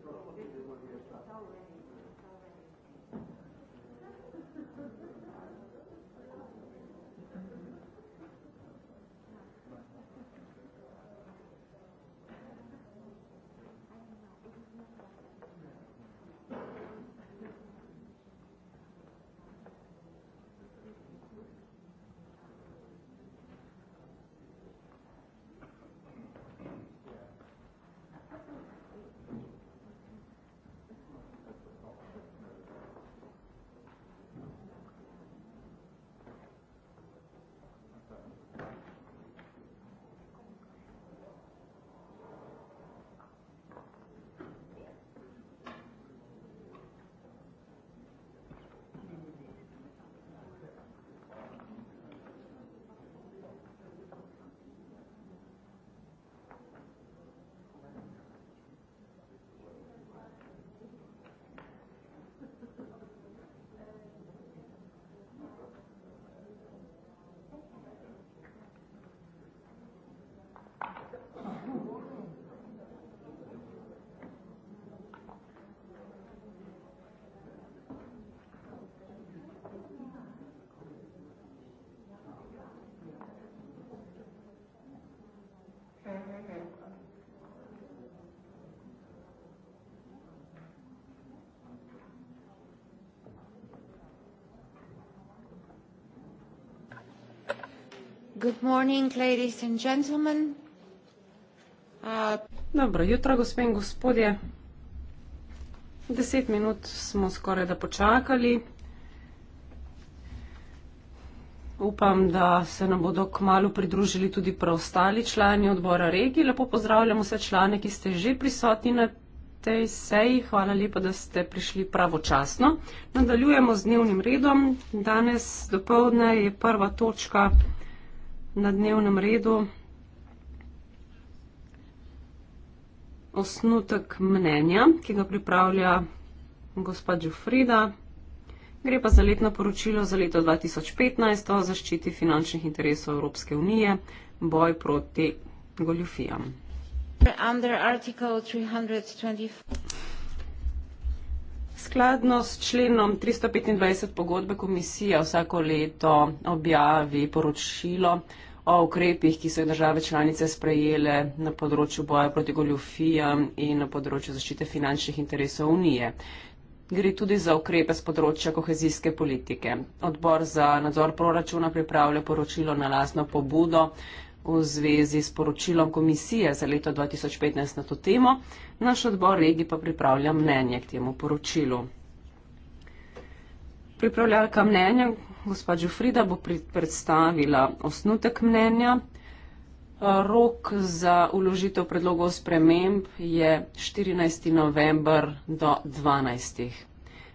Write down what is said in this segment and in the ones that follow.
Thank you. Good morning, ladies and gentlemen. Uh, Dobro jutro, gospe in gospodje. 10 minut smo skorajda počakali. Upam, da se nam bodo kmalu pridružili tudi preostali člani odbora regij. Lepo pozdravljam vse člane, ki ste že prisotni na tej seji. Hvala lepa, da ste prišli pravočasno. Nadaljujemo z dnevnim redom. Danes dopoldne je prva točka na dnevnem redu osnutek mnenja, ki ga pripravlja gospa Džufrida. Gre pa za letno poročilo za leto 2015 o zaščiti finančnih interesov Evropske unije, boj proti goljufijam. Under Skladno s členom 325 pogodbe komisija vsako leto objavi poročilo o ukrepih, ki so jih države članice sprejele na področju boja proti goljufijam in na področju zaščite finančnih interesov Unije. Gre tudi za ukrepe z področja kohezijske politike. Odbor za nadzor proračuna pripravlja poročilo na lasno pobudo v zvezi s poročilom komisije za leto 2015 na to temo, naš odbor regi pa pripravlja mnenje k temu poročilu. Pripravljalka mnenja, gospa Džufrida, bo predstavila osnutek mnenja. Rok za uložitev predlogov sprememb je 14. november do 12.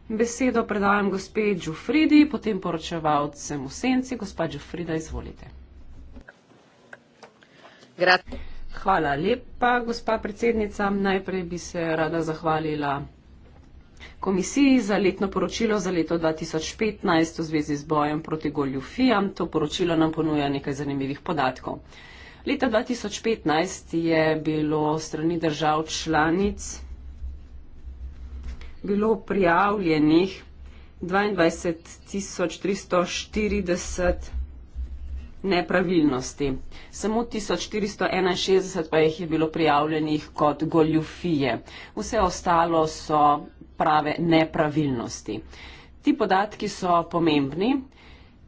Besedo predajam gospe Džufridi, potem poročevalcem v senci. Gospa Džufrida, izvolite. Hvala lepa, gospa predsednica. Najprej bi se rada zahvalila komisiji za letno poročilo za leto 2015 v zvezi z bojem proti goljufijam. To poročilo nam ponuja nekaj zanimivih podatkov. Leta 2015 je bilo strani držav članic bilo prijavljenih 22.340 nepravilnosti. Samo 1461 pa jih je bilo prijavljenih kot goljufije. Vse ostalo so prave nepravilnosti. Ti podatki so pomembni.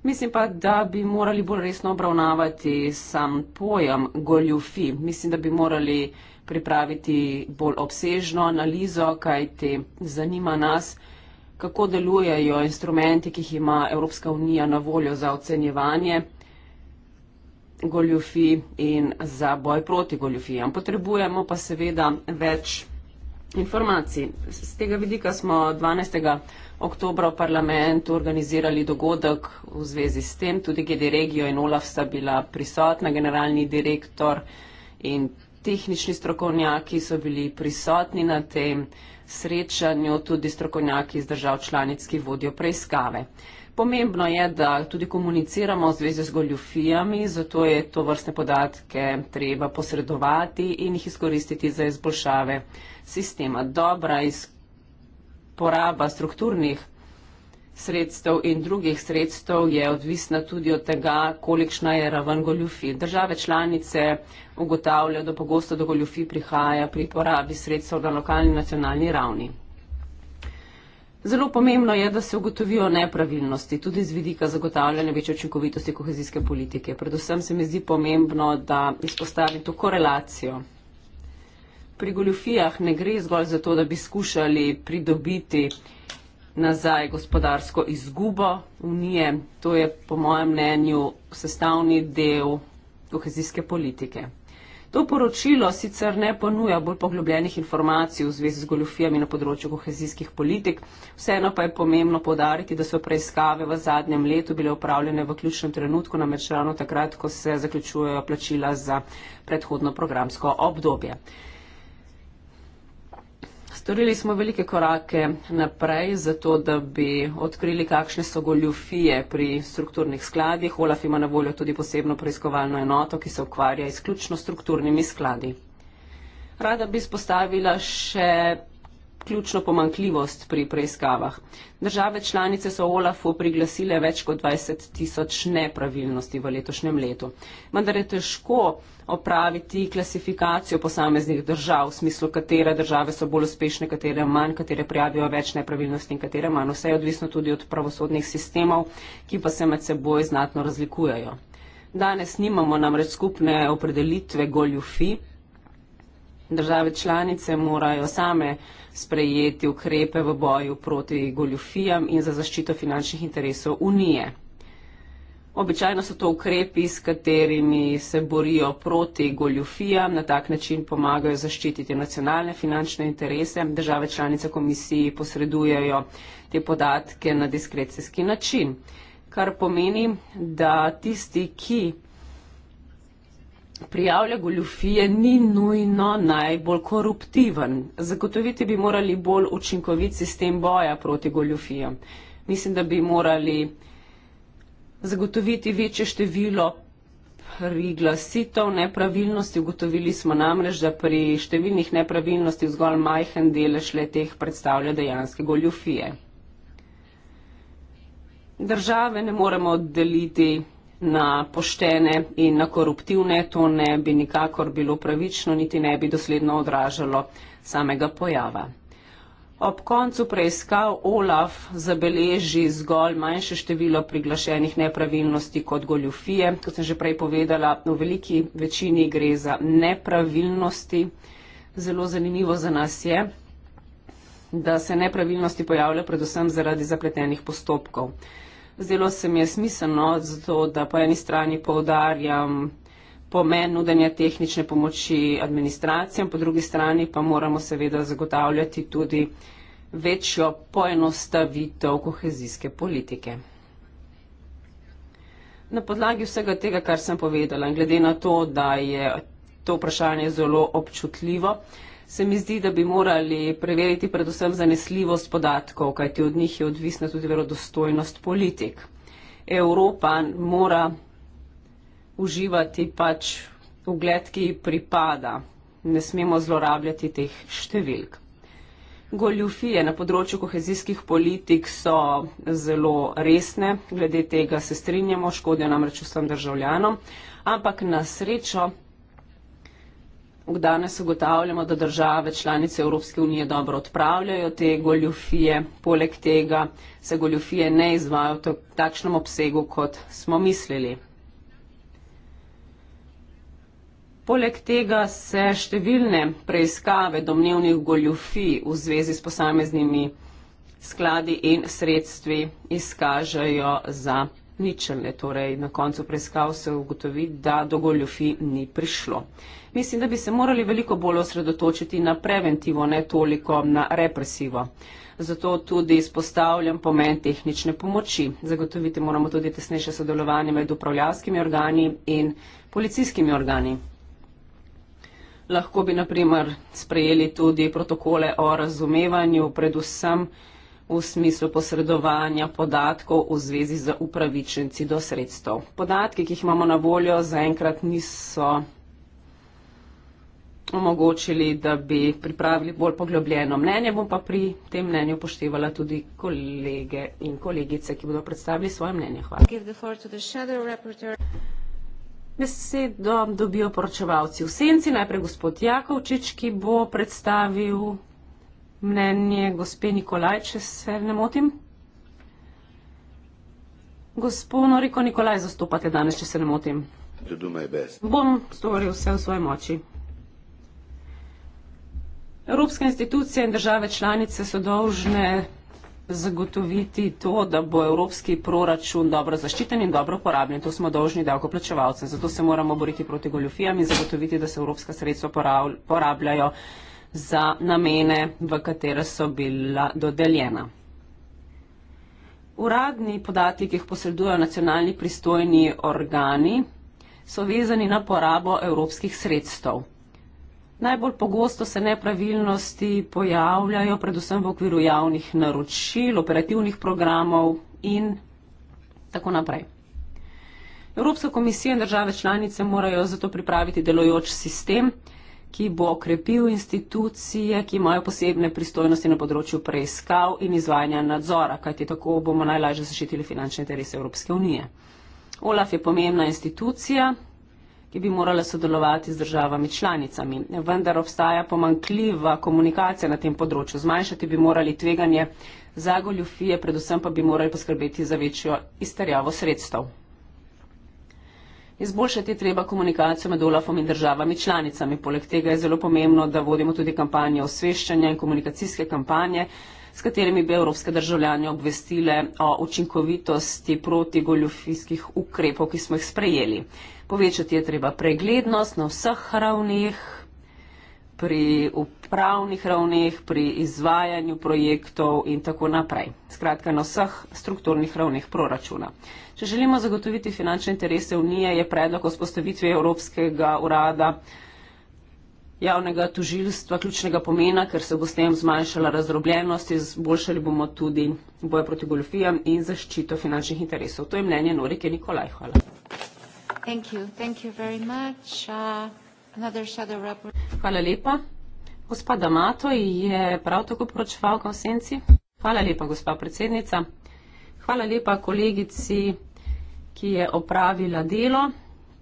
Mislim pa, da bi morali bolj resno obravnavati sam pojem goljufi. Mislim, da bi morali pripraviti bolj obsežno analizo, kaj te zanima nas, kako delujejo instrumenti, ki jih ima Evropska unija na voljo za ocenjevanje goljufij in za boj proti goljufijam. Potrebujemo pa seveda več informacij. Z tega vidika smo 12. oktober v parlamentu organizirali dogodek v zvezi s tem, tudi GD Regijo in Olaf sta bila prisotna, generalni direktor in tehnični strokovnjaki so bili prisotni na tem srečanju, tudi strokovnjaki iz držav članic, ki vodijo preiskave. Pomembno je, da tudi komuniciramo v zvezi z goljufijami, zato je to vrstne podatke treba posredovati in jih izkoristiti za izboljšave sistema. Dobra poraba strukturnih sredstev in drugih sredstev je odvisna tudi od tega, kolikšna je raven goljufi. Države članice ugotavljajo, da pogosto do goljufi prihaja pri porabi sredstev na lokalni in nacionalni ravni. Zelo pomembno je, da se ugotovijo nepravilnosti, tudi z vidika zagotavljanja večje očinkovitosti kohezijske politike. Predvsem se mi zdi pomembno, da izpostavim to korelacijo. Pri goljofijah ne gre zgolj za to, da bi skušali pridobiti nazaj gospodarsko izgubo unije. To je po mojem mnenju sestavni del kohezijske politike. To poročilo sicer ne ponuja bolj poglobljenih informacij v zvezi z goljofijami na področju kohezijskih politik, vseeno pa je pomembno podariti, da so preiskave v zadnjem letu bile upravljene v ključnem trenutku, namreč ravno takrat, ko se zaključujejo plačila za predhodno programsko obdobje. Storili smo velike korake naprej, zato da bi odkrili, kakšne so goljufije pri strukturnih skladih. Olaf ima na voljo tudi posebno preiskovalno enoto, ki se ukvarja izključno s strukturnimi skladi. Rada bi spostavila še ključno pomankljivost pri preiskavah. Države članice so OLAF-u priglasile več kot 20 tisoč nepravilnosti v letošnjem letu. Vendar je težko opraviti klasifikacijo posameznih držav, v smislu, katere države so bolj uspešne, katere manj, katere prijavijo več nepravilnosti in katere manj. Vse je odvisno tudi od pravosodnih sistemov, ki pa se med seboj znatno razlikujejo. Danes nimamo namreč skupne opredelitve goljufi. Države članice morajo same sprejeti ukrepe v boju proti goljufijam in za zaščito finančnih interesov Unije. Običajno so to ukrepi, s katerimi se borijo proti goljufijam, na tak način pomagajo zaščititi nacionalne finančne interese. Države članice komisiji posredujejo te podatke na diskrecijski način, kar pomeni, da tisti, ki prijavlja goljufije, ni nujno najbolj koruptiven. Zagotoviti bi morali bolj učinkovit sistem boja proti goljufijam. Mislim, da bi morali zagotoviti večje število priglasitev nepravilnosti. Ugotovili smo namreč, da pri številnih nepravilnosti zgolj majhen delež le teh predstavlja dejanske goljufije. Države ne moremo deliti na poštene in na koruptivne, to ne bi nikakor bilo pravično, niti ne bi dosledno odražalo samega pojava. Ob koncu preiskav Olaf zabeleži zgolj manjše število priglašenih nepravilnosti kot goljufije. Kot sem že prej povedala, v veliki večini gre za nepravilnosti. Zelo zanimivo za nas je, da se nepravilnosti pojavljajo predvsem zaradi zapletenih postopkov zdelo se mi je smiselno, zato da po eni strani poudarjam pomen nudenja tehnične pomoči administracijam, po drugi strani pa moramo seveda zagotavljati tudi večjo poenostavitev kohezijske politike. Na podlagi vsega tega, kar sem povedala, in glede na to, da je to vprašanje zelo občutljivo, se mi zdi, da bi morali preveriti predvsem zanesljivost podatkov, kajti od njih je odvisna tudi verodostojnost politik. Evropa mora uživati pač ugled, ki ji pripada. Ne smemo zlorabljati teh številk. Goljufije na področju kohezijskih politik so zelo resne, glede tega se strinjamo, škodijo namreč vsem državljanom, ampak na srečo danes ugotavljamo, da države članice Evropske unije dobro odpravljajo te goljofije, poleg tega se goljofije ne izvajo v takšnem obsegu, kot smo mislili. Poleg tega se številne preiskave domnevnih goljofij v zvezi s posameznimi skladi in sredstvi izkažejo za ničelne. Torej, na koncu preiskav se ugotovi, da do goljofi ni prišlo. Mislim, da bi se morali veliko bolj osredotočiti na preventivo, ne toliko na represivo. Zato tudi izpostavljam pomen tehnične pomoči. Zagotoviti moramo tudi tesnejše sodelovanje med upravljavskimi organi in policijskimi organi. Lahko bi naprimer sprejeli tudi protokole o razumevanju, predvsem v smislu posredovanja podatkov v zvezi z upravičenci do sredstev. Podatki, ki jih imamo na voljo, zaenkrat niso omogočili, da bi pripravili bolj poglobljeno mnenje. Bom pa pri tem mnenju upoštevala tudi kolege in kolegice, ki bodo predstavili svoje mnenje. Hvala. Besedo dobijo poročevalci v senci. Najprej gospod Jakovčič, ki bo predstavil mnenje gospe Nikolaj, če se ne motim. Gospodo Riko Nikolaj zastopate danes, če se ne motim. Bom storil vse v svoji moči. Evropske institucije in države članice so dolžne zagotoviti to, da bo evropski proračun dobro zaščiten in dobro porabljen. To smo dolžni davkoplačevalcem. Zato se moramo boriti proti goljufijam in zagotoviti, da se evropska sredstva porabljajo za namene, v katere so bila dodeljena. Uradni podatki, ki jih posredujejo nacionalni pristojni organi, so vezani na porabo evropskih sredstev. Najbolj pogosto se nepravilnosti pojavljajo predvsem v okviru javnih naročil, operativnih programov in tako naprej. Evropska komisija in države članice morajo zato pripraviti delojoč sistem, ki bo okrepil institucije, ki imajo posebne pristojnosti na področju preiskav in izvajanja nadzora, kajti tako bomo najlažje zaščitili finančne interese Evropske unije. OLAF je pomembna institucija, ki bi morala sodelovati z državami članicami, vendar obstaja pomankljiva komunikacija na tem področju. Zmanjšati bi morali tveganje za goljufije, predvsem pa bi morali poskrbeti za večjo izterjavo sredstev. Izboljšati je treba komunikacijo med OLAF-om in državami članicami. Poleg tega je zelo pomembno, da vodimo tudi kampanje osveščanja in komunikacijske kampanje, s katerimi bi evropske državljanje obvestile o učinkovitosti proti goljofijskih ukrepov, ki smo jih sprejeli. Povečati je treba preglednost na vseh ravnih, pri upravnih ravneh, pri izvajanju projektov in tako naprej. Skratka, na vseh strukturnih ravneh proračuna. Če želimo zagotoviti finančne interese Unije, je predlog o spostavitvi Evropskega urada javnega tožilstva ključnega pomena, ker se bo s tem zmanjšala razdrobljenost, izboljšali bomo tudi boje proti goljofijam in zaščito finančnih interesov. To je mnenje Norike Nikolaj. Hvala. Thank you. Thank you Hvala lepa. Gospa D'Amato je prav tako poročevalka v senci. Hvala lepa, gospa predsednica. Hvala lepa kolegici, ki je opravila delo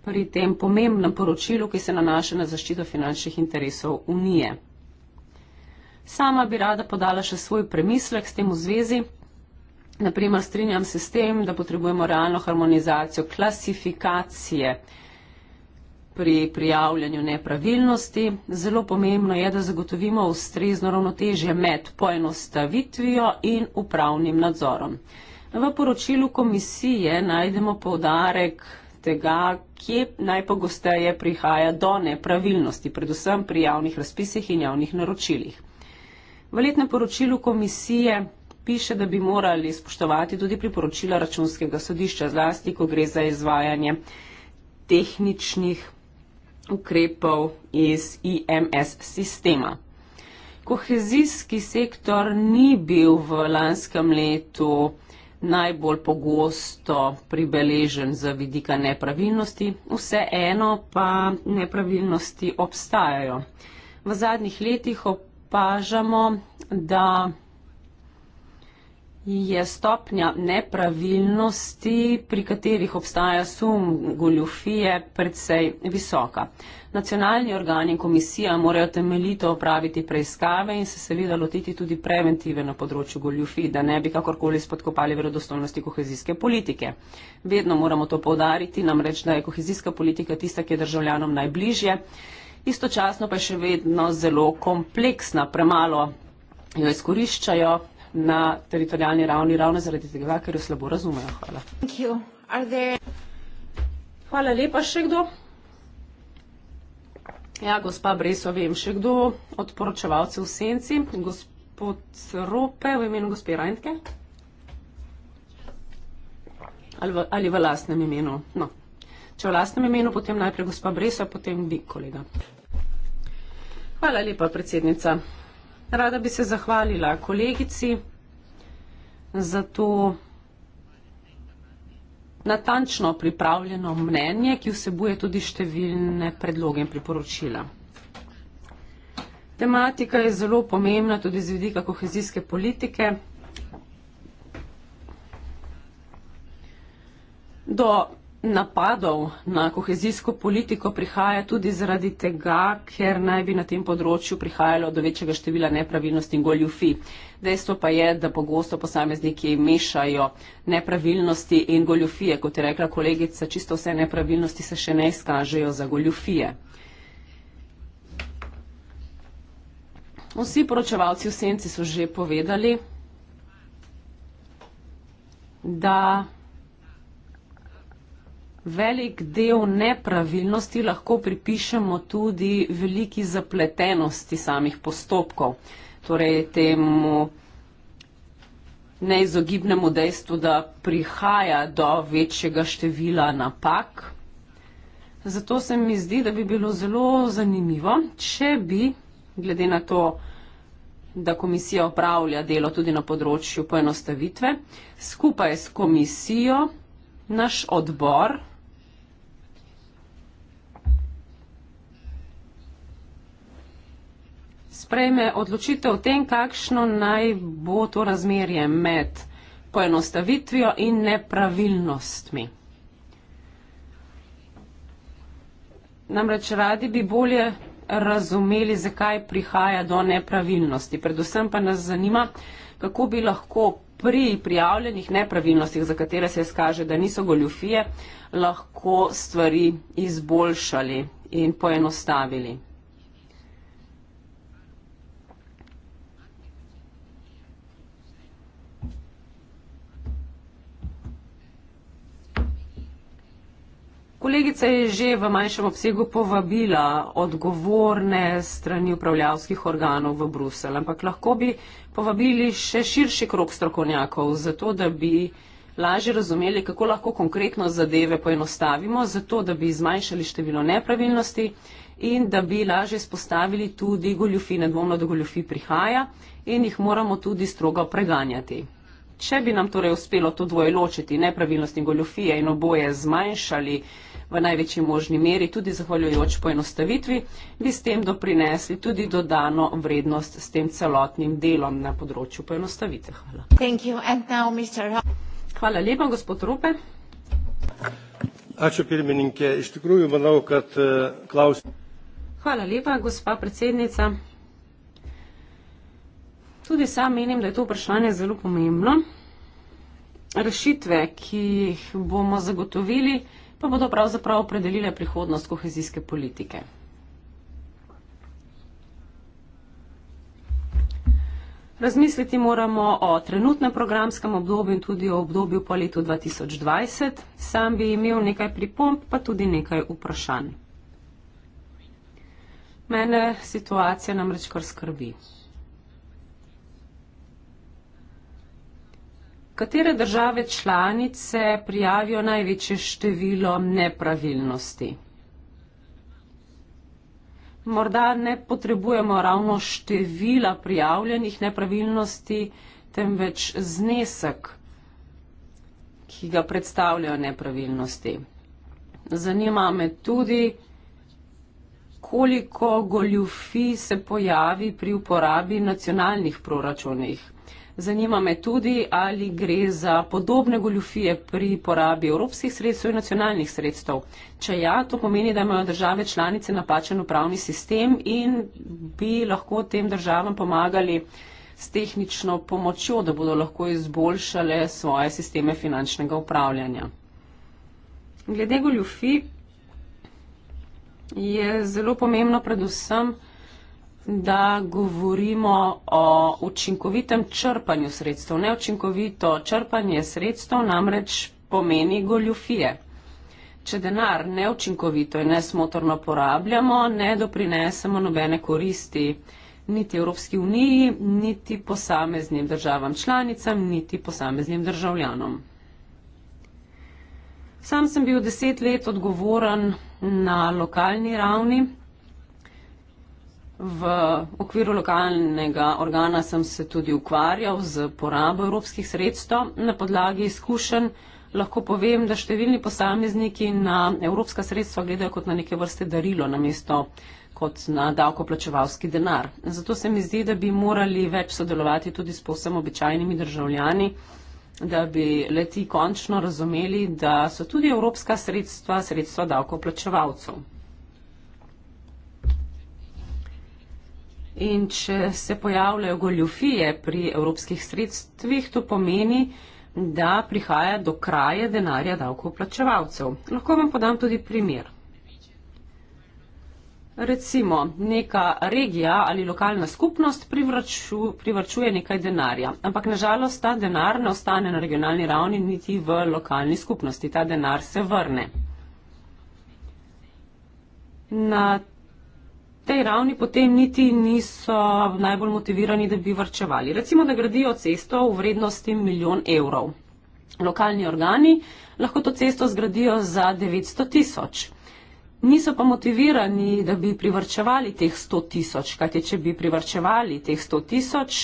pri tem pomembnem poročilu, ki se nanaša na zaščito finančnih interesov Unije. Sama bi rada podala še svoj premislek s tem v zvezi. Naprimer, strinjam se s tem, da potrebujemo realno harmonizacijo klasifikacije pri prijavljanju nepravilnosti. Zelo pomembno je, da zagotovimo ustrezno ravnotežje med poenostavitvijo in upravnim nadzorom. V poročilu komisije najdemo povdarek tega, kje najpogosteje prihaja do nepravilnosti, predvsem pri javnih razpisih in javnih naročilih. V letnem poročilu komisije piše, da bi morali spoštovati tudi priporočila računskega sodišča zlasti, ko gre za izvajanje tehničnih ukrepov iz IMS sistema. Kohezijski sektor ni bil v lanskem letu najbolj pogosto pribeležen za vidika nepravilnosti, vseeno pa nepravilnosti obstajajo. V zadnjih letih opažamo, da je stopnja nepravilnosti, pri katerih obstaja sum goljofije, predvsej visoka. Nacionalni organi in komisija morajo temeljito opraviti preiskave in se seveda lotiti tudi preventive na področju goljufij, da ne bi kakorkoli spodkopali verodostojnosti kohezijske politike. Vedno moramo to povdariti, namreč da je kohezijska politika tista, ki je državljanom najbližje, istočasno pa je še vedno zelo kompleksna, premalo jo izkoriščajo, na teritorijalni ravni, ravno zaradi tega, ker jo slabo razumejo. Hvala. Hvala lepa, še kdo? Ja, gospa Breso, vem še kdo od poročevalcev v senci. Gospod Rope v imenu gospe Rajntke. Ali v, ali v lastnem imenu? No. Če v lastnem imenu, potem najprej gospa Breso, potem vi, kolega. Hvala lepa, predsednica. Rada bi se zahvalila kolegici za to natančno pripravljeno mnenje, ki vsebuje tudi številne predloge in priporočila. Tematika je zelo pomembna tudi z vidika kohezijske politike. Do napadov na kohezijsko politiko prihaja tudi zaradi tega, ker naj bi na tem področju prihajalo do večjega števila nepravilnosti in goljufi. Dejstvo pa je, da pogosto posamezniki mešajo nepravilnosti in goljufije. Kot je rekla kolegica, čisto vse nepravilnosti se še ne izkažejo za goljufije. Vsi poročevalci v senci so že povedali, da Velik del nepravilnosti lahko pripišemo tudi veliki zapletenosti samih postopkov, torej temu neizogibnemu dejstvu, da prihaja do večjega števila napak. Zato se mi zdi, da bi bilo zelo zanimivo, če bi, glede na to, da komisija opravlja delo tudi na področju poenostavitve, skupaj s komisijo naš odbor, sprejme odločitev o tem, kakšno naj bo to razmerje med poenostavitvijo in nepravilnostmi. Namreč radi bi bolje razumeli, zakaj prihaja do nepravilnosti. Predvsem pa nas zanima, kako bi lahko pri prijavljenih nepravilnostih, za katere se izkaže, da niso goljufije, lahko stvari izboljšali in poenostavili. Kolegica je že v manjšem obsegu povabila odgovorne strani upravljavskih organov v Bruselj, ampak lahko bi povabili še širši krok strokovnjakov, zato da bi lažje razumeli, kako lahko konkretno zadeve poenostavimo, zato da bi zmanjšali število nepravilnosti in da bi lažje spostavili tudi goljufi, nedvomno, da goljufi prihaja in jih moramo tudi strogo preganjati. Če bi nam torej uspelo to dvoje ločiti, nepravilnosti in goljofije in oboje zmanjšali, v največji možni meri, tudi zahvaljujoč poenostavitvi, bi s tem doprinesli tudi dodano vrednost s tem celotnim delom na področju poenostavitve. Hvala. Now, Hvala lepa, gospod Rupe. Ačiū pirmininkė, iš tikrųjų manau, kad e, klausim. Hvala lepa, gospa predsednica. Tudi sam menim, da je to vprašanje zelo pomembno. Rešitve, ki jih bomo zagotovili, pa bodo pravzaprav opredelile prihodnost kohezijske politike. Razmisliti moramo o trenutnem programskem obdobju in tudi o obdobju po letu 2020. Sam bi imel nekaj pripomp, pa tudi nekaj vprašanj. Mene situacija namreč kar skrbi. Katere države članice prijavijo največje število nepravilnosti? Morda ne potrebujemo ravno števila prijavljenih nepravilnosti, temveč znesek, ki ga predstavljajo nepravilnosti. Zanima me tudi, koliko goljufi se pojavi pri uporabi nacionalnih proračunih. Zanima me tudi, ali gre za podobne goljufije pri porabi evropskih sredstev in nacionalnih sredstev. Če ja, to pomeni, da imajo države članice napačen upravni sistem in bi lahko tem državam pomagali s tehnično pomočjo, da bodo lahko izboljšale svoje sisteme finančnega upravljanja. Glede goljufij je zelo pomembno predvsem, da govorimo o učinkovitem črpanju sredstev. Neučinkovito črpanje sredstev namreč pomeni goljufije. Če denar neučinkovito in nesmotorno porabljamo, ne doprinesemo nobene koristi niti Evropski uniji, niti posameznim državam članicam, niti posameznim državljanom. Sam sem bil deset let odgovoren na lokalni ravni. V okviru lokalnega organa sem se tudi ukvarjal z porabo evropskih sredstev. Na podlagi izkušenj lahko povem, da številni posamezniki na evropska sredstva gledajo kot na neke vrste darilo, namesto kot na davkoplačevalski denar. Zato se mi zdi, da bi morali več sodelovati tudi s posebno običajnimi državljani, da bi leti končno razumeli, da so tudi evropska sredstva sredstva davkoplačevalcev. In če se pojavljajo goljufije pri evropskih sredstvih, to pomeni, da prihaja do kraje denarja davkoplačevalcev. Lahko vam podam tudi primer. Recimo, neka regija ali lokalna skupnost privrču, privrčuje nekaj denarja, ampak nažalost ta denar ne ostane na regionalni ravni niti v lokalni skupnosti. Ta denar se vrne. Na tej ravni potem niti niso najbolj motivirani, da bi varčevali. Recimo, da gradijo cesto v vrednosti milijon evrov. Lokalni organi lahko to cesto zgradijo za 900 tisoč. Niso pa motivirani, da bi privrčevali teh 100 tisoč, kajti če bi privrčevali teh 100 tisoč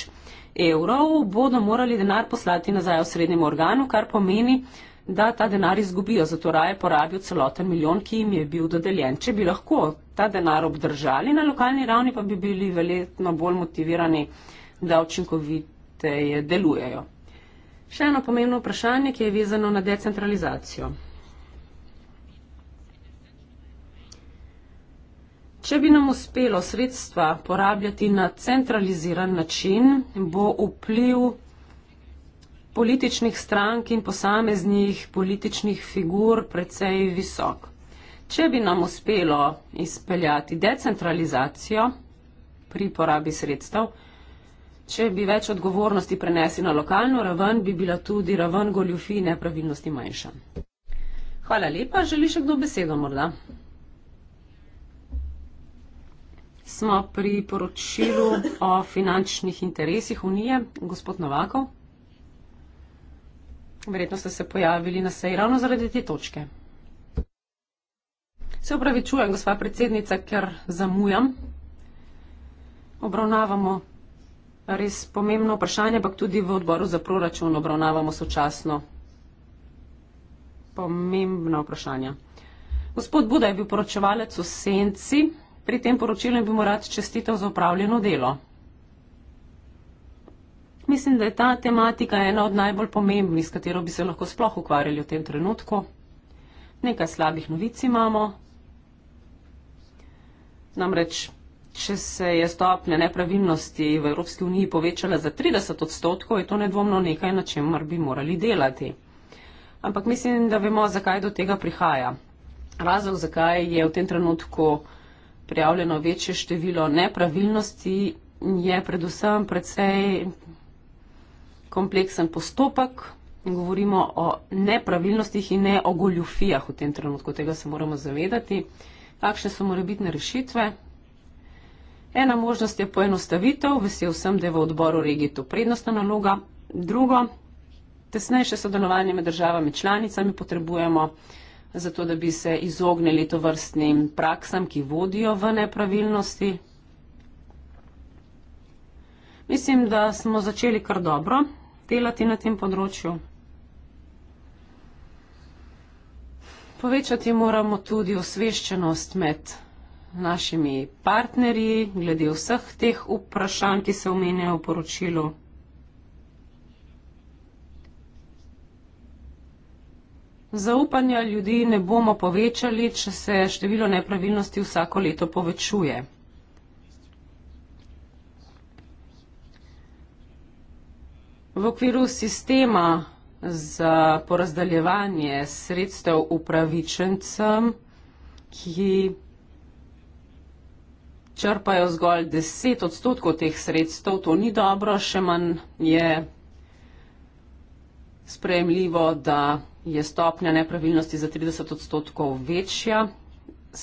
evrov, bodo morali denar poslati nazaj v srednjem organu, kar pomeni, da ta denar izgubijo, zato raje porabijo celoten milijon, ki jim je bil dodeljen. Če bi lahko ta denar obdržali na lokalni ravni, pa bi bili veljetno bolj motivirani, da učinkoviteje delujejo. Še eno pomembno vprašanje, ki je vezano na decentralizacijo. Če bi nam uspelo sredstva porabljati na centraliziran način, bo vpliv političnih strank in posameznih političnih figur precej visok. Če bi nam uspelo izpeljati decentralizacijo pri porabi sredstev, če bi več odgovornosti prenesli na lokalno raven, bi bila tudi raven goljufi in nepravilnosti manjša. Hvala lepa. Želi še kdo besedo morda? Smo pri poročilu o finančnih interesih Unije. Gospod Novakov. Verjetno ste se pojavili na seji ravno zaradi te točke. Se upravičujem, gospa predsednica, ker zamujam. Obravnavamo res pomembno vprašanje, ampak tudi v odboru za proračun obravnavamo sočasno pomembna vprašanja. Gospod Buda je bil poročevalec v Senci, pri tem poročilu bi mu rad čestitev za upravljeno delo. Mislim, da je ta tematika ena od najbolj pomembnih, s katero bi se lahko sploh ukvarjali v tem trenutku. Nekaj slabih novic imamo. Namreč, če se je stopnja nepravilnosti v Evropski uniji povečala za 30 odstotkov, je to nedvomno nekaj, na čem bi morali delati. Ampak mislim, da vemo, zakaj do tega prihaja. Razlog, zakaj je v tem trenutku prijavljeno večje število nepravilnosti, je predvsem predvsej kompleksen postopek. Govorimo o nepravilnostih in ne o goljufijah v tem trenutku. Tega se moramo zavedati. Kakšne so morebitne rešitve? Ena možnost je poenostavitev. Vesel sem, da je v odboru regije to prednostna naloga. Drugo, tesnejše sodelovanje med državami članicami potrebujemo, zato da bi se izognili to vrstnim praksam, ki vodijo v nepravilnosti. Mislim, da smo začeli kar dobro delati na tem področju. Povečati moramo tudi osveščenost med našimi partnerji glede vseh teh vprašanj, ki se omenjajo v poročilu. Zaupanja ljudi ne bomo povečali, če se število nepravilnosti vsako leto povečuje. V okviru sistema za porazdaljevanje sredstev upravičencem, ki črpajo zgolj 10 odstotkov teh sredstev, to ni dobro, še manj je sprejemljivo, da je stopnja nepravilnosti za 30 odstotkov večja.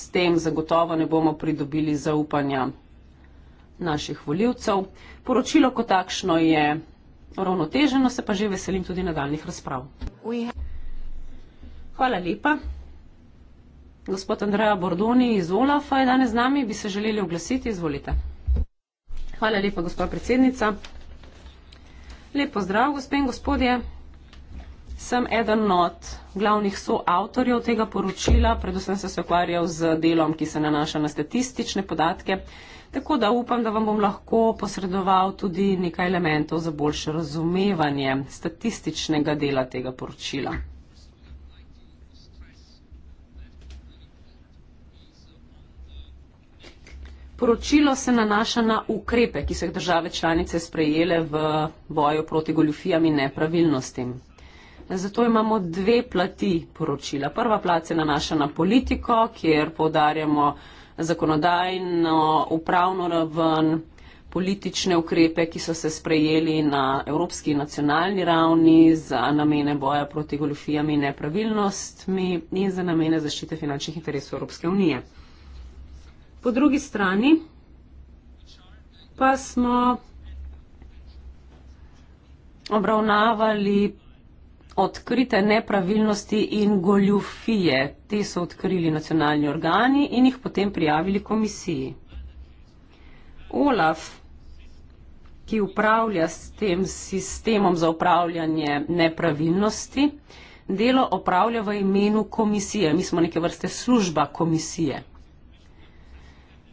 S tem zagotovo ne bomo pridobili zaupanja naših voljivcev. Poročilo kot takšno je uravnoteženo, se pa že veselim tudi nadaljnih razprav. Hvala lepa. Gospod Andreja Bordoni iz OLAF-a je danes z nami, bi se želeli oglasiti, izvolite. Hvala lepa, gospa predsednica. Lepo zdrav, gospe in gospodje. Sem eden od glavnih soavtorjev tega poročila, predvsem sem se ukvarjal z delom, ki se nanaša na statistične podatke tako da upam, da vam bom lahko posredoval tudi nekaj elementov za boljše razumevanje statističnega dela tega poročila. Poročilo se nanaša na ukrepe, ki so jih države članice sprejele v boju proti goljufijam in nepravilnostim. Zato imamo dve plati poročila. Prva plat se nanaša na politiko, kjer podarjamo zakonodajno, upravno raven, politične ukrepe, ki so se sprejeli na evropski in nacionalni ravni za namene boja proti goljofijam in nepravilnostmi in za namene zaščite finančnih interesov Evropske unije. Po drugi strani pa smo obravnavali odkrite nepravilnosti in goljufije. Te so odkrili nacionalni organi in jih potem prijavili komisiji. Olaf, ki upravlja s tem sistemom za upravljanje nepravilnosti, delo opravlja v imenu komisije. Mi smo neke vrste služba komisije.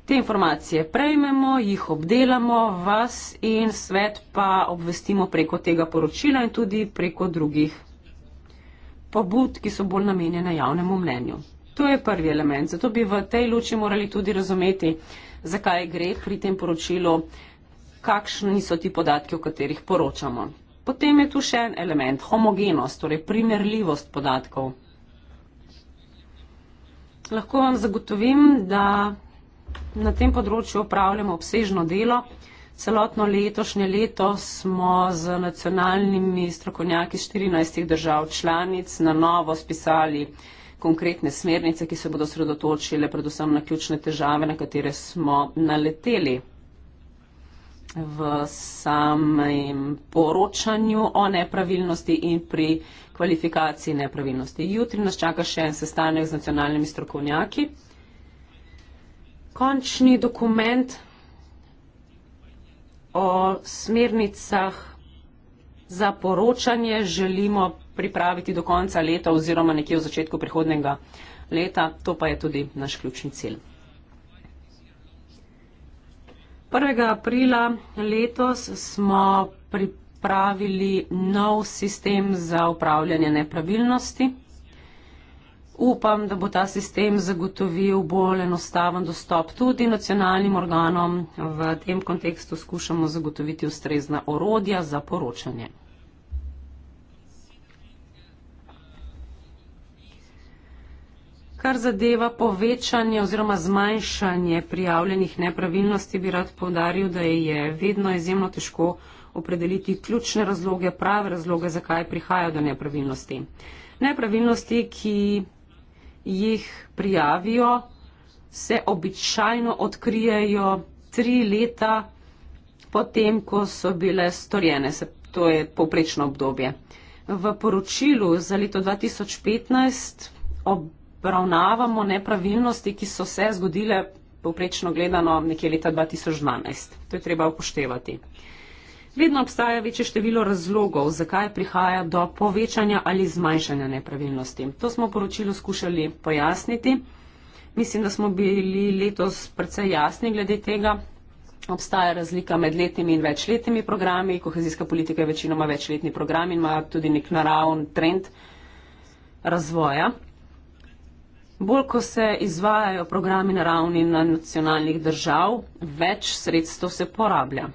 Te informacije prejmemo, jih obdelamo, vas in svet pa obvestimo preko tega poročila in tudi preko drugih pobud, ki so bolj namenjene javnemu mnenju. To je prvi element. Zato bi v tej luči morali tudi razumeti, zakaj gre pri tem poročilu, kakšni so ti podatki, o katerih poročamo. Potem je tu še en element, homogenost, torej primerljivost podatkov. Lahko vam zagotovim, da na tem področju opravljamo obsežno delo. Celotno letošnje leto smo z nacionalnimi strokovnjaki 14 držav članic na novo spisali konkretne smernice, ki se bodo sredotočile predvsem na ključne težave, na katere smo naleteli v samem poročanju o nepravilnosti in pri kvalifikaciji nepravilnosti. Jutri nas čaka še en sestanek z nacionalnimi strokovnjaki. Končni dokument o smernicah za poročanje želimo pripraviti do konca leta oziroma nekje v začetku prihodnega leta. To pa je tudi naš ključni cilj. 1. aprila letos smo pripravili nov sistem za upravljanje nepravilnosti upam, da bo ta sistem zagotovil bolj enostaven dostop tudi nacionalnim organom. V tem kontekstu skušamo zagotoviti ustrezna orodja za poročanje. Kar zadeva povečanje oziroma zmanjšanje prijavljenih nepravilnosti, bi rad povdaril, da je vedno izjemno težko opredeliti ključne razloge, prave razloge, zakaj prihaja do nepravilnosti. Nepravilnosti, ki jih prijavijo, se običajno odkrijejo tri leta potem, ko so bile storjene. To je poprečno obdobje. V poročilu za leto 2015 obravnavamo nepravilnosti, ki so se zgodile poprečno gledano nekje leta 2012. To je treba upoštevati. Vedno obstaja večje število razlogov, zakaj prihaja do povečanja ali zmanjšanja nepravilnosti. To smo poročilo skušali pojasniti. Mislim, da smo bili letos precej jasni glede tega. Obstaja razlika med letnimi in večletnimi programi. Kohezijska politika je večinoma večletni program in ima tudi nek naravn trend razvoja. Bolj, ko se izvajajo programi na ravni na nacionalnih držav, več sredstev se porablja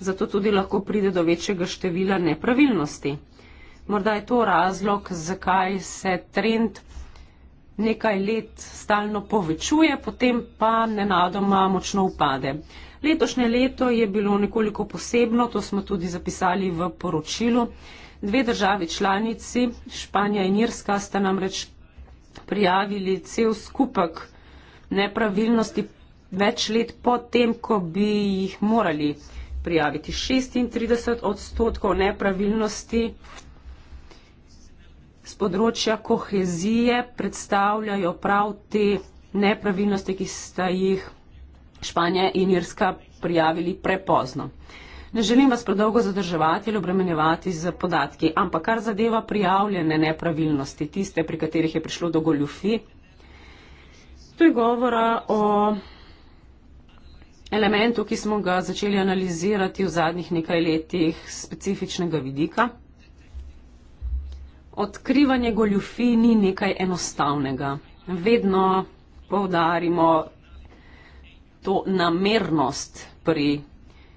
zato tudi lahko pride do večjega števila nepravilnosti. Morda je to razlog, zakaj se trend nekaj let stalno povečuje, potem pa nenadoma močno upade. Letošnje leto je bilo nekoliko posebno, to smo tudi zapisali v poročilu. Dve državi članici, Španija in Irska, sta namreč prijavili cel skupek nepravilnosti več let potem, ko bi jih morali prijaviti prijaviti 36 odstotkov nepravilnosti. Z področja kohezije predstavljajo prav te nepravilnosti, ki sta jih Španija in Irska prijavili prepozno. Ne želim vas predolgo zadrževati ali obremenjevati z podatki, ampak kar zadeva prijavljene nepravilnosti, tiste, pri katerih je prišlo do goljufi, to je govora o elementu, ki smo ga začeli analizirati v zadnjih nekaj letih specifičnega vidika. Odkrivanje goljufi ni nekaj enostavnega. Vedno povdarimo to namernost pri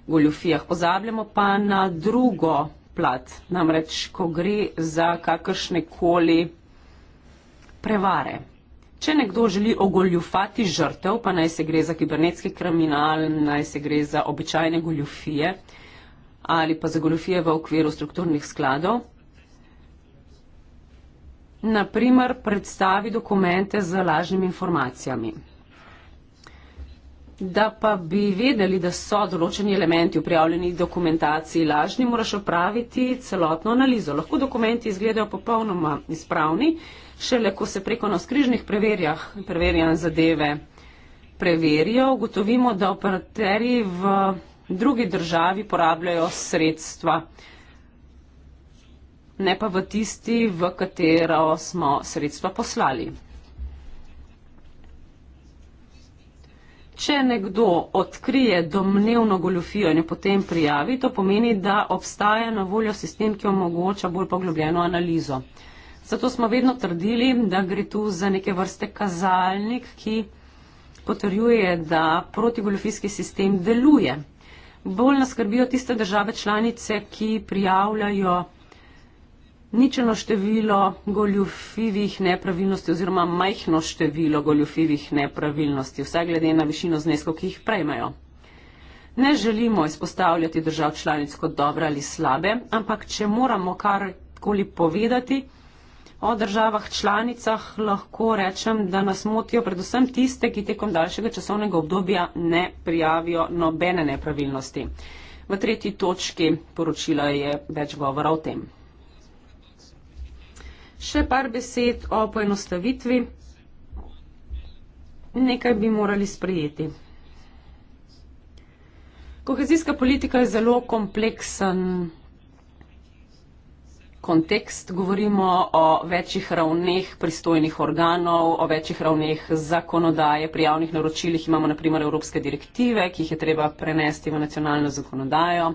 goljufijah. Pozabljamo pa na drugo plat, namreč ko gre za kakršne koli prevare. Če nekdo želi ogoljufati žrtev, pa naj se gre za kibernetski kriminal, naj se gre za običajne goljufije ali pa za goljufije v okviru strukturnih skladov, naprimer predstavi dokumente z lažnimi informacijami. Da pa bi vedeli, da so določeni elementi v prijavljeni dokumentaciji lažni, moraš opraviti celotno analizo. Lahko dokumenti izgledajo popolnoma izpravni, šele ko se preko navskrižnih preverjanj zadeve preverijo, ugotovimo, da operaterji v drugi državi porabljajo sredstva, ne pa v tisti, v katero smo sredstva poslali. Če nekdo odkrije domnevno goljofijo in jo potem prijavi, to pomeni, da obstaja na voljo sistem, ki omogoča bolj poglobljeno analizo. Zato smo vedno trdili, da gre tu za neke vrste kazalnik, ki potrjuje, da protigoljofijski sistem deluje. Bolj nas skrbijo tiste države članice, ki prijavljajo ničeno število goljufivih nepravilnosti oziroma majhno število goljufivih nepravilnosti, vse glede na višino zneskov, ki jih prejmajo. Ne želimo izpostavljati držav članic kot dobre ali slabe, ampak če moramo karkoli povedati, o državah članicah lahko rečem, da nas motijo predvsem tiste, ki tekom daljšega časovnega obdobja ne prijavijo nobene nepravilnosti. V tretji točki poročila je več govora o tem. Še par besed o poenostavitvi. Nekaj bi morali sprejeti. Kohezijska politika je zelo kompleksen kontekst, govorimo o večjih ravneh pristojnih organov, o večjih ravneh zakonodaje. Pri javnih naročilih imamo naprimer evropske direktive, ki jih je treba prenesti v nacionalno zakonodajo.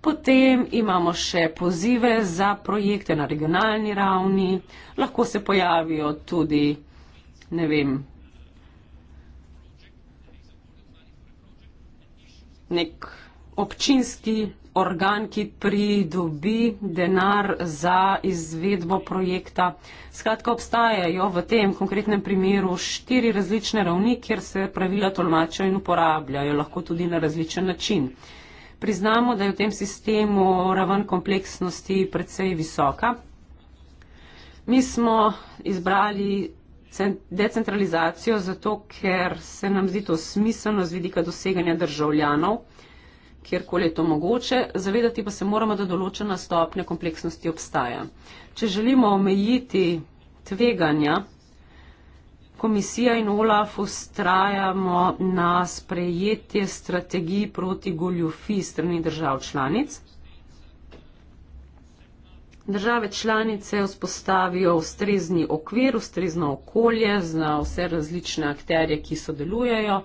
Potem imamo še pozive za projekte na regionalni ravni, lahko se pojavijo tudi, ne vem, nek občinski organ, ki pridobi denar za izvedbo projekta. Skratka, obstajajo v tem konkretnem primeru štiri različne ravni, kjer se pravila tolmačajo in uporabljajo, lahko tudi na različen način. Priznamo, da je v tem sistemu raven kompleksnosti precej visoka. Mi smo izbrali decentralizacijo zato, ker se nam zdi to smiselno z vidika doseganja državljanov kjerkoli je to mogoče, zavedati pa se moramo, da določena stopnja kompleksnosti obstaja. Če želimo omejiti tveganja, komisija in OLAF ustrajamo na sprejetje strategij proti goljufi strani držav članic. Države članice vzpostavijo ustrezni okvir, ustrezno okolje za vse različne akterje, ki sodelujejo.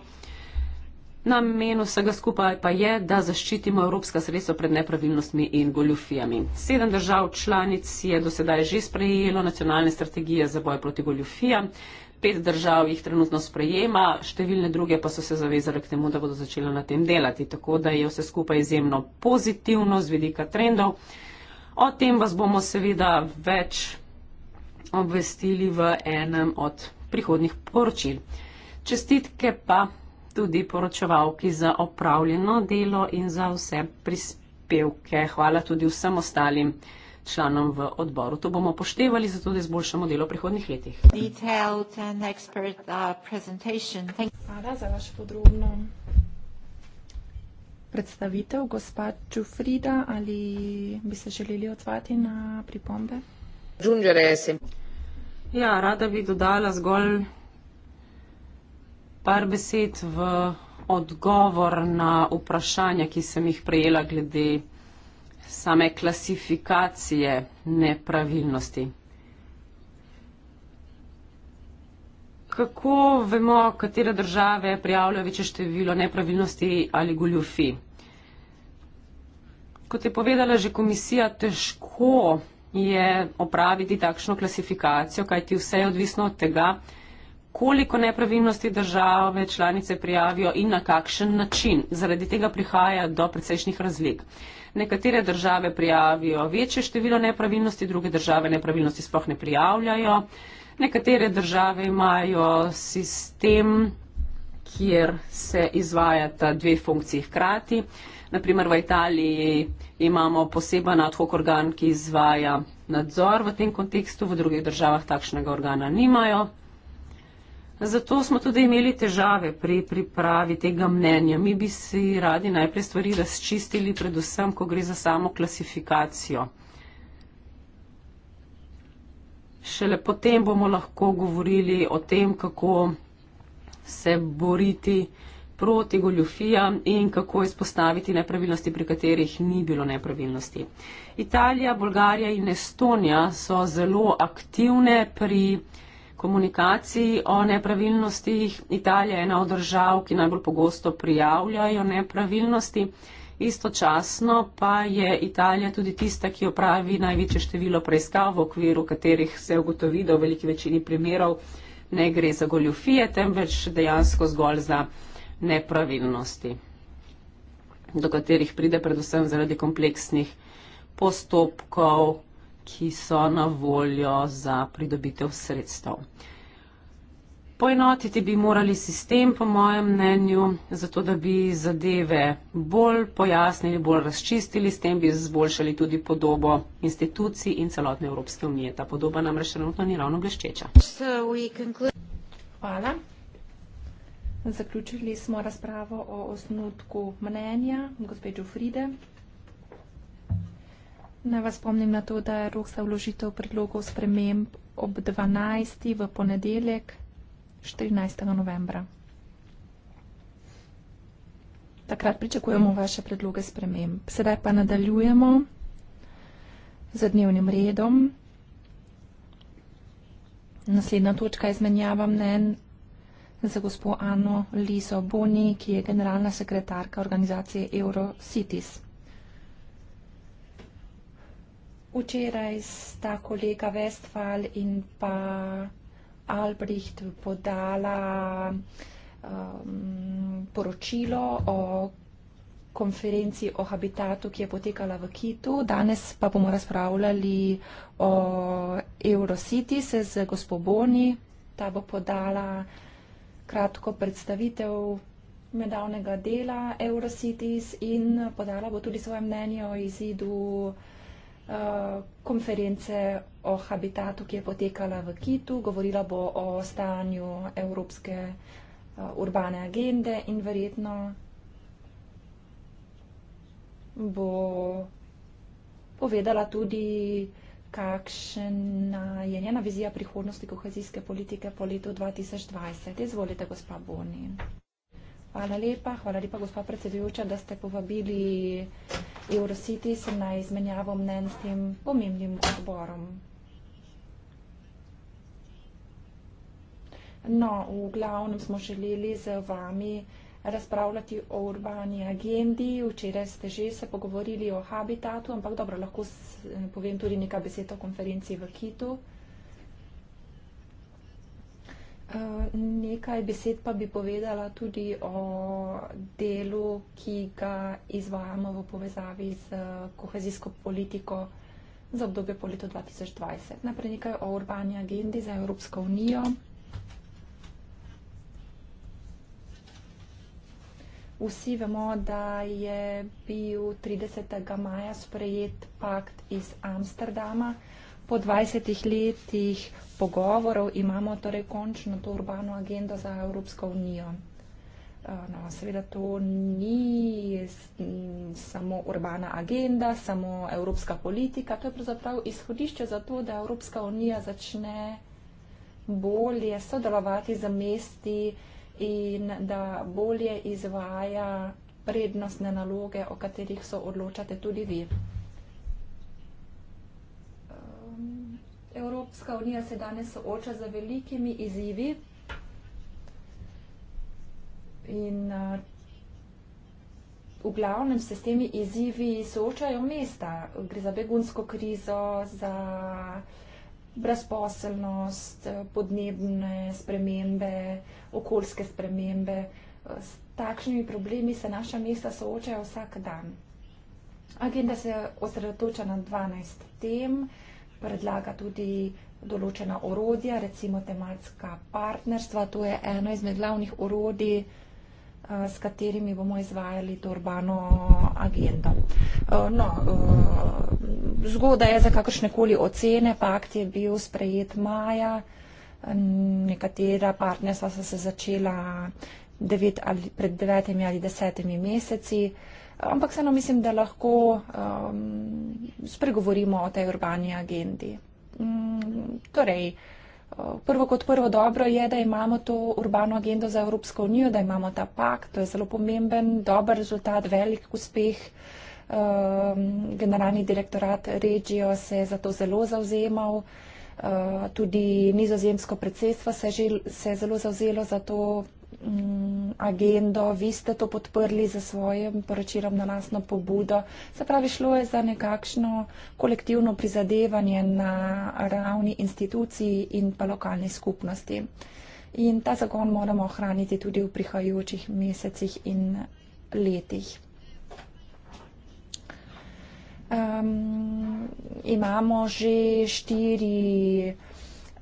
Namen vsega skupaj pa je, da zaščitimo evropska sredstva pred nepravilnostmi in goljufijami. Sedem držav članic je do sedaj že sprejelo nacionalne strategije za boj proti goljufijam. Pet držav jih trenutno sprejema, številne druge pa so se zavezale k temu, da bodo začele na tem delati. Tako da je vse skupaj izjemno pozitivno z vedika trendov. O tem vas bomo seveda več obvestili v enem od prihodnih poročil. Čestitke pa tudi poročevalki za opravljeno delo in za vse prispevke. Hvala tudi vsem ostalim članom v odboru. To bomo poštevali, zato da izboljšamo delo v prihodnih letih. Uh, Hvala za vaš podrobno predstavitev. Gospa Čufrida, ali bi se želeli odzvati na pripombe? Ja, rada bi dodala zgolj Par besed v odgovor na vprašanja, ki sem jih prejela glede same klasifikacije nepravilnosti. Kako vemo, katere države prijavljajo večje število nepravilnosti ali goljufi? Kot je povedala že komisija, težko je opraviti takšno klasifikacijo, kajti vse je odvisno od tega, koliko nepravilnosti države članice prijavijo in na kakšen način. Zaradi tega prihaja do precejšnjih razlik. Nekatere države prijavijo večje število nepravilnosti, druge države nepravilnosti sploh ne prijavljajo. Nekatere države imajo sistem, kjer se izvajata dve funkciji hkrati. Naprimer v Italiji imamo poseben odhok organ, ki izvaja nadzor v tem kontekstu, v drugih državah takšnega organa nimajo, Zato smo tudi imeli težave pri pripravi tega mnenja. Mi bi si radi najprej stvari razčistili, predvsem, ko gre za samo klasifikacijo. Šele potem bomo lahko govorili o tem, kako se boriti proti goljofijam in kako izpostaviti nepravilnosti, pri katerih ni bilo nepravilnosti. Italija, Bolgarija in Estonija so zelo aktivne pri komunikaciji o nepravilnostih. Italija je ena od držav, ki najbolj pogosto prijavljajo nepravilnosti. Istočasno pa je Italija tudi tista, ki opravi največje število preiskav, v okviru katerih se je ugotovi, da v veliki večini primerov ne gre za goljofije, temveč dejansko zgolj za nepravilnosti, do katerih pride predvsem zaradi kompleksnih postopkov, ki so na voljo za pridobitev sredstev. Poenotiti bi morali sistem, po mojem mnenju, zato da bi zadeve bolj pojasnili, bolj razčistili, s tem bi zboljšali tudi podobo institucij in celotne Evropske unije. Ta podoba nam rešenotno ni ravno bleščeča. Hvala. Zaključili smo razpravo o osnutku mnenja gospe Džufride. Naj vas spomnim na to, da je rok za vložitev predlogov sprememb ob 12. v ponedeljek 14. novembra. Takrat pričakujemo vaše predloge sprememb. Sedaj pa nadaljujemo z dnevnim redom. Naslednja točka izmenjava mnen za gospod Ano Liso Boni, ki je generalna sekretarka organizacije EuroCities. včeraj sta kolega Westfall in pa Albrecht podala um, poročilo o konferenci o habitatu, ki je potekala v Kitu. Danes pa bomo razpravljali o Eurocity se z gospod Boni. Ta bo podala kratko predstavitev medavnega dela Eurocities in podala bo tudi svoje mnenje o izidu uh, Eh, konference o habitatu, ki je potekala v Kitu. Govorila bo o stanju evropske eh, urbane agende in verjetno bo povedala tudi, kakšna je njena vizija prihodnosti kohezijske politike po letu 2020. Izvolite, gospa Boni. Hvala lepa, hvala lepa gospa predsedujoča, da ste povabili Eurocity se na izmenjavo mnen s tem pomembnim odborom. No, v glavnem smo želeli z vami razpravljati o urbani agendi. Včeraj ste že se pogovorili o habitatu, ampak dobro, lahko povem tudi nekaj besed o konferenci v Kitu. Eh, nekaj besed pa bi povedala tudi o delu, ki ga izvajamo v povezavi z eh, kohezijsko politiko za obdobje po letu 2020. Najprej nekaj o urbani agendi za Evropsko unijo. Vsi vemo, da je bil 30. maja sprejet pakt iz Amsterdama, po 20 letih pogovorov imamo torej končno to urbano agendo za Evropsko unijo. Eh, no, seveda to ni samo urbana agenda, samo evropska politika, to je pravzaprav izhodišče za to, da Evropska unija začne bolje sodelovati z mesti in da bolje izvaja prednostne naloge, o katerih so odločate tudi vi. Evropska unija se danes sooča z velikimi izzivi in v glavnem se s temi izzivi soočajo mesta. Gre za begunsko krizo, za brezposelnost, podnebne spremembe, okoljske spremembe. S takšnimi problemi se naša mesta soočajo vsak dan. Agenda se osredotoča na 12 tem predlaga tudi določena orodja, recimo tematska partnerstva. To je eno izmed glavnih orodij, eh, s katerimi bomo izvajali to urbano eh, agendo. Eh, no, zgoda je za kakršnekoli ocene, pakt je bil sprejet maja, nekatera partnerstva so se začela devet ali, pred devetimi ali desetimi meseci ampak vseeno mislim, da lahko um, spregovorimo o tej urbani agendi. Um, torej, uh, prvo kot prvo dobro je, da imamo to urbano agendo za Evropsko unijo, da imamo ta pakt, to je zelo pomemben, dober rezultat, velik uspeh. Um, generalni direktorat Regio se je za to zelo zauzemal. Uh, tudi nizozemsko predsedstvo se, se je zelo zauzelo za to, Mm, agendo, vi ste to podprli za svojim poročilom na nasno pobudo. Se pravi, šlo je za nekakšno kolektivno prizadevanje na ravni institucij in pa lokalne skupnosti. In ta zagon moramo ohraniti tudi v prihajajočih mesecih in letih. Um, imamo že štiri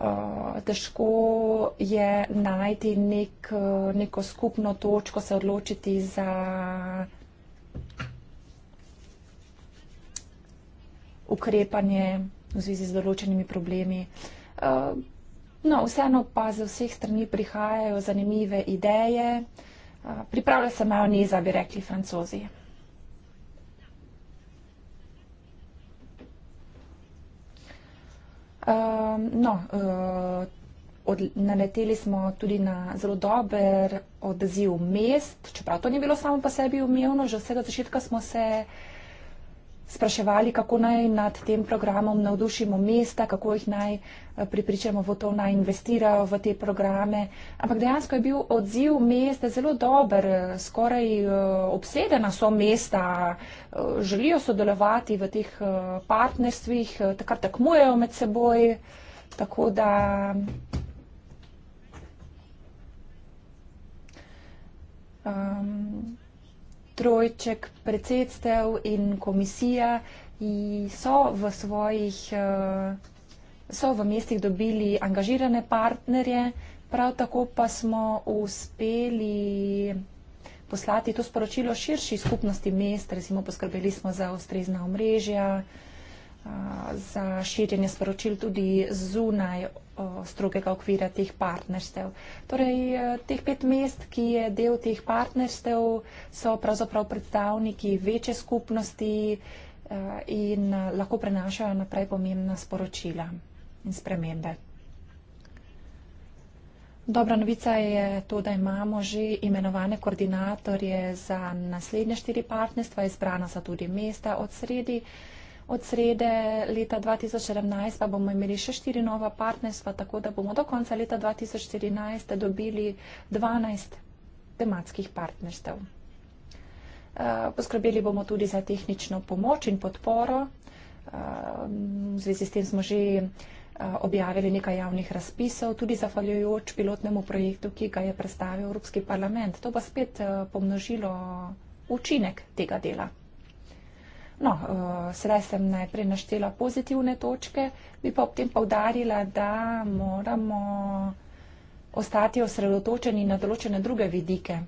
Eh, težko je najti nek, eh, neko skupno točko, se odločiti za. Ukrepanje v zvezi z določenimi problemi. Eh, no, vseeno pa z vseh strani prihajajo zanimive ideje. Pripravlja se majoneza, bi rekli francozi. Um, no, uh, od, naleteli smo tudi na zelo dober odziv mest, čeprav to ni bilo samo po sebi umevno, že od vsega začetka smo se uh, spraševali, kako naj nad tem programom navdušimo mesta, kako jih naj eh, pripričamo v to, naj investirajo v te programe. Ampak dejansko je bil odziv mesta zelo dober, eh, skoraj eh, obsedena so mesta, želijo sodelovati v teh partnerstvih, takrat takmujejo med seboj. Tako da. Um, trojček predsedstev in komisija so v svojih, eh, so v mestih dobili angažirane partnerje, prav tako pa smo uspeli poslati to sporočilo širši skupnosti mest, recimo poskrbeli smo za ustrezna omrežja, za širjenje sporočil tudi zunaj strogega okvira teh partnerstev. Torej, e, teh pet mest, ki je del teh partnerstev, so pravzaprav predstavniki večje skupnosti e, in e, lahko prenašajo naprej pomembna sporočila in spremembe. Dobra novica je to, da imamo že imenovane koordinatorje za naslednje štiri partnerstva, izbrana so tudi mesta od sredi. Od srede leta 2017 pa bomo imeli še štiri nova partnerstva, tako da bomo do konca leta 2014 dobili 12 tematskih partnerstev. Eh, poskrbeli bomo tudi za tehnično pomoč in podporo. Eh, v zvezi s tem smo že eh, objavili nekaj javnih razpisov, tudi zahvaljujoč pilotnemu projektu, ki ga je predstavil Evropski parlament. To bo spet pomnožilo učinek tega dela. No, eh, sedaj sem najprej naštela pozitivne točke, bi pa ob tem povdarila, da moramo ostati osredotočeni na določene druge vidike.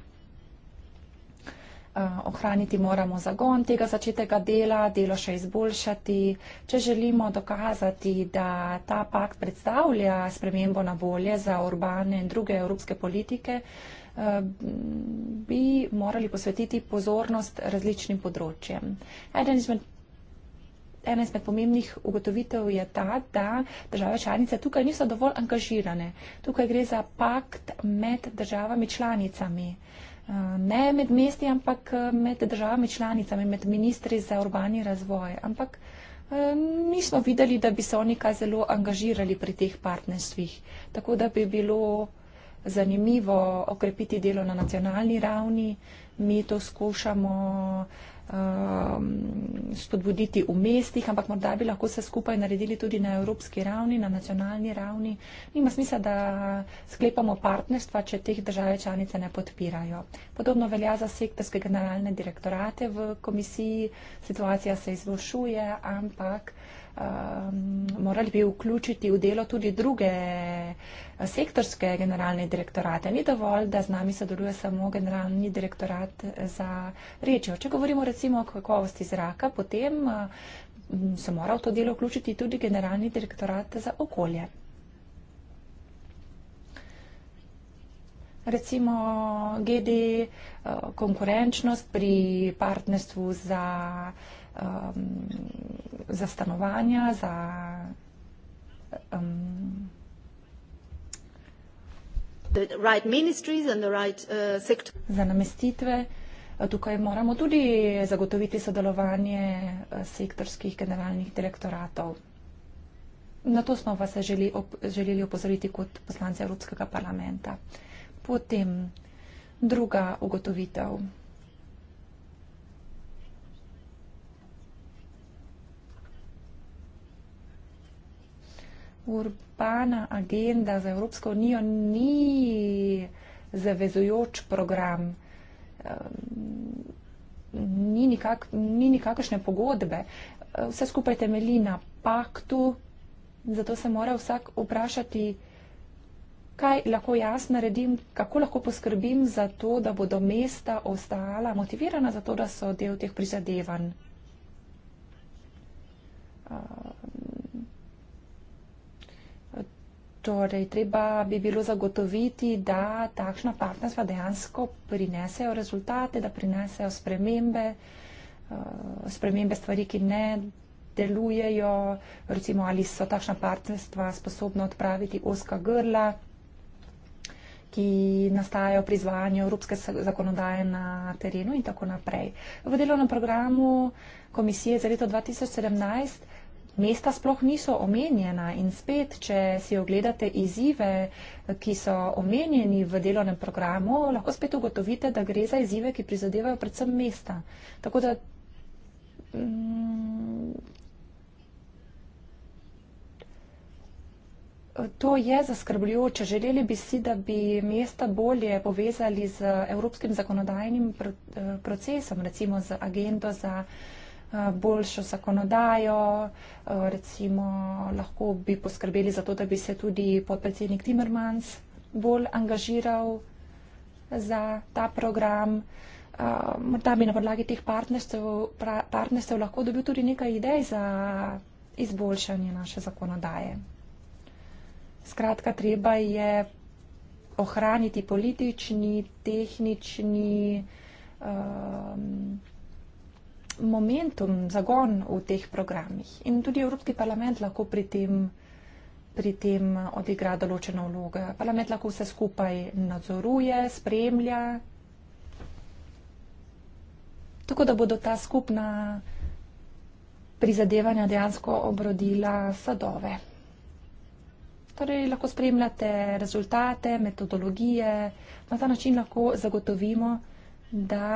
Eh, ohraniti moramo zagon tega začetega dela, delo še izboljšati. Če želimo dokazati, da ta pakt predstavlja spremembo na bolje za urbane in druge evropske politike, bi morali posvetiti pozornost različnim področjem. Eden izmed, ena izmed pomembnih ugotovitev je ta, da države članice tukaj niso dovolj angažirane. Tukaj gre za pakt med državami članicami. Eh, ne med mesti, ampak eh, med državami članicami, med ministri za urbani razvoj. Ampak eh, nismo videli, da bi se oni kaj zelo angažirali pri teh partnerstvih. Tako da bi bilo zanimivo okrepiti delo na nacionalni ravni. Mi to skušamo um, spodbuditi v mestih, ampak morda bi lahko se skupaj naredili tudi na evropski ravni, na nacionalni ravni. Nima smisla, da sklepamo partnerstva, če teh države članice ne podpirajo. Podobno velja za sektorske generalne direktorate v komisiji. Situacija se izboljšuje, ampak. Um, morali bi vključiti v delo tudi druge eh, sektorske generalne direktorate. Ni dovolj, da z nami sodeluje samo generalni direktorat eh, za rečjo. Če govorimo recimo o kakovosti zraka, potem eh, se mora v to delo vključiti tudi generalni direktorat za okolje. Recimo GD konkurenčnost pri partnerstvu za uh, um, za stanovanja, za um, The right ministries and the right uh, sector. Za namestitve. Tukaj moramo tudi zagotoviti sodelovanje uh, sektorskih generalnih direktoratov. Na to smo vas želi op želeli opozoriti kot poslance Evropskega parlamenta. Potem druga ugotovitev. urbana agenda za Evropsko unijo ni zavezujoč program, ni, nikak, ni nikakšne pogodbe. Vse skupaj temeli na paktu, zato se mora vsak vprašati, kaj lahko jaz naredim, kako lahko poskrbim za to, da bodo mesta ostala motivirana za to, da so del teh prizadevanj. Torej, treba bi bilo zagotoviti, da takšna partnerstva dejansko prinesejo rezultate, da prinesejo spremembe, eh, spremembe stvari, ki ne delujejo, recimo ali so takšna partnerstva sposobna odpraviti oska grla, ki nastajajo pri izvajanju evropske zakonodaje na terenu in tako naprej. V delovnem programu komisije za leto 2017 mesta sploh niso omenjena in spet, če si ogledate izzive, ki so omenjeni v delovnem programu, lahko spet ugotovite, da gre za izzive, ki prizadevajo predvsem mesta. Tako da mm, To je zaskrbljujoče. Želeli bi si, da bi mesta bolje povezali z evropskim zakonodajnim eh, procesom, recimo z agendo za uh, Eh, boljšo zakonodajo, eh, recimo lahko bi poskrbeli za to, da bi se tudi podpredsednik Timmermans bolj angažiral za ta program. Eh, morda bi na podlagi teh partnerstev, partnerstev lahko dobil tudi nekaj idej za izboljšanje naše zakonodaje. Skratka, treba je ohraniti politični, tehnični. Um, momentum, zagon v teh programih. In tudi Evropski parlament lahko pri tem, pri tem eh, odigra določeno vlogo. Parlament lahko vse skupaj nadzoruje, spremlja. Tako da bodo ta skupna prizadevanja dejansko obrodila sadove. Torej, lahko spremljate rezultate, metodologije, na ta način lahko zagotovimo, da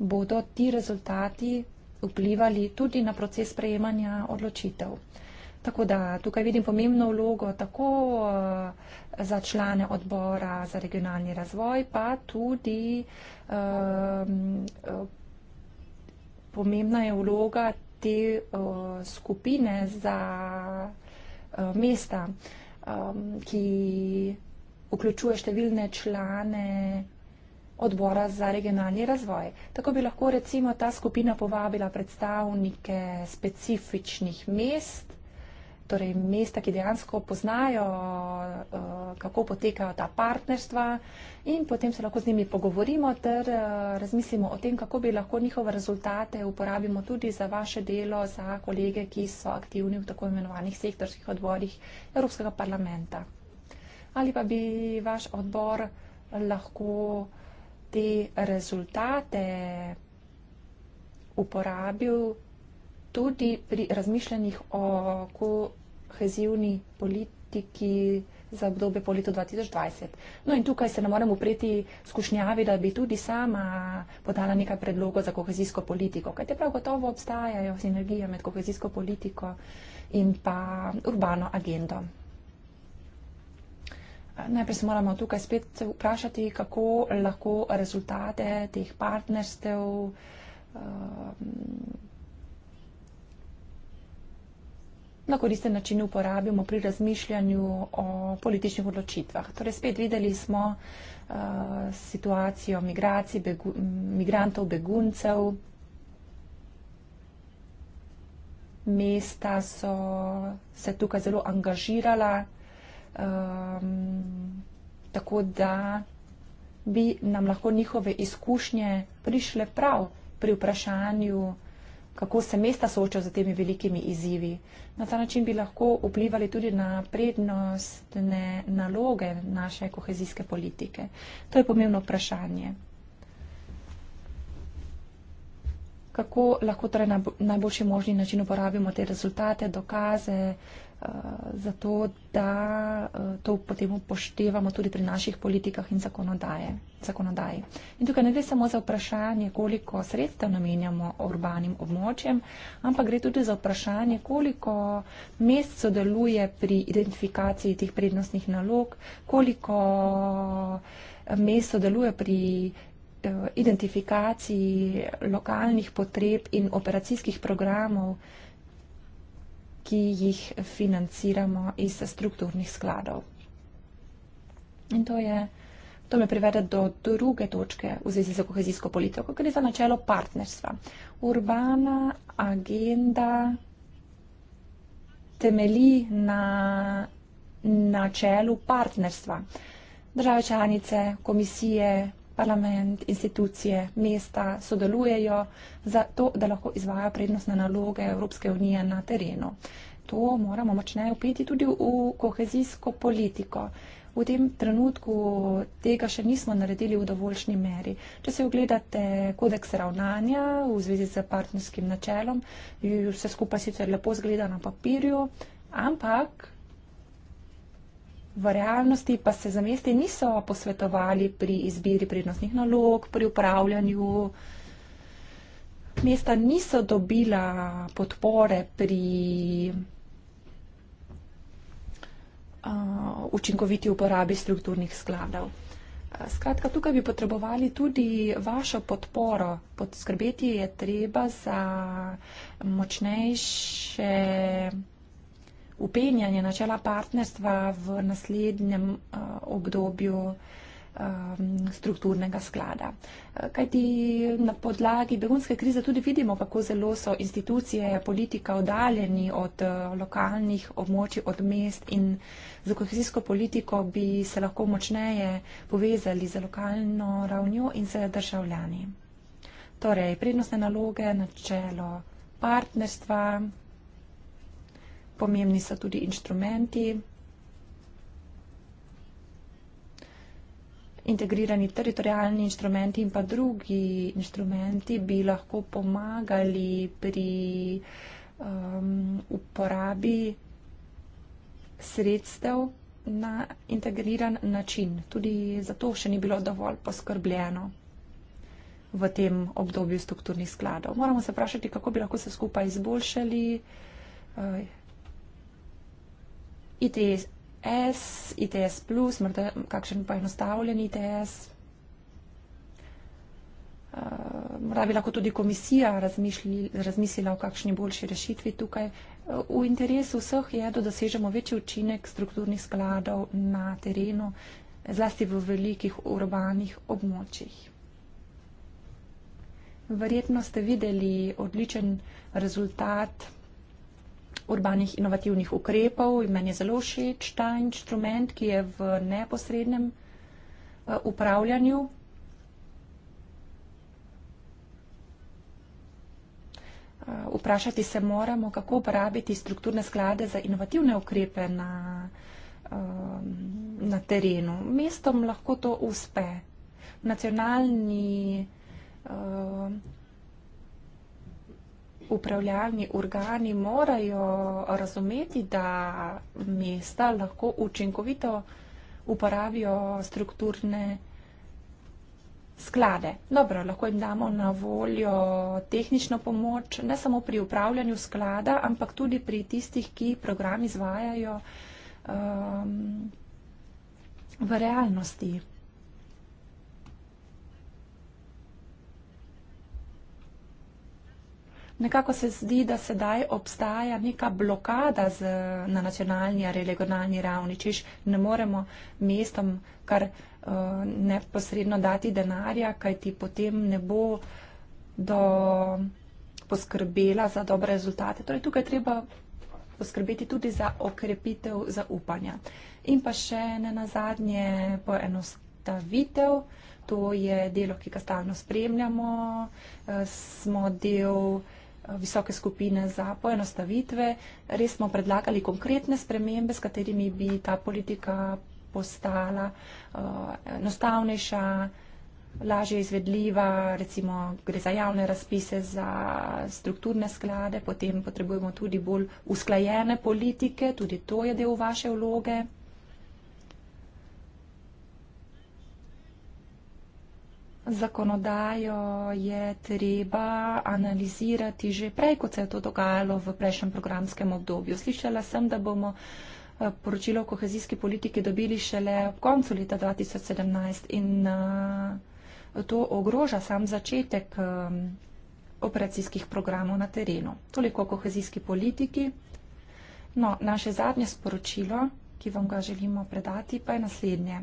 bodo ti rezultati vplivali tudi na proces sprejemanja odločitev. Tako da tukaj vidim pomembno vlogo tako eh, za člane odbora za regionalni razvoj, pa tudi um, pomembna je vloga te uh, skupine za uh, mesta, um, ki vključuje številne člane odbora za regionalni razvoj. Tako bi lahko recimo ta skupina povabila predstavnike specifičnih mest, torej mesta, ki dejansko poznajo, eh, kako potekajo ta partnerstva in potem se lahko z njimi pogovorimo ter eh, razmislimo o tem, kako bi lahko njihove rezultate uporabimo tudi za vaše delo, za kolege, ki so aktivni v tako imenovanih sektorskih odborih Evropskega parlamenta. Ali pa bi vaš odbor lahko uh, te rezultate uporabil tudi pri razmišljanjih o kohezivni politiki za obdobje po letu 2020. No in tukaj se ne morem upreti skušnjavi, da bi tudi sama podala nekaj predlogov za kohezijsko politiko, kajte prav gotovo obstajajo sinergije med kohezijsko politiko in pa urbano agendo. Najprej se moramo tukaj spet vprašati, kako lahko rezultate teh partnerstev ehm, na koristen način uporabimo pri razmišljanju o političnih odločitvah. Torej spet videli smo eh, situacijo migracij, begu, migrantov, beguncev. Mesta so se tukaj zelo angažirala. Um, tako da bi nam lahko njihove izkušnje prišle prav pri vprašanju, kako se mesta soočajo z temi velikimi izzivi. Na ta način bi lahko vplivali tudi na prednostne naloge naše kohezijske politike. To je pomembno vprašanje. Kako lahko torej na najboljši možni način uporabimo te rezultate, dokaze, uh, Eh, zato da eh, to potem upoštevamo tudi pri naših politikah in zakonodaji. In tukaj ne gre samo za vprašanje, koliko sredstev namenjamo urbanim območjem, ampak gre tudi za vprašanje, koliko mest sodeluje pri identifikaciji teh prednostnih nalog, koliko eh, mest sodeluje pri identifikaciji lokalnih potreb in operacijskih programov, ki jih financiramo iz strukturnih skladov. In to, je, to me privede do druge točke v zvezi z kohezijsko politiko, ker je za načelo partnerstva. Urbana agenda temeli na načelu partnerstva. Države članice, komisije, parlament, institucije, mesta sodelujejo za to, da lahko izvajajo prednostne naloge Evropske unije na terenu. To moramo močneje upeti tudi v kohezijsko politiko. V tem trenutku tega še nismo naredili v dovoljšni meri. Če se ogledate kodeks ravnanja v zvezi z partnerskim načelom, vse skupaj sicer lepo zgleda na papirju, ampak V realnosti pa se zamesti niso posvetovali pri izbiri prednostnih nalog, pri upravljanju. Mesta niso dobila podpore pri uh, učinkoviti uporabi strukturnih skladov. Skratka, tukaj bi potrebovali tudi vašo podporo. Podskrbeti je treba za močnejše upenjanje načela partnerstva v naslednjem eh, obdobju eh, strukturnega sklada. Eh, kajti na podlagi begunske krize tudi vidimo, kako zelo so institucije, politika oddaljeni od lokalnih območij, od mest in za kohezijsko politiko bi se lahko močneje povezali za lokalno ravnjo in se državljani. Torej, prednostne naloge, načelo partnerstva, pomembni so tudi inštrumenti, integrirani teritorijalni inštrumenti in pa drugi inštrumenti bi lahko pomagali pri um, uporabi sredstev na integriran način. Tudi zato še ni bilo dovolj poskrbljeno v tem obdobju strukturnih skladov. Moramo se vprašati, kako bi lahko se skupaj izboljšali. Uh, ITS, ITS, plus, morda kakšen poenostavljen ITS. Uh, eh, morda bi lahko tudi komisija razmislila o kakšni boljši rešitvi tukaj. V interesu vseh je, da dosežemo večji učinek strukturnih skladov na terenu, zlasti v velikih urbanih območjih. Verjetno ste videli odličen rezultat urbanih inovativnih ukrepov in meni je zelo všeč ta inštrument, ki je v neposrednem eh, upravljanju. Eh, vprašati se moramo, kako uporabiti strukturne sklade za inovativne ukrepe na, eh, na terenu. Mestom lahko to uspe. Nacionalni, upravljalni organi morajo razumeti, da mesta lahko učinkovito uporabijo strukturne sklade. Dobro, lahko jim damo na voljo tehnično pomoč, ne samo pri upravljanju sklada, ampak tudi pri tistih, ki program izvajajo um, v realnosti. Nekako se zdi, da sedaj obstaja neka blokada z, na nacionalni ali regionalni ravni, češ ne moremo mestom kar uh, neposredno dati denarja, kajti potem ne bo do, poskrbela za dobre rezultate. Torej, tukaj treba poskrbeti tudi za okrepitev zaupanja. In pa še ne nazadnje poenostavitev. To je delo, ki ga stalno spremljamo. Uh, smo del. Eh, visoke skupine za poenostavitve. Res smo predlagali konkretne spremembe, s katerimi bi ta politika postala eh, enostavnejša, lažje izvedljiva, recimo gre za javne razpise, za strukturne sklade, potem potrebujemo tudi bolj usklajene politike, tudi to je del vaše vloge. Zakonodajo je treba analizirati že prej, kot se je to dogajalo v prejšnjem programskem obdobju. Slišala sem, da bomo eh, poročilo o kohezijski politiki dobili šele ob koncu leta 2017 in eh, to ogroža sam začetek eh, operacijskih programov na terenu. Toliko o kohezijski politiki. No, naše zadnje sporočilo, ki vam ga želimo predati, pa je naslednje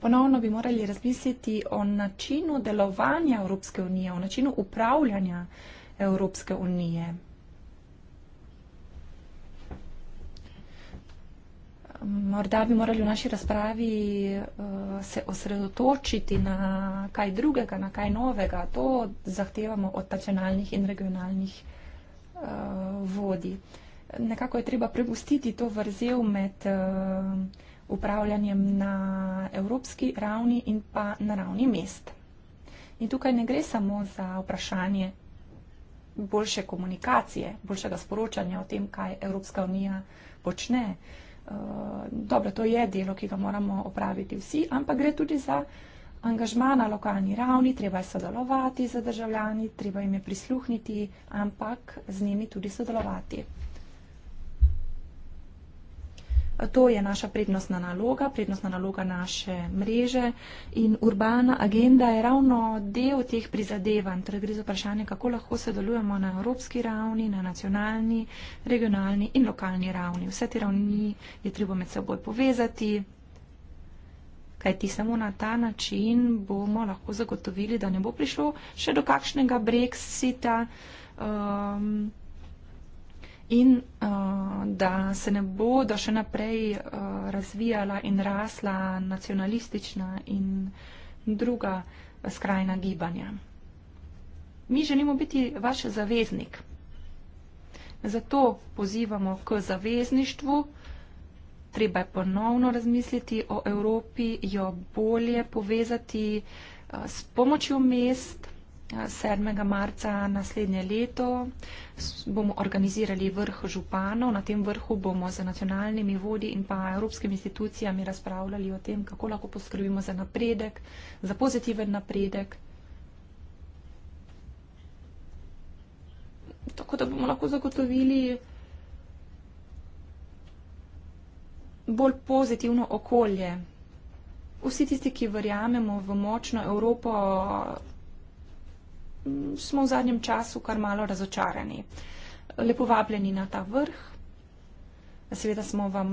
ponovno bi morali razmisliti o načinu delovanja Evropske unije, o načinu upravljanja Evropske unije. Morda bi morali v naši razpravi uh, se osredotočiti na kaj drugega, na kaj novega. To zahtevamo od nacionalnih in regionalnih uh, vodij. Nekako je treba prepustiti to vrzel med uh, upravljanjem na evropski ravni in pa na ravni mest. In tukaj ne gre samo za vprašanje boljše komunikacije, boljšega sporočanja o tem, kaj Evropska unija počne. Eh, dobro, to je delo, ki ga moramo opraviti vsi, ampak gre tudi za angažma na lokalni ravni, treba je sodelovati z državljani, treba jim je prisluhniti, ampak z njimi tudi sodelovati. To je naša prednostna naloga, prednostna naloga naše mreže in urbana agenda je ravno del teh prizadevanj. Torej gre za vprašanje, kako lahko sodelujemo na evropski ravni, na nacionalni, regionalni in lokalni ravni. Vse te ravni je treba med seboj povezati, kajti samo na ta način bomo lahko zagotovili, da ne bo prišlo še do kakšnega brexita. Um, in uh, da se ne bodo še naprej uh, razvijala in rasla nacionalistična in druga skrajna gibanja. Mi želimo biti vaš zaveznik. Zato pozivamo k zavezništvu. Treba je ponovno razmisliti o Evropi, jo bolje povezati uh, s pomočjo mest, 7. marca naslednje leto bomo organizirali vrh županov. Na tem vrhu bomo z nacionalnimi vodi in pa evropskimi institucijami razpravljali o tem, kako lahko poskrbimo za napredek, za pozitiven napredek. Tako da bomo lahko zagotovili bolj pozitivno okolje. Vsi tisti, ki verjamemo v močno Evropo, smo v zadnjem času kar malo razočarani. Lepo vabljeni na ta vrh. Seveda smo vam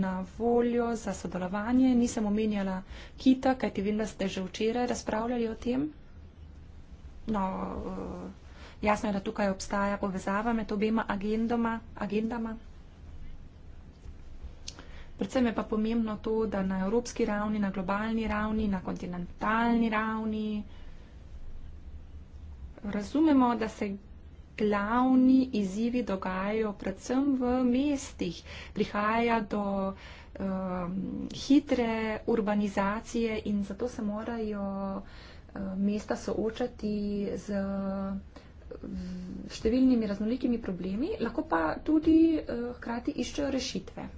na voljo za sodelovanje. Nisem omenjala kita, kajti vem, da ste že včeraj razpravljali o tem. No, eh, jasno je, da tukaj obstaja povezava med obema agendoma, agendama. Predvsem je pa pomembno to, da na evropski ravni, na globalni ravni, na kontinentalni ravni razumemo, da se glavni izzivi dogajajo predvsem v mestih. Prihaja do um, hitre urbanizacije in zato se morajo uh, mesta soočati z številnimi raznolikimi problemi, lahko pa tudi uh, hkrati iščejo rešitve.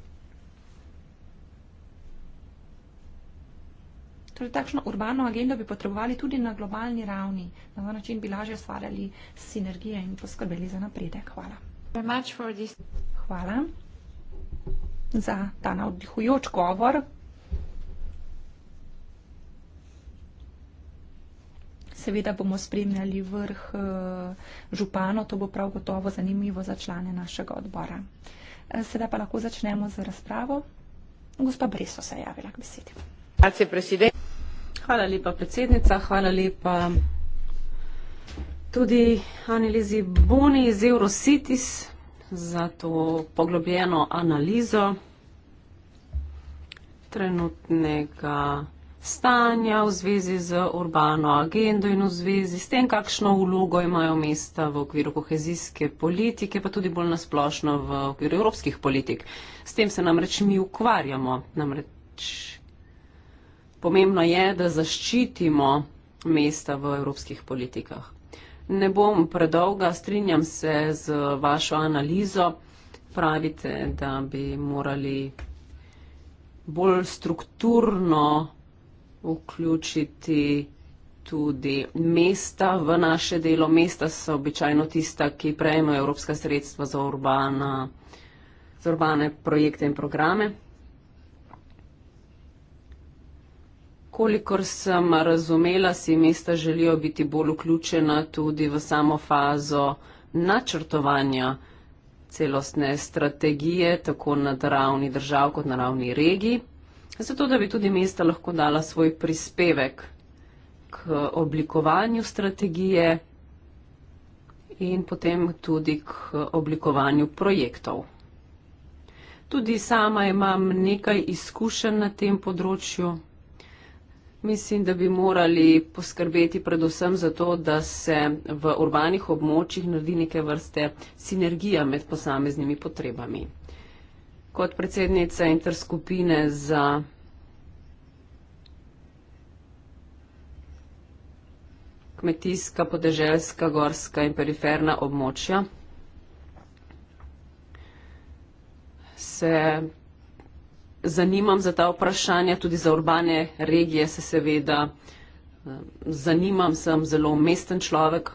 Torej, takšno urbano agendo bi potrebovali tudi na globalni ravni. Na ta način bi lažje ustvarjali sinergije in poskrbeli za napredek. Hvala. Hvala za ta navdihujoč govor. Seveda bomo spremljali vrh eh, župano, to bo prav gotovo zanimivo za člane našega odbora. Eh, sedaj pa lahko začnemo z razpravo. Gospa Breso se je javila k besedi. Hvala lepa, predsednica. Hvala lepa tudi Annelizi Boni iz Eurocities za to poglobljeno analizo trenutnega stanja v zvezi z urbano agendo in v zvezi s tem, kakšno vlogo imajo mesta v okviru kohezijske politike, pa tudi bolj nasplošno v okviru evropskih politik. S tem se namreč mi ukvarjamo, namreč Pomembno je, da zaščitimo mesta v evropskih politikah. Ne bom predolga, strinjam se z vašo analizo. Pravite, da bi morali bolj strukturno vključiti tudi mesta v naše delo. Mesta so običajno tista, ki prejmejo evropska sredstva za urbana, za urbane projekte in programe. Kolikor sem razumela, si mesta želijo biti bolj vključena tudi v samo fazo načrtovanja celostne strategije, tako na ravni držav kot na ravni regij, zato da bi tudi mesta lahko dala svoj prispevek k oblikovanju strategije in potem tudi k oblikovanju projektov. Tudi sama imam nekaj izkušenj na tem področju. Mislim, da bi morali poskrbeti predvsem za to, da se v urbanih območjih naredi neke vrste sinergija med posameznimi potrebami. Kot predsednica interskupine za kmetijska, podeželska, gorska in periferna območja, se zanimam za ta vprašanja, tudi za urbane regije se seveda eh, zanimam, sem zelo mesten človek.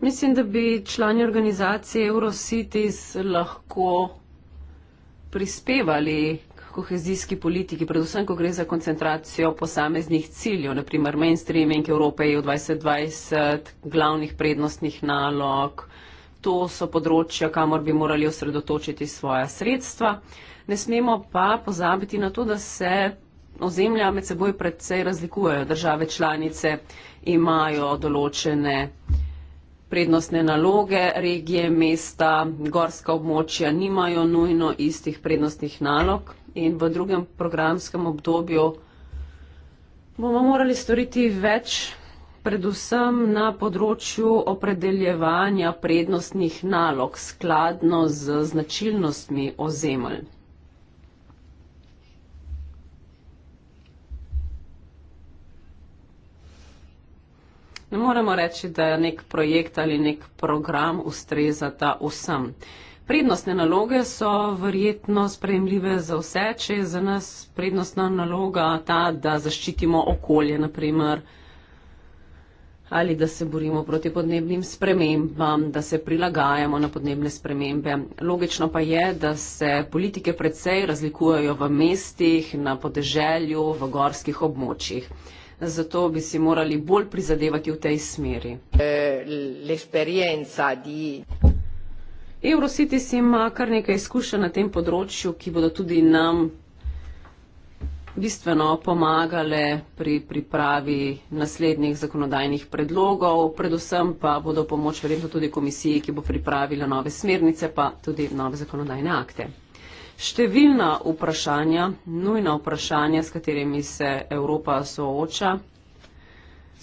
Mislim, da bi člani organizacije Eurocities lahko prispevali kohezijski politiki, predvsem, ko gre za koncentracijo posameznih ciljev, naprimer mainstreaming Evrope EU 2020, glavnih prednostnih nalog. To so področja, kamor bi morali osredotočiti svoja sredstva. Ne smemo pa pozabiti na to, da se ozemlja med seboj predvsej razlikujejo. Države članice imajo določene prednostne naloge, regije, mesta, gorska območja nimajo nujno istih prednostnih nalog in v drugem programskem obdobju bomo morali storiti več, predvsem na področju opredeljevanja prednostnih nalog skladno z značilnostmi ozemelj. Ne moremo reči, da nek projekt ali nek program ustrezata vsem. Prednostne naloge so verjetno sprejemljive za vse, če je za nas prednostna naloga ta, da zaščitimo okolje, naprimer, ali da se borimo proti podnebnim spremembam, da se prilagajamo na podnebne spremembe. Logično pa je, da se politike predvsej razlikujejo v mestih, na podeželju, v gorskih območjih zato bi si morali bolj prizadevati v tej smeri. Eh, Eurocities ima kar nekaj izkušenj na tem področju, ki bodo tudi nam bistveno pomagale pri pripravi naslednjih zakonodajnih predlogov, predvsem pa bodo pomoč verjetno tudi komisiji, ki bo pripravila nove smernice, pa tudi nove zakonodajne akte številna vprašanja, nujna vprašanja, s katerimi se Evropa sooča,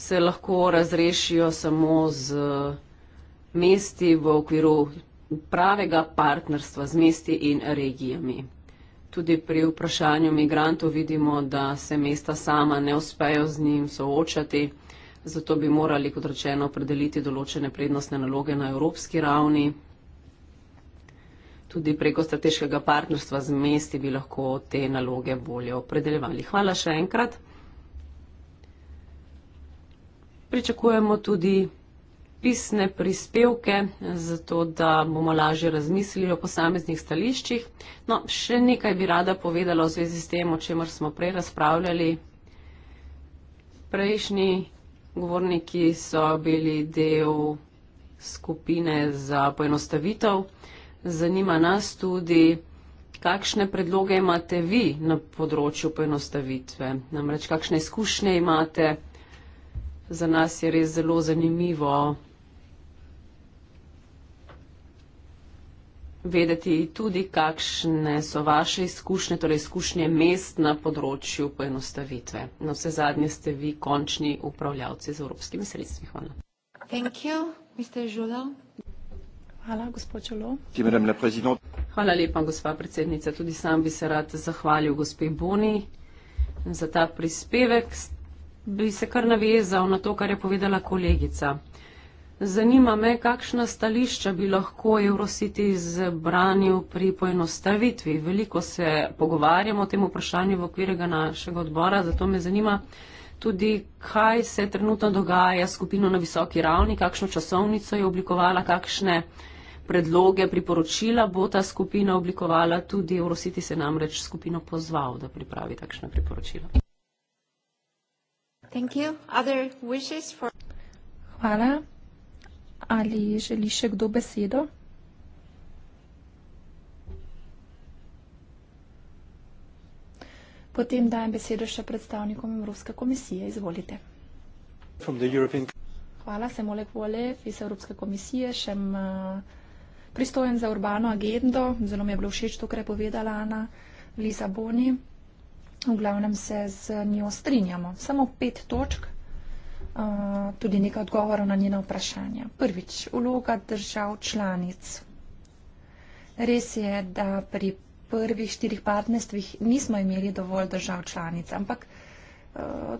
se lahko razrešijo samo z mesti v okviru pravega partnerstva z mesti in regijami. Tudi pri vprašanju migrantov vidimo, da se mesta sama ne uspejo z njim soočati, zato bi morali, kot rečeno, opredeliti določene prednostne naloge na evropski ravni, tudi preko strateškega partnerstva z mesti bi lahko te naloge bolje opredeljevali. Hvala še enkrat. Pričakujemo tudi pisne prispevke, zato da bomo lažje razmislili o posameznih stališčih. No, še nekaj bi rada povedala v zvezi s tem, o čemer smo prej razpravljali. Prejšnji govorniki so bili del skupine za poenostavitev zanima nas tudi, kakšne predloge imate vi na področju poenostavitve. Namreč, kakšne izkušnje imate, za nas je res zelo zanimivo vedeti tudi, kakšne so vaše izkušnje, torej izkušnje mest na področju poenostavitve. Na vse zadnje ste vi končni upravljavci z evropskimi sredstvi. Hvala. Thank you, Mr. Žulov. Hvala, gospod Čelo. Hvala lepa, gospa predsednica. Tudi sam bi se rad zahvalil gospe Boni za ta prispevek. Bi se kar navezal na to, kar je povedala kolegica. Zanima me, kakšna stališča bi lahko Eurocity zbranil pri poenostavitvi. Veliko se pogovarjamo o tem vprašanju v okviru našega odbora, zato me zanima tudi, kaj se trenutno dogaja s skupino na visoki ravni, kakšno časovnico je oblikovala, kakšne predloge, priporočila bo ta skupina oblikovala, tudi Eurositi se namreč skupino pozval, da pripravi takšne priporočila. Hvala. Ali želi še kdo besedo? Potem dajem besedo še predstavnikom Evropske komisije. Izvolite. Hvala, sem Oleg Volev iz Evropske komisije. Šem, uh, pristojen za urbano agendo. Zelo mi je bilo všeč to, kar je povedala Ana Lizaboni. V glavnem se z njo strinjamo. Samo pet točk, tudi nekaj odgovorov na njena vprašanja. Prvič, vloga držav članic. Res je, da pri prvih štirih partnerstvih nismo imeli dovolj držav članic, ampak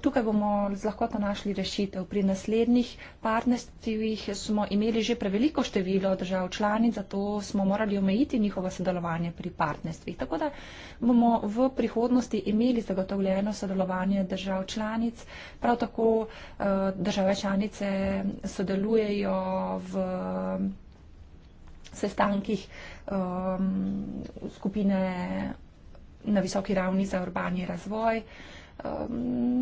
Tukaj bomo z lahkoto našli rešitev. Pri naslednjih partnerstvih smo imeli že preveliko število držav članic, zato smo morali omejiti njihovo sodelovanje pri partnerstvih. Tako da bomo v prihodnosti imeli zagotovljeno sodelovanje držav članic. Prav tako eh, države članice sodelujejo v sestankih eh, skupine na visoki ravni za urbani razvoj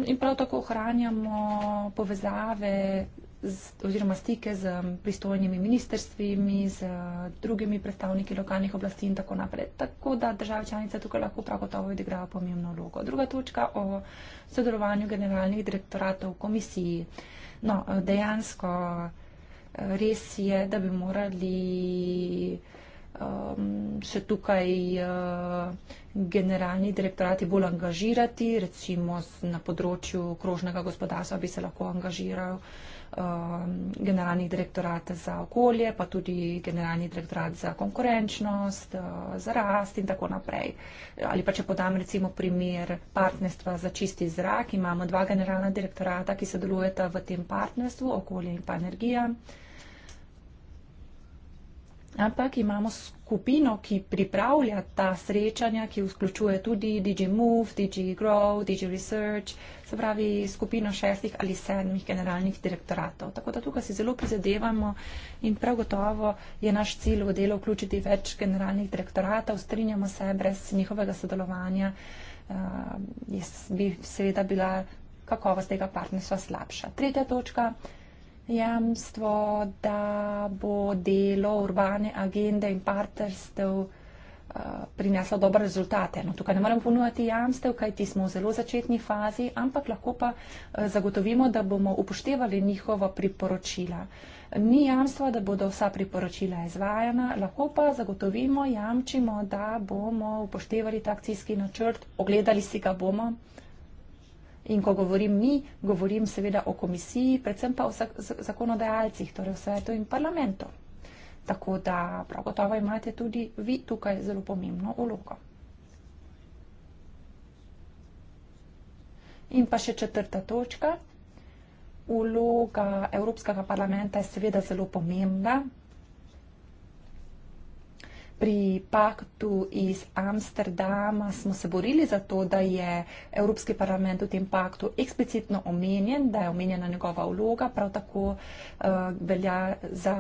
in prav tako ohranjamo povezave z, oziroma stike z pristojnimi ministrstvimi, z drugimi predstavniki lokalnih oblasti in tako naprej. Tako da države članice tukaj lahko prav gotovo odigrajo pomembno vlogo. Druga točka o sodelovanju generalnih direktoratov v komisiji. No, dejansko eh, res je, da bi morali um, še tukaj uh, generalni direktorati bolj angažirati, recimo na področju krožnega gospodarstva bi se lahko angažiral um, generalni direktorat za okolje, pa tudi generalni direktorat za konkurenčnost, uh, za rast in tako naprej. Ali pa če podam recimo primer partnerstva za čisti zrak, imamo dva generalna direktorata, ki se delujeta v tem partnerstvu, okolje in pa energija ampak imamo skupino, ki pripravlja ta srečanja, ki vključuje tudi DigiMove, DigiGrow, DigiResearch, se pravi skupino šestih ali sedmih generalnih direktoratov. Tako da tukaj si zelo prizadevamo in prav gotovo je naš cilj v delo vključiti več generalnih direktoratov, strinjamo se brez njihovega sodelovanja, uh, bi seveda bila kakovost tega partnerstva slabša. Tretja točka jamstvo, da bo delo urbane agende in partnerstev uh, prineslo dobre rezultate. No, tukaj ne moremo ponuditi jamstev, kajti smo v zelo začetni fazi, ampak lahko pa uh, zagotovimo, da bomo upoštevali njihova priporočila. Ni jamstva, da bodo vsa priporočila izvajana, lahko pa zagotovimo, jamčimo, da bomo upoštevali ta akcijski načrt, ogledali si ga bomo. In ko govorim mi, govorim seveda o komisiji, predvsem pa o zakonodajalcih, torej o svetu in parlamentu. Tako da prav gotovo imate tudi vi tukaj zelo pomembno vlogo. In pa še četrta točka. Uloga Evropskega parlamenta je seveda zelo pomembna, pri paktu iz Amsterdama smo se borili za to, da je Evropski parlament v tem paktu eksplicitno omenjen, da je omenjena njegova vloga, prav tako uh, velja za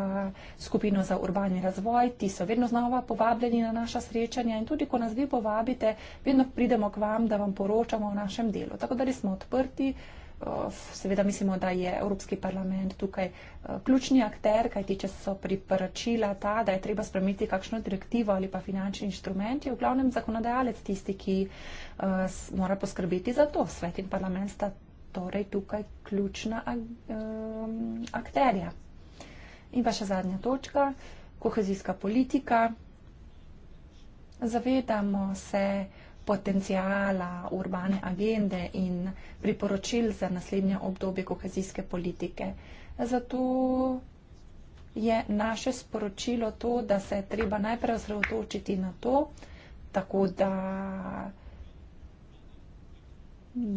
skupino za urbani razvoj. Ti so vedno znova povabljeni na naša srečanja in tudi, ko nas vi povabite, vedno pridemo k vam, da vam poročamo o našem delu. Tako da smo odprti. Seveda mislimo, da je Evropski parlament tukaj eh, ključni akter, kajti če so priporočila ta, da je treba spremeniti kakšno direktivo ali pa finančni inštrument, je v glavnem zakonodajalec tisti, ki eh, mora poskrbeti za to. Svet in parlament sta torej tukaj ključna eh, akterja. In pa še zadnja točka, kohezijska politika. Zavedamo se, da je potencijala urbane agende in priporočil za naslednje obdobje kohezijske politike. Zato je naše sporočilo to, da se je treba najprej osredotočiti na to, tako da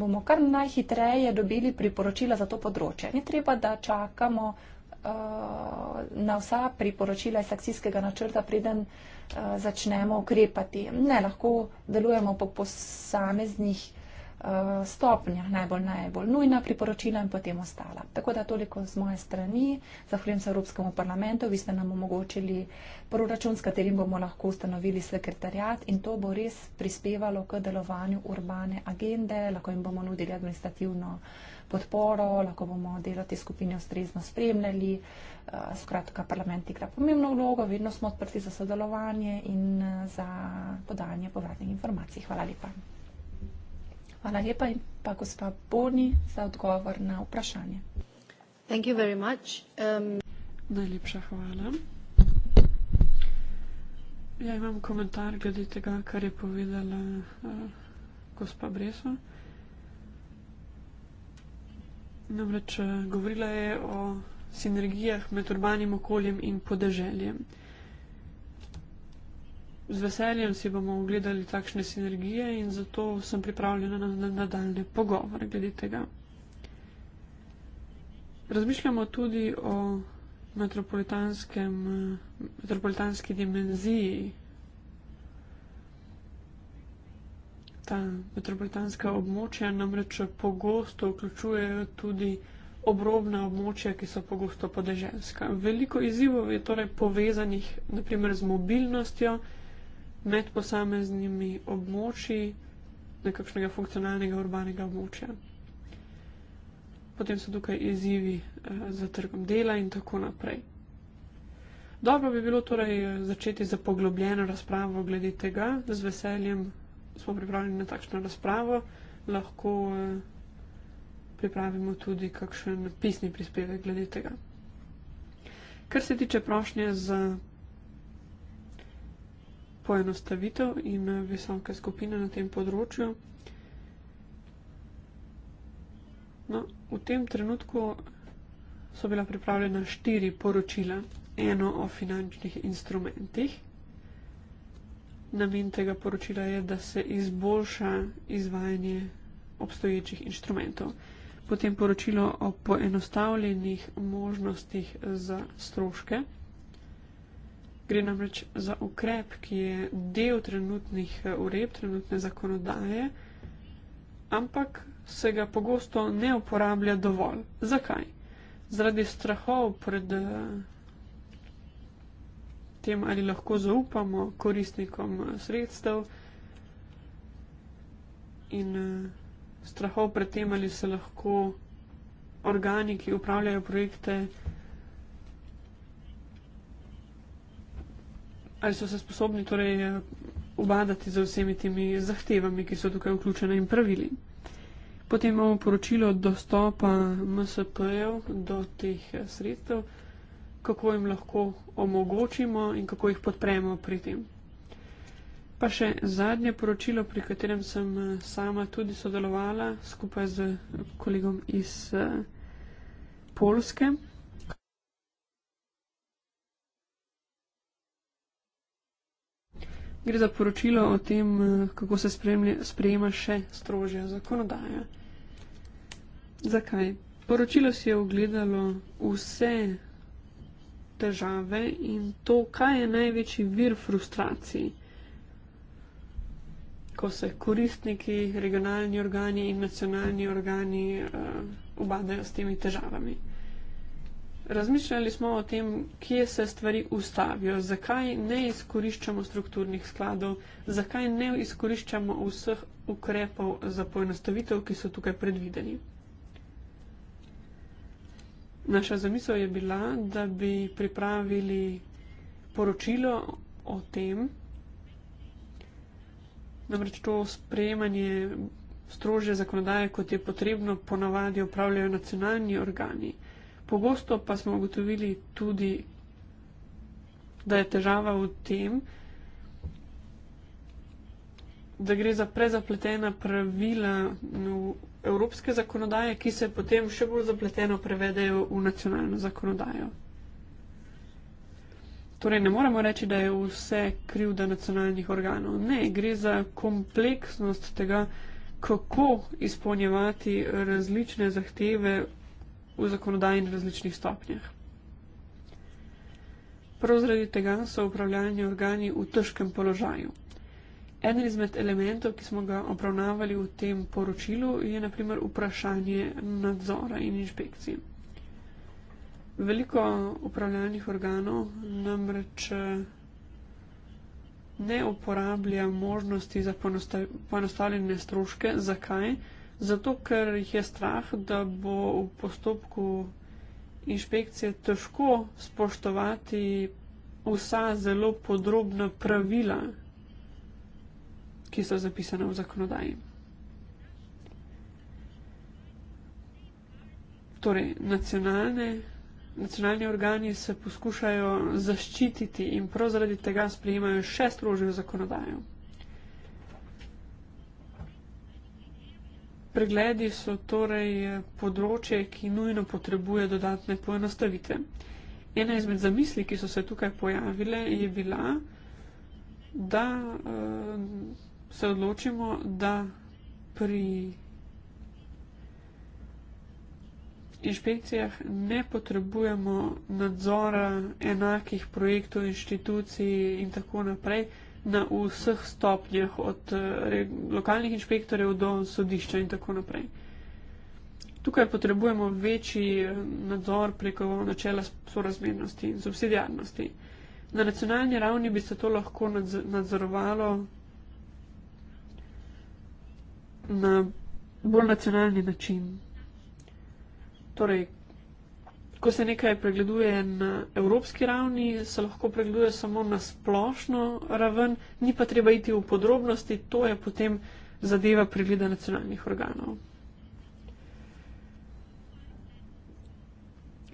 bomo kar najhitreje dobili priporočila za to področje. Ni treba, da čakamo uh, na vsa priporočila iz akcijskega načrta, preden uh, Eh, začnemo ukrepati. Ne lahko delujemo po posameznih eh, stopnjah, najbolj najbolj nujna priporočila in potem ostala. Tako da toliko z moje strani. Zahvaljujem se Evropskemu parlamentu, vi ste nam omogočili proračun, s katerim bomo lahko ustanovili sekretarjat in to bo res prispevalo k delovanju urbane agende, lahko jim bomo nudili administrativno uh, podporo, lahko bomo delo te skupine ustrezno spremljali. Eh, skratka, parlament igra pomembno vlogo, vedno smo odprti za sodelovanje in eh, za podajanje povratnih informacij. Hvala lepa. Hvala lepa in pa gospa Boni za odgovor na vprašanje. Thank you very much. Um... Najlepša hvala. Ja, imam komentar glede tega, kar je povedala uh, gospa Breso. Namreč eh, govorila je o sinergijah med urbanim okoljem in podeželjem. Z veseljem si bomo ogledali takšne sinergije in zato sem pripravljena na nadaljne pogovore glede tega. Razmišljamo tudi o eh, metropolitanski dimenziji metropolitanska območja namreč pogosto vključujejo tudi obrobna območja, ki so pogosto podeželska. Veliko izzivov je torej povezanih naprimer z mobilnostjo med posameznimi območji nekakšnega funkcionalnega urbanega območja. Potem so tukaj izzivi eh, za trgom dela in tako naprej. Dobro bi bilo torej eh, začeti za poglobljeno razpravo glede tega, z veseljem smo pripravljeni na takšno razpravo, lahko eh, pripravimo tudi kakšen pisni prispevek glede tega. Kar se tiče prošnje za poenostavitev in eh, visoke skupine na tem področju, no, v tem trenutku so bila pripravljena štiri poročila, eno o finančnih instrumentih namen tega poročila je, da se izboljša izvajanje obstoječih inštrumentov. Potem poročilo o poenostavljenih možnostih za stroške. Gre namreč za ukrep, ki je del trenutnih eh, ureb, trenutne zakonodaje, ampak se ga pogosto ne uporablja dovolj. Zakaj? Zaradi strahov pred eh, tem, ali lahko zaupamo koristnikom eh, sredstev in eh, strahov pred tem, ali se lahko organi, ki upravljajo projekte, ali so se sposobni torej obadati eh, z vsemi temi zahtevami, ki so tukaj vključene in pravili. Potem imamo poročilo dostopa MSP-jev do teh sredstev kako jim lahko omogočimo in kako jih podpremo pri tem. Pa še zadnje poročilo, pri katerem sem eh, sama tudi sodelovala skupaj z kolegom iz eh, Polske. Gre za poročilo o tem, eh, kako se sprejema še strožja zakonodaja. Zakaj? Poročilo si je ogledalo vse težave in to, kaj je največji vir frustracij, ko se koristniki, regionalni organi in nacionalni organi uh, eh, obadajo s temi težavami. Razmišljali smo o tem, kje se stvari ustavijo, zakaj ne izkoriščamo strukturnih skladov, zakaj ne izkoriščamo vseh ukrepov za poenostavitev, ki so tukaj predvideni. Naša zamisel je bila, da bi pripravili poročilo o tem, namreč to sprejemanje strože zakonodaje, kot je potrebno, ponavadi upravljajo nacionalni organi. Pogosto pa smo ugotovili tudi, da je težava v tem, da gre za prezapletena pravila evropske zakonodaje, ki se potem še bolj zapleteno prevedejo v nacionalno zakonodajo. Torej, ne moremo reči, da je vse krivda nacionalnih organov. Ne, gre za kompleksnost tega, kako izpolnjevati različne zahteve v zakonodaji in različnih stopnjah. Prav zaradi tega so upravljalni organi v težkem položaju. Eden izmed elementov, ki smo ga obravnavali v tem poročilu, je naprimer vprašanje nadzora in inšpekcij. Veliko upravljalnih organov namreč eh, ne uporablja možnosti za poenostavljene stroške. Zakaj? Zato, ker jih je strah, da bo v postopku inšpekcije težko spoštovati vsa zelo podrobna pravila ki so zapisane v zakonodaji. Torej, nacionalne, nacionalni organi se poskušajo zaščititi in prav zaradi tega sprejemajo še strožjo zakonodajo. Pregledi so torej področje, ki nujno potrebuje dodatne poenostavitve. Ena izmed zamisli, ki so se tukaj pojavile, je bila, da. Uh, se odločimo, da pri inšpekcijah ne potrebujemo nadzora enakih projektov, inštitucij in tako naprej na vseh stopnjah, od eh, lokalnih inšpektorjev do sodišča in tako naprej. Tukaj potrebujemo večji eh, nadzor preko načela sorazmernosti in subsidijarnosti. Na nacionalni ravni bi se to lahko nadzorovalo na bolj nacionalni način. Torej, ko se nekaj pregleduje na evropski ravni, se lahko pregleduje samo na splošno raven, ni pa treba iti v podrobnosti, to je potem zadeva privida nacionalnih organov.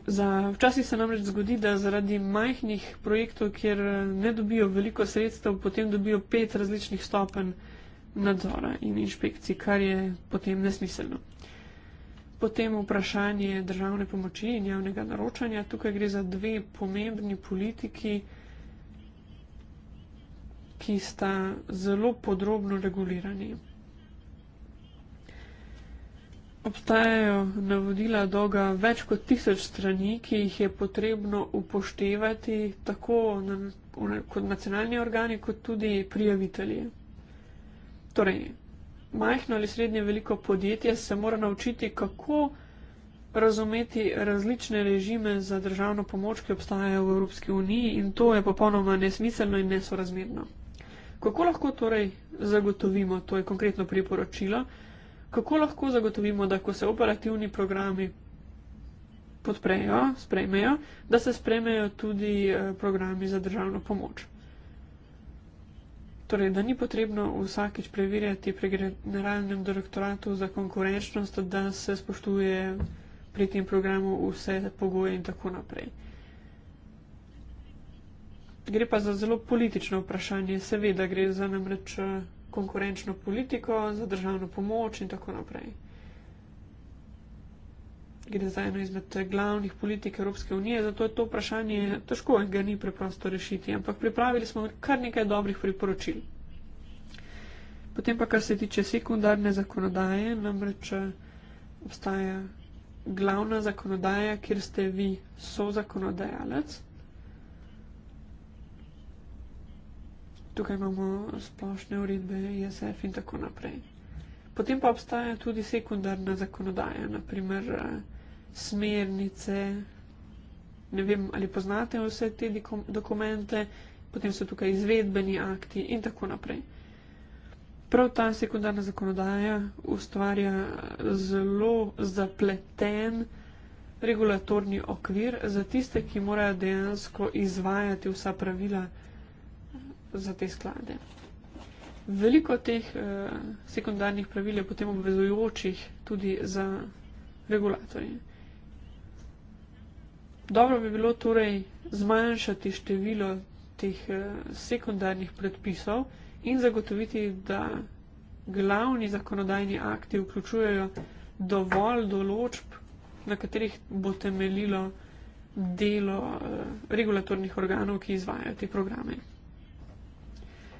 Za, včasih se namreč zgodi, da zaradi majhnih projektov, kjer eh, ne dobijo veliko sredstev, potem dobijo pet različnih stopenj nadzora in inšpekcij, kar je potem nesmiselno. Potem vprašanje državne pomoči in javnega naročanja. Tukaj gre za dve pomembni politiki, ki sta zelo podrobno regulirani. Obstajajo navodila dolga več kot tisoč strani, ki jih je potrebno upoštevati tako na, kot nacionalni organi, kot tudi prijavitelji. Torej, majhno ali srednje veliko podjetje se mora naučiti, kako razumeti različne režime za državno pomoč, ki obstajajo v Evropski uniji in to je popolnoma nesmiselno in nesorazmerno. Kako lahko torej zagotovimo, to je konkretno priporočilo, kako lahko zagotovimo, da ko se operativni programi podprejo, sprejmejo, da se sprejmejo tudi eh, programi za državno pomoč torej, da ni potrebno vsakeč preverjati pri generalnem direktoratu za konkurenčnost, da se spoštuje pri tem programu vse pogoje in tako naprej. Gre pa za zelo politično vprašanje, seveda gre za namreč konkurenčno politiko, za državno pomoč in tako naprej gre za eno izmed glavnih politik Evropske unije, zato je to vprašanje težko in ga ni preprosto rešiti. Ampak pripravili smo kar nekaj dobrih priporočil. Potem pa, kar se tiče sekundarne zakonodaje, namreč eh, obstaja glavna zakonodaja, kjer ste vi so zakonodajalec. Tukaj imamo splošne uredbe, ISF e in tako naprej. Potem pa obstaja tudi sekundarna zakonodaja, naprimer eh, smernice. Ne vem, ali poznate vse te dokumente, potem so tukaj izvedbeni akti in tako naprej. Prav ta sekundarna zakonodaja ustvarja zelo zapleten regulatorni okvir za tiste, ki morajo dejansko izvajati vsa pravila za te sklade. Veliko teh eh, sekundarnih pravil je potem obvezujočih tudi za regulatorje. Dobro bi bilo torej zmanjšati število teh eh, sekundarnih predpisov in zagotoviti, da glavni zakonodajni akti vključujejo dovolj določb, na katerih bo temeljilo delo eh, regulatornih organov, ki izvajajo te programe.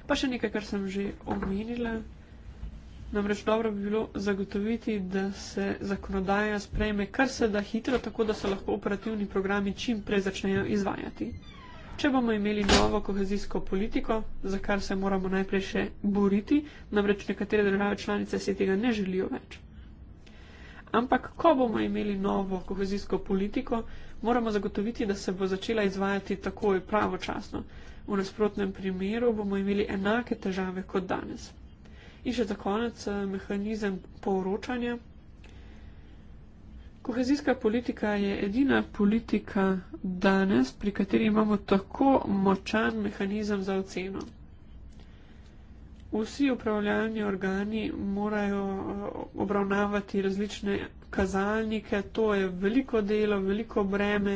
Pa še nekaj, kar sem že omenila, Namreč dobro bi bilo zagotoviti, da se zakonodaja sprejme kar se da hitro, tako da se lahko operativni programi čim prej začnejo izvajati. Če bomo imeli novo kohezijsko politiko, za kar se moramo najprej še boriti, namreč nekatere države članice si tega ne želijo več. Ampak, ko bomo imeli novo kohezijsko politiko, moramo zagotoviti, da se bo začela izvajati takoj pravočasno. V nasprotnem primeru bomo imeli enake težave kot danes. In še za konec, eh, mehanizem poročanja. Kohezijska politika je edina politika danes, pri kateri imamo tako močan mehanizem za oceno. Vsi upravljalni organi morajo eh, obravnavati različne kazalnike, to je veliko delo, veliko breme,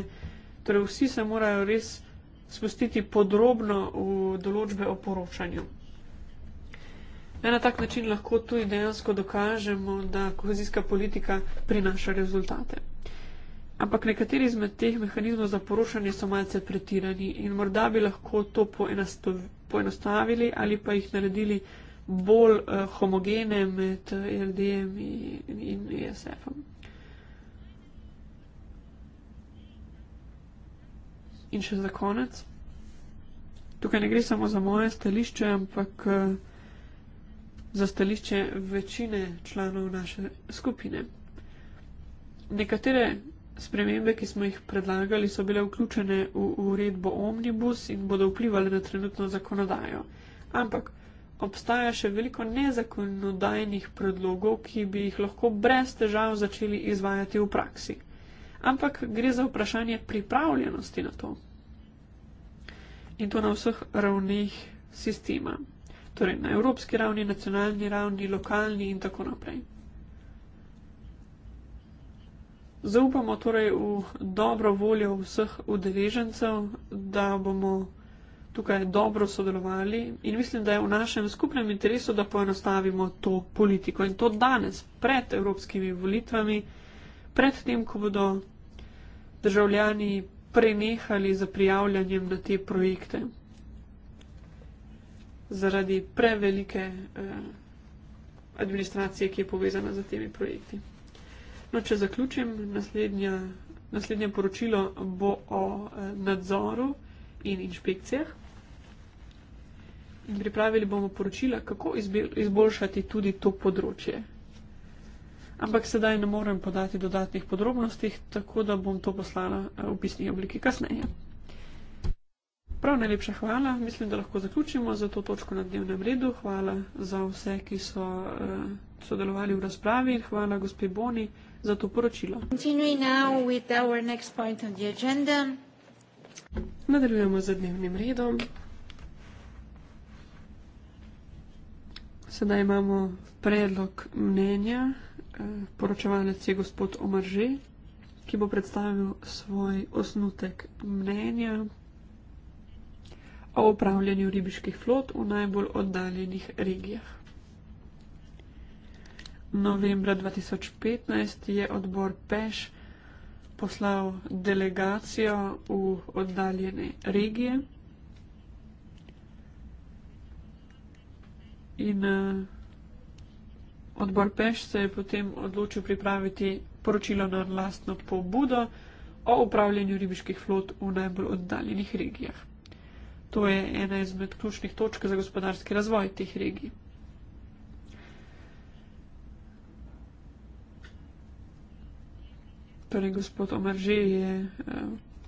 torej vsi se morajo res spustiti podrobno v določbe o poročanju. Ja, na tak način lahko tudi dejansko dokažemo, da kohezijska politika prinaša rezultate. Ampak nekateri izmed teh mehanizmov za porušanje so malce pretirani in morda bi lahko to poenostavili ali pa jih naredili bolj uh, homogene med LD-jem eh, in, in ISF-om. E in še za konec. Tukaj ne gre samo za moje stališče, ampak. Uh, za stališče večine članov naše skupine. Nekatere spremembe, ki smo jih predlagali, so bile vključene v uredbo Omnibus in bodo vplivali na trenutno zakonodajo. Ampak obstaja še veliko nezakonodajnih predlogov, ki bi jih lahko brez težav začeli izvajati v praksi. Ampak gre za vprašanje pripravljenosti na to. In to na vseh ravneh sistema torej na evropski ravni, nacionalni ravni, lokalni in tako naprej. Zaupamo torej v dobro voljo vseh udeležencev, da bomo tukaj dobro sodelovali in mislim, da je v našem skupnem interesu, da poenostavimo to politiko in to danes, pred evropskimi volitvami, pred tem, ko bodo državljani prenehali za prijavljanjem na te projekte zaradi prevelike eh, administracije, ki je povezana z temi projekti. No, če zaključim, naslednja, naslednje poročilo bo o eh, nadzoru in inšpekcijah. In pripravili bomo poročila, kako izboljšati tudi to področje. Ampak sedaj ne morem podati dodatnih podrobnosti, tako da bom to poslala eh, v pisni obliki kasneje. Prav najlepša hvala. Mislim, da lahko zaključimo za to točko na dnevnem redu. Hvala za vse, ki so uh, sodelovali v razpravi in hvala gospe Boni za to poročilo. Nadaljujemo z dnevnim redom. Sedaj imamo predlog mnenja. Uh, poročevalec je gospod Omarže, ki bo predstavil svoj osnutek mnenja o upravljanju ribiških flot v najbolj oddaljenih regijah. Novembra 2015 je odbor PEŠ poslal delegacijo v oddaljene regije in eh, odbor PEŠ se je potem odločil pripraviti poročilo na lastno pobudo o upravljanju ribiških flot v najbolj oddaljenih regijah. To je ena izmed ključnih točk za gospodarski razvoj teh regij. Torej, gospod Omerže je eh,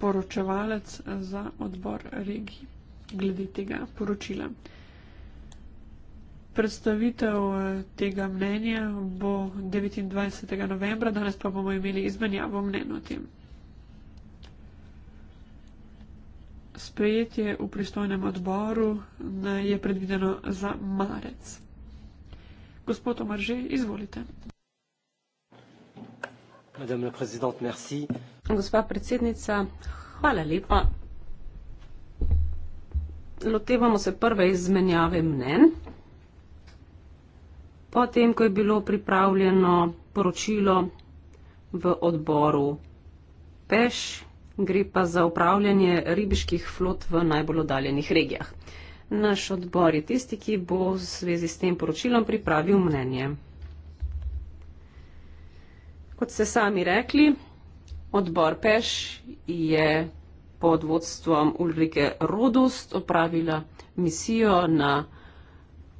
poročevalec eh, za odbor regij glede tega poročila. Predstavitev eh, tega mnenja bo 29. novembra, danes pa bomo imeli izmenjavo mnen o tem. sprejetje v pristojnem odboru je predvideno za marec. Gospod Omarže, izvolite. Gospa predsednica, hvala lepa. Lotevamo se prve izmenjave mnen. Potem, ko je bilo pripravljeno poročilo v odboru PEŠ, gre pa za upravljanje ribiških flot v najbolj oddaljenih regijah. Naš odbor je tisti, ki bo v zvezi s tem poročilom pripravil mnenje. Kot ste sami rekli, odbor Peš je pod vodstvom Ulrike Rodost opravila misijo na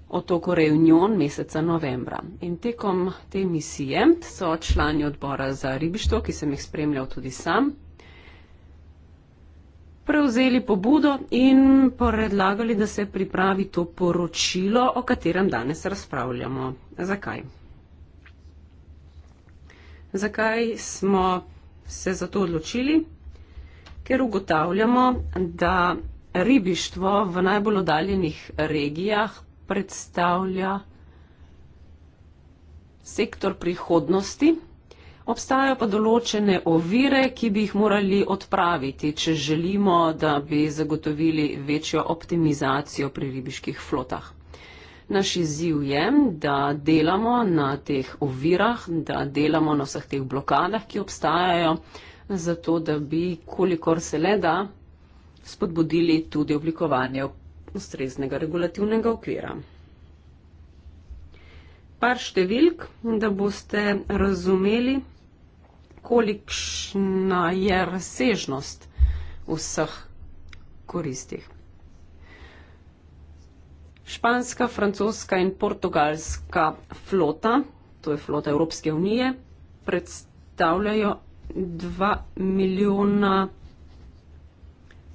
otoku Reunion meseca novembra. In tekom te misije so člani odbora za ribištvo, ki sem jih spremljal tudi sam, prevzeli pobudo in predlagali, da se pripravi to poročilo, o katerem danes razpravljamo. Zakaj? Zakaj smo se za to odločili? Ker ugotavljamo, da ribištvo v najbolj oddaljenih regijah predstavlja sektor prihodnosti, Obstajajo pa določene ovire, ki bi jih morali odpraviti, če želimo, da bi zagotovili večjo optimizacijo pri ribiških flotah. Naš izziv je, da delamo na teh ovirah, da delamo na vseh teh blokadah, ki obstajajo, zato da bi, kolikor se le da, spodbudili tudi oblikovanje ustreznega regulativnega okvira. Par številk, da boste razumeli, kolikšna je razsežnost vseh koristih. Španska, francoska in portugalska flota, to je flota Evropske unije, predstavljajo 2 milijona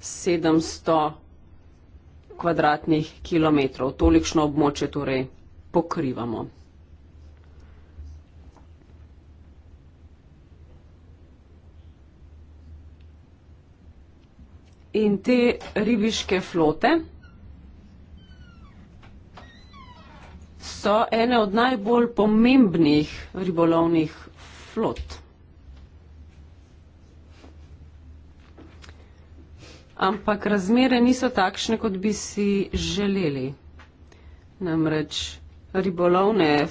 700 kvadratnih kilometrov. Tolikšno območje torej pokrivamo. in te ribiške flote so ene od najbolj pomembnih ribolovnih flot. Ampak razmere niso takšne, kot bi si želeli. Namreč ribolovne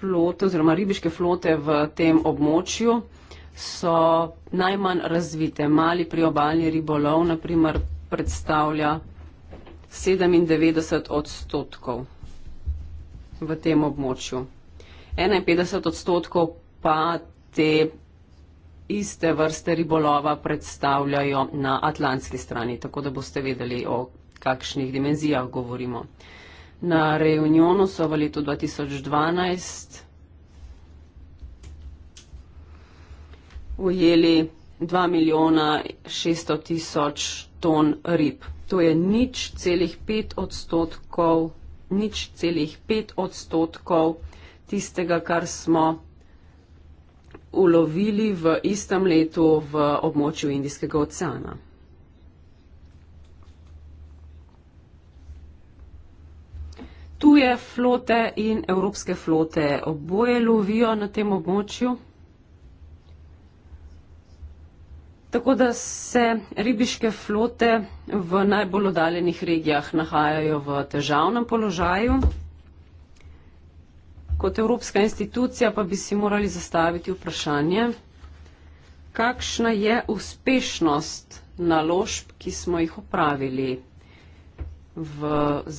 flote oziroma ribiške flote v tem območju so najmanj razvite. Mali priobalni ribolov, naprimer, predstavlja 97 odstotkov v tem območju. 51 odstotkov pa te iste vrste ribolova predstavljajo na atlantski strani, tako da boste vedeli, o kakšnih dimenzijah govorimo. Na Reunionu so v letu 2012 ujeli 2 milijona 600 tisoč ton rib. To je nič celih pet odstotkov, nič celih pet odstotkov tistega, kar smo ulovili v istem letu v območju Indijskega oceana. Tuje flote in evropske flote oboje lovijo na tem območju. Tako da se ribiške flote v najbolj oddaljenih regijah nahajajo v težavnem položaju. Kot evropska institucija pa bi si morali zastaviti vprašanje, kakšna je uspešnost naložb, ki smo jih opravili v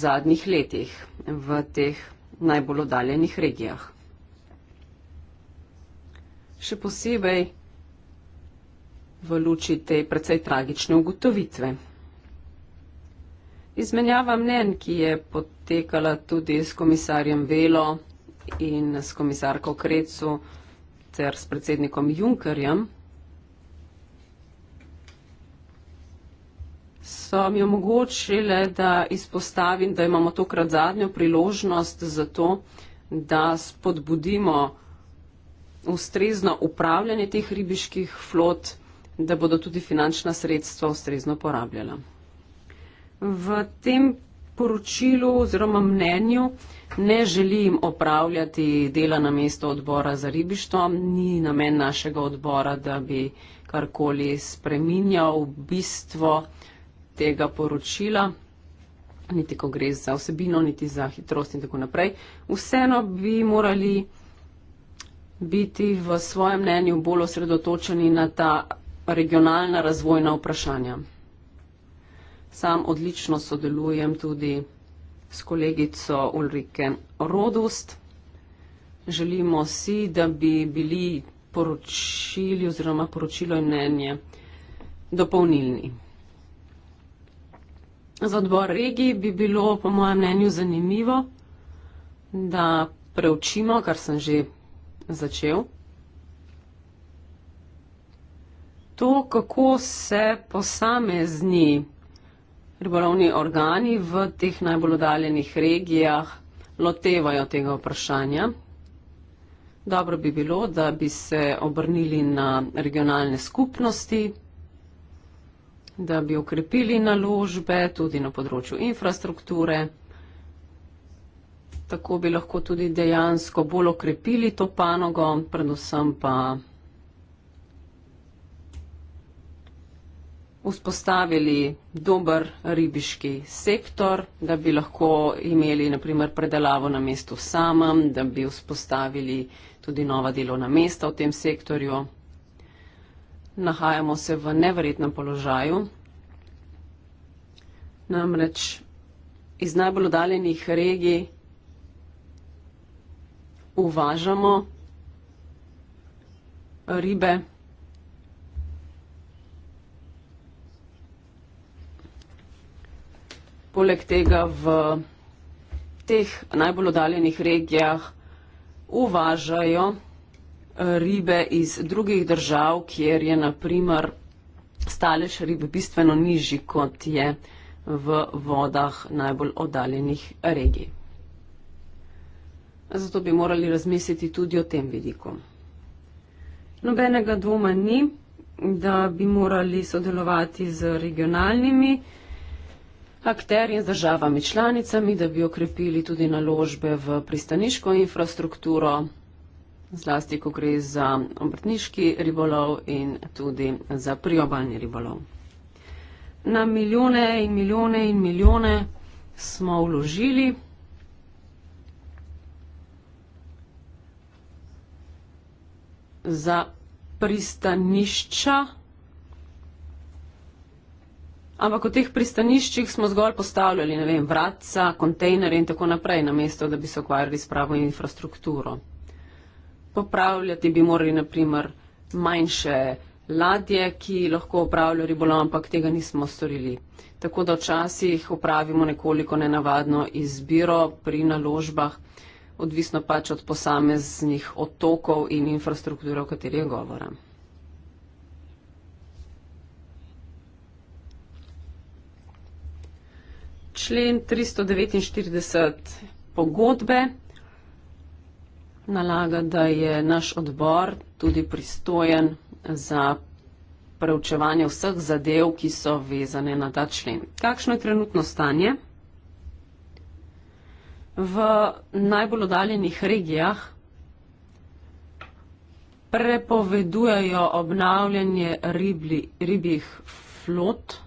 zadnjih letih v teh najbolj oddaljenih regijah. Še posebej v luči te precej tragične ugotovitve. Izmenjava mnen, ki je potekala tudi s komisarjem Velo in s komisarko Krecu ter s predsednikom Junkerjem, so mi omogočile, da izpostavim, da imamo tokrat zadnjo priložnost za to, da spodbudimo ustrezno upravljanje teh ribiških flot da bodo tudi finančna sredstva ustrezno porabljala. V tem poročilu oziroma mnenju ne želim opravljati dela na mesto odbora za ribištvo, ni namen našega odbora, da bi karkoli spreminjal bistvo tega poročila, niti ko gre za vsebino, niti za hitrost in tako naprej. Vseeno bi morali biti v svojem mnenju bolj osredotočeni na ta regionalna razvojna vprašanja. Sam odlično sodelujem tudi s kolegico Ulrike Rodust. Želimo si, da bi bili poročili oziroma poročilo in mnenje dopolnilni. Za odbor regij bi bilo po mojem mnenju zanimivo, da preučimo, kar sem že začel, to, kako se posamezni ribolovni organi v teh najbolj oddaljenih regijah lotevajo tega vprašanja. Dobro bi bilo, da bi se obrnili na regionalne skupnosti, da bi ukrepili naložbe tudi na področju infrastrukture. Tako bi lahko tudi dejansko bolj okrepili to panogo, predvsem pa vzpostavili dober ribiški sektor, da bi lahko imeli naprimer predelavo na mestu samem, da bi vzpostavili tudi nova delovna mesta v tem sektorju. Nahajamo se v neverjetnem položaju. Namreč iz najbolj odaljenih regij uvažamo ribe, Poleg tega v teh najbolj odaljenih regijah uvažajo eh, ribe iz drugih držav, kjer je naprimer stalež rib bistveno nižji, kot je v vodah najbolj odaljenih regij. Zato bi morali razmisliti tudi o tem vidiku. Nobenega dvoma ni, da bi morali sodelovati z regionalnimi regijami, akterji in državami članicami, da bi okrepili tudi naložbe v pristaniško infrastrukturo, zlasti, ko gre za obrtniški ribolov in tudi za priobalni ribolov. Na milijone in milijone in milijone smo vložili. za pristanišča ampak v teh pristaniščih smo zgolj postavljali, ne vem, vratca, kontejnerje in tako naprej, namesto da bi se ukvarjali s pravo infrastrukturo. Popravljati bi morali naprimer manjše ladje, ki lahko upravljajo ribolov, ampak tega nismo storili. Tako da včasih upravimo nekoliko nenavadno izbiro pri naložbah, odvisno pač od posameznih otokov in infrastrukture, o kateri je govora. člen 349 pogodbe nalaga, da je naš odbor tudi pristojen za preučevanje vseh zadev, ki so vezane na ta člen. Kakšno je trenutno stanje? V najbolj odaljenih regijah prepovedujejo obnavljanje ribli, ribjih flot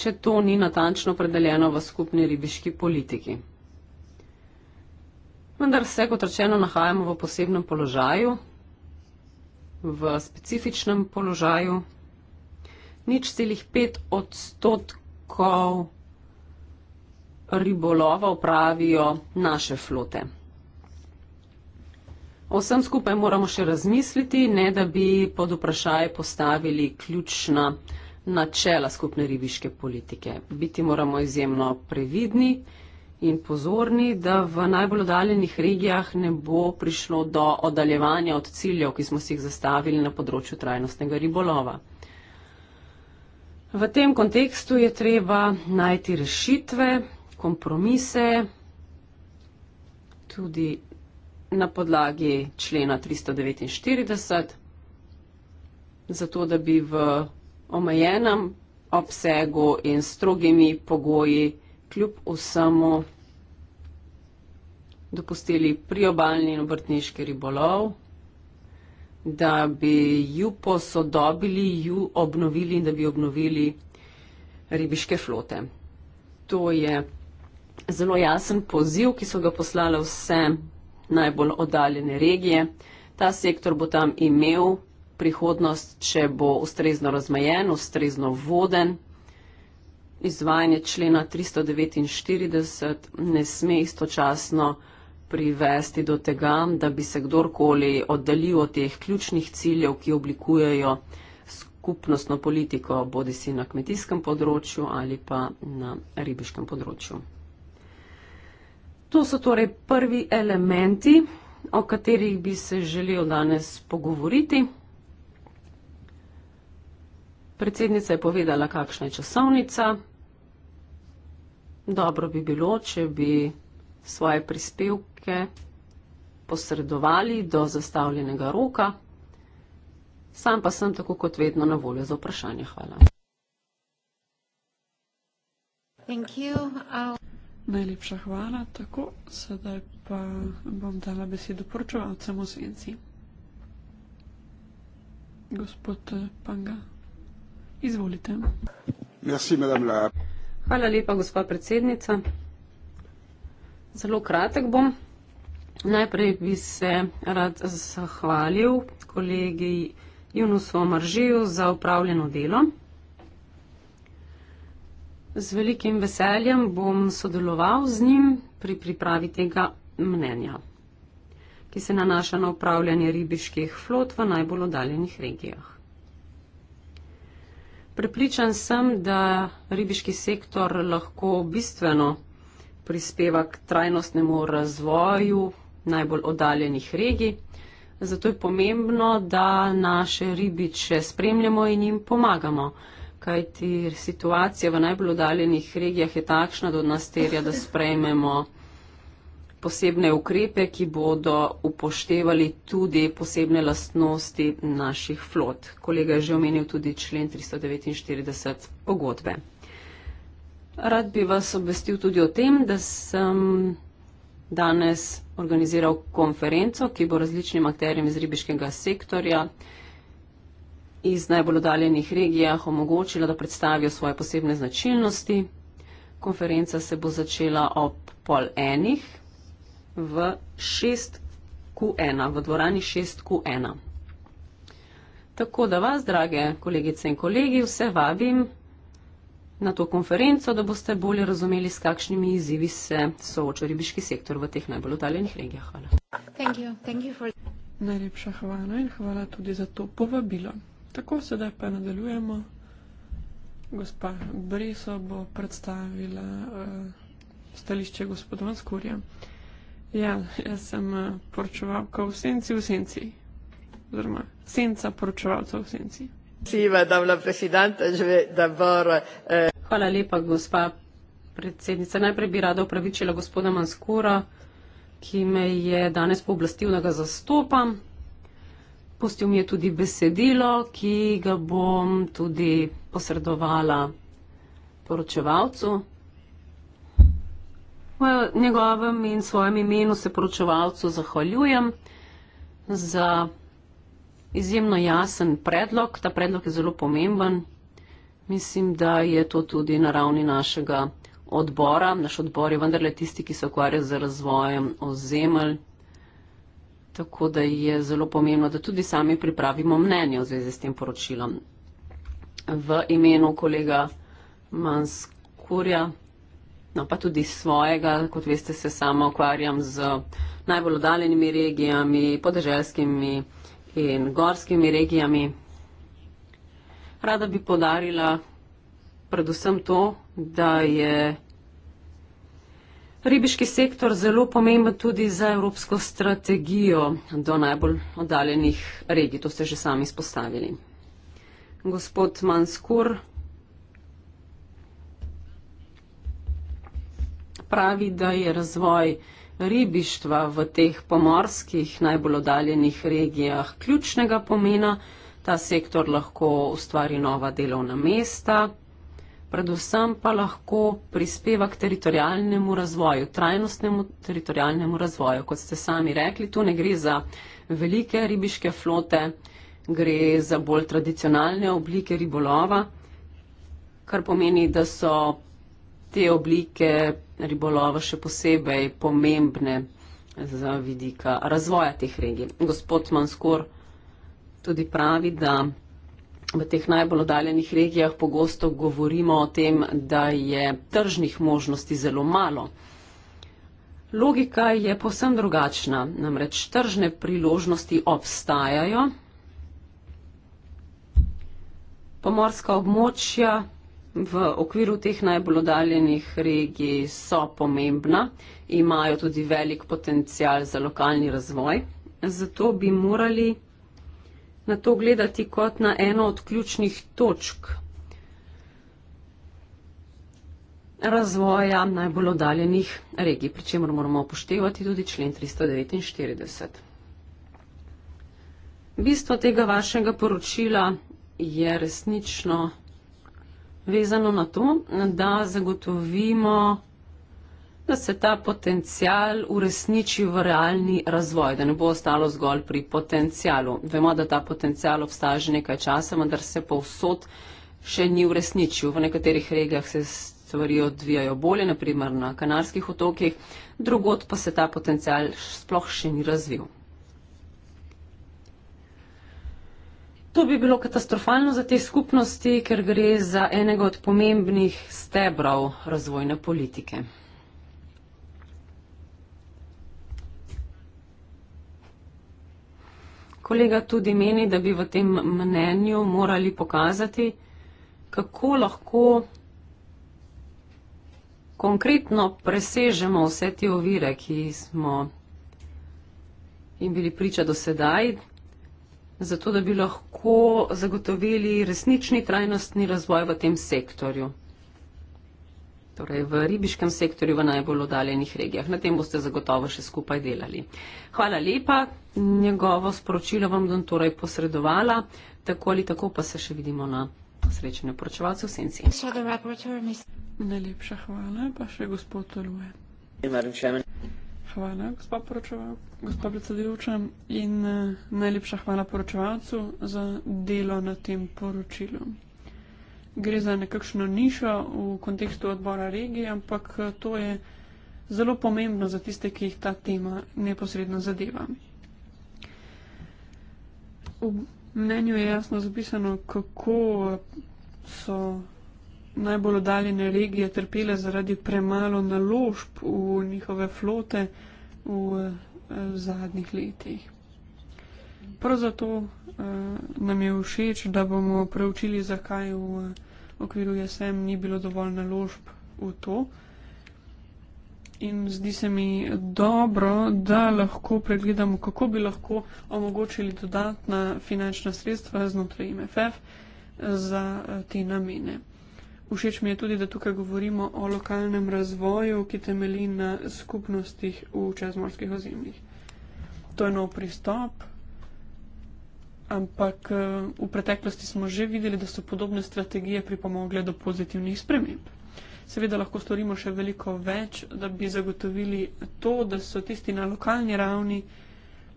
če to ni natančno predeljeno v skupni ribiški politiki. Vendar se, kot rečeno, nahajamo v posebnem položaju, v specifičnem položaju. Nič celih pet odstotkov ribolova upravijo naše flote. O vsem skupaj moramo še razmisliti, ne da bi pod vprašaj postavili ključna načela skupne ribiške politike. Biti moramo izjemno previdni in pozorni, da v najbolj oddaljenih regijah ne bo prišlo do oddaljevanja od ciljev, ki smo si jih zastavili na področju trajnostnega ribolova. V tem kontekstu je treba najti rešitve, kompromise, tudi na podlagi člena 349, zato da bi v omejenem obsegu in strogimi pogoji kljub vsemu dopustili priobalni in obrtniški ribolov, da bi ju posodobili, ju obnovili in da bi obnovili ribiške flote. To je zelo jasen poziv, ki so ga poslale vse najbolj oddaljene regije. Ta sektor bo tam imel prihodnost, če bo ustrezno razmejen, ustrezno voden. Izvajanje člena 349 ne sme istočasno privesti do tega, da bi se kdorkoli oddaljil od teh ključnih ciljev, ki oblikujejo skupnostno politiko, bodi si na kmetijskem področju ali pa na ribiškem področju. To so torej prvi elementi, o katerih bi se želel danes pogovoriti. Predsednica je povedala, kakšna je časovnica. Dobro bi bilo, če bi svoje prispevke posredovali do zastavljenega roka. Sam pa sem tako kot vedno na voljo za vprašanje. Hvala. Najlepša hvala. Tako, sedaj pa bom dala besedo poročevalcem v senci. Gospod Panga. Izvolite. Merci, la... Hvala lepa, gospod predsednica. Zelo kratek bom. Najprej bi se rad zahvalil kolegi Junusu Omaržiju za upravljeno delo. Z velikim veseljem bom sodeloval z njim pri pripravi tega mnenja, ki se nanaša na upravljanje ribiških flot v najbolj oddaljenih regijah. Prepričan sem, da ribiški sektor lahko bistveno prispeva k trajnostnemu razvoju najbolj oddaljenih regij. Zato je pomembno, da naše ribiče spremljamo in jim pomagamo, kajti situacija v najbolj oddaljenih regijah je takšna, da od nas terja, da sprejmemo posebne ukrepe, ki bodo upoštevali tudi posebne lastnosti naših flot. Kolega je že omenil tudi člen 349 pogodbe. Rad bi vas obvestil tudi o tem, da sem danes organiziral konferenco, ki bo različnim akterjem iz ribiškega sektorja iz najbolj oddaljenih regijah omogočila, da predstavijo svoje posebne značilnosti. Konferenca se bo začela ob pol enih v 6Q1, v dvorani 6Q1. Tako da vas, drage kolegice in kolegi, vse vabim na to konferenco, da boste bolje razumeli, s kakšnimi izzivi se sooča ribiški sektor v teh najbolj oddaljenih regijah. Hvala. Thank you. Thank you for... Najlepša hvala in hvala tudi za to povabilo. Tako sedaj pa nadaljujemo. Gospa Briso bo predstavila uh, stališče gospodovanskurja. Ja, jaz sem uh, poročevalka v senci v senci. Oziroma, senca poročevalca v senci. Eh, Hvala lepa, gospa predsednica. Najprej bi rada upravičila gospoda Manskura, ki me je danes pooblastil, da ga zastopam. Pustil mi je tudi besedilo, ki ga bom tudi posredovala poročevalcu v njegovem in svojem imenu se poročevalcu zahvaljujem za izjemno jasen predlog. Ta predlog je zelo pomemben. Mislim, da je to tudi na ravni našega odbora. Naš odbor je vendarle tisti, ki se ukvarja z razvojem ozemelj. Tako da je zelo pomembno, da tudi sami pripravimo mnenje v zvezi s tem poročilom. V imenu kolega Manskurja no, pa tudi svojega. Kot veste, se sama ukvarjam z najbolj oddaljenimi regijami, podeželskimi in gorskimi regijami. Rada bi podarila predvsem to, da je ribiški sektor zelo pomemben tudi za evropsko strategijo do najbolj oddaljenih regij. To ste že sami izpostavili. Gospod Manskur, pravi, da je razvoj ribištva v teh pomorskih najbolj oddaljenih regijah ključnega pomena. Ta sektor lahko ustvari nova delovna mesta, predvsem pa lahko prispeva k teritorijalnemu razvoju, trajnostnemu teritorijalnemu razvoju. Kot ste sami rekli, tu ne gre za velike ribiške flote, gre za bolj tradicionalne oblike ribolova, kar pomeni, da so te oblike ribolova še posebej pomembne za vidika razvoja teh regij. Gospod Manskor tudi pravi, da v teh najbolj oddaljenih regijah pogosto govorimo o tem, da je tržnih možnosti zelo malo. Logika je povsem drugačna, namreč tržne priložnosti obstajajo, pomorska območja v okviru teh najbolj oddaljenih regij so pomembna, imajo tudi velik potencial za lokalni razvoj. Zato bi morali na to gledati kot na eno od ključnih točk razvoja najbolj oddaljenih regij, pri čemer moramo upoštevati tudi člen 349. Bistvo tega vašega poročila je resnično vezano na to, da zagotovimo, da se ta potencial uresniči v realni razvoj, da ne bo ostalo zgolj pri potencialu. Vemo, da ta potencial obstaja že nekaj časa, vendar se povsod še ni uresničil. V nekaterih regijah se stvari odvijajo bolje, naprimer na kanarskih otokih, drugot pa se ta potencial sploh še ni razvil. To bi bilo katastrofalno za te skupnosti, ker gre za enega od pomembnih stebrov razvojne politike. Kolega tudi meni, da bi v tem mnenju morali pokazati, kako lahko konkretno presežemo vse te ovire, ki smo jim bili priča do sedaj, zato da bi lahko zagotovili resnični trajnostni razvoj v tem sektorju. Torej v ribiškem sektorju v najbolj oddaljenih regijah. Na tem boste zagotovo še skupaj delali. Hvala lepa. Njegovo sporočilo vam bom torej posredovala. Tako ali tako pa se še vidimo na srečanju poročevalcev v Senci. Najlepša hvala, pa še gospod Toluje. Hvala, gospa poročevalka, gospa predsedujoča in eh, najlepša hvala poročevalcu za delo na tem poročilu. Gre za nekakšno nišo v kontekstu odbora regije, ampak eh, to je zelo pomembno za tiste, ki jih ta tema neposredno zadeva. V mnenju je jasno zapisano, kako so najbolj oddaljene regije trpele zaradi premalo naložb v njihove flote v, v eh, zadnjih letih. Prav zato eh, nam je všeč, da bomo preučili, zakaj v, v okviru JSM ni bilo dovolj naložb v to. In zdi se mi dobro, da lahko pregledamo, kako bi lahko omogočili dodatna finančna sredstva znotraj MFF za eh, te namene. Všeč mi je tudi, da tukaj govorimo o lokalnem razvoju, ki temelji na skupnostih v čezmorskih ozemljih. To je nov pristop, ampak, eh, v preteklosti smo že videli, da so podobne strategije pripomogle do pozitivnih sprememb. Seveda lahko storimo še veliko več, da bi zagotovili to, da so tisti na lokalni ravni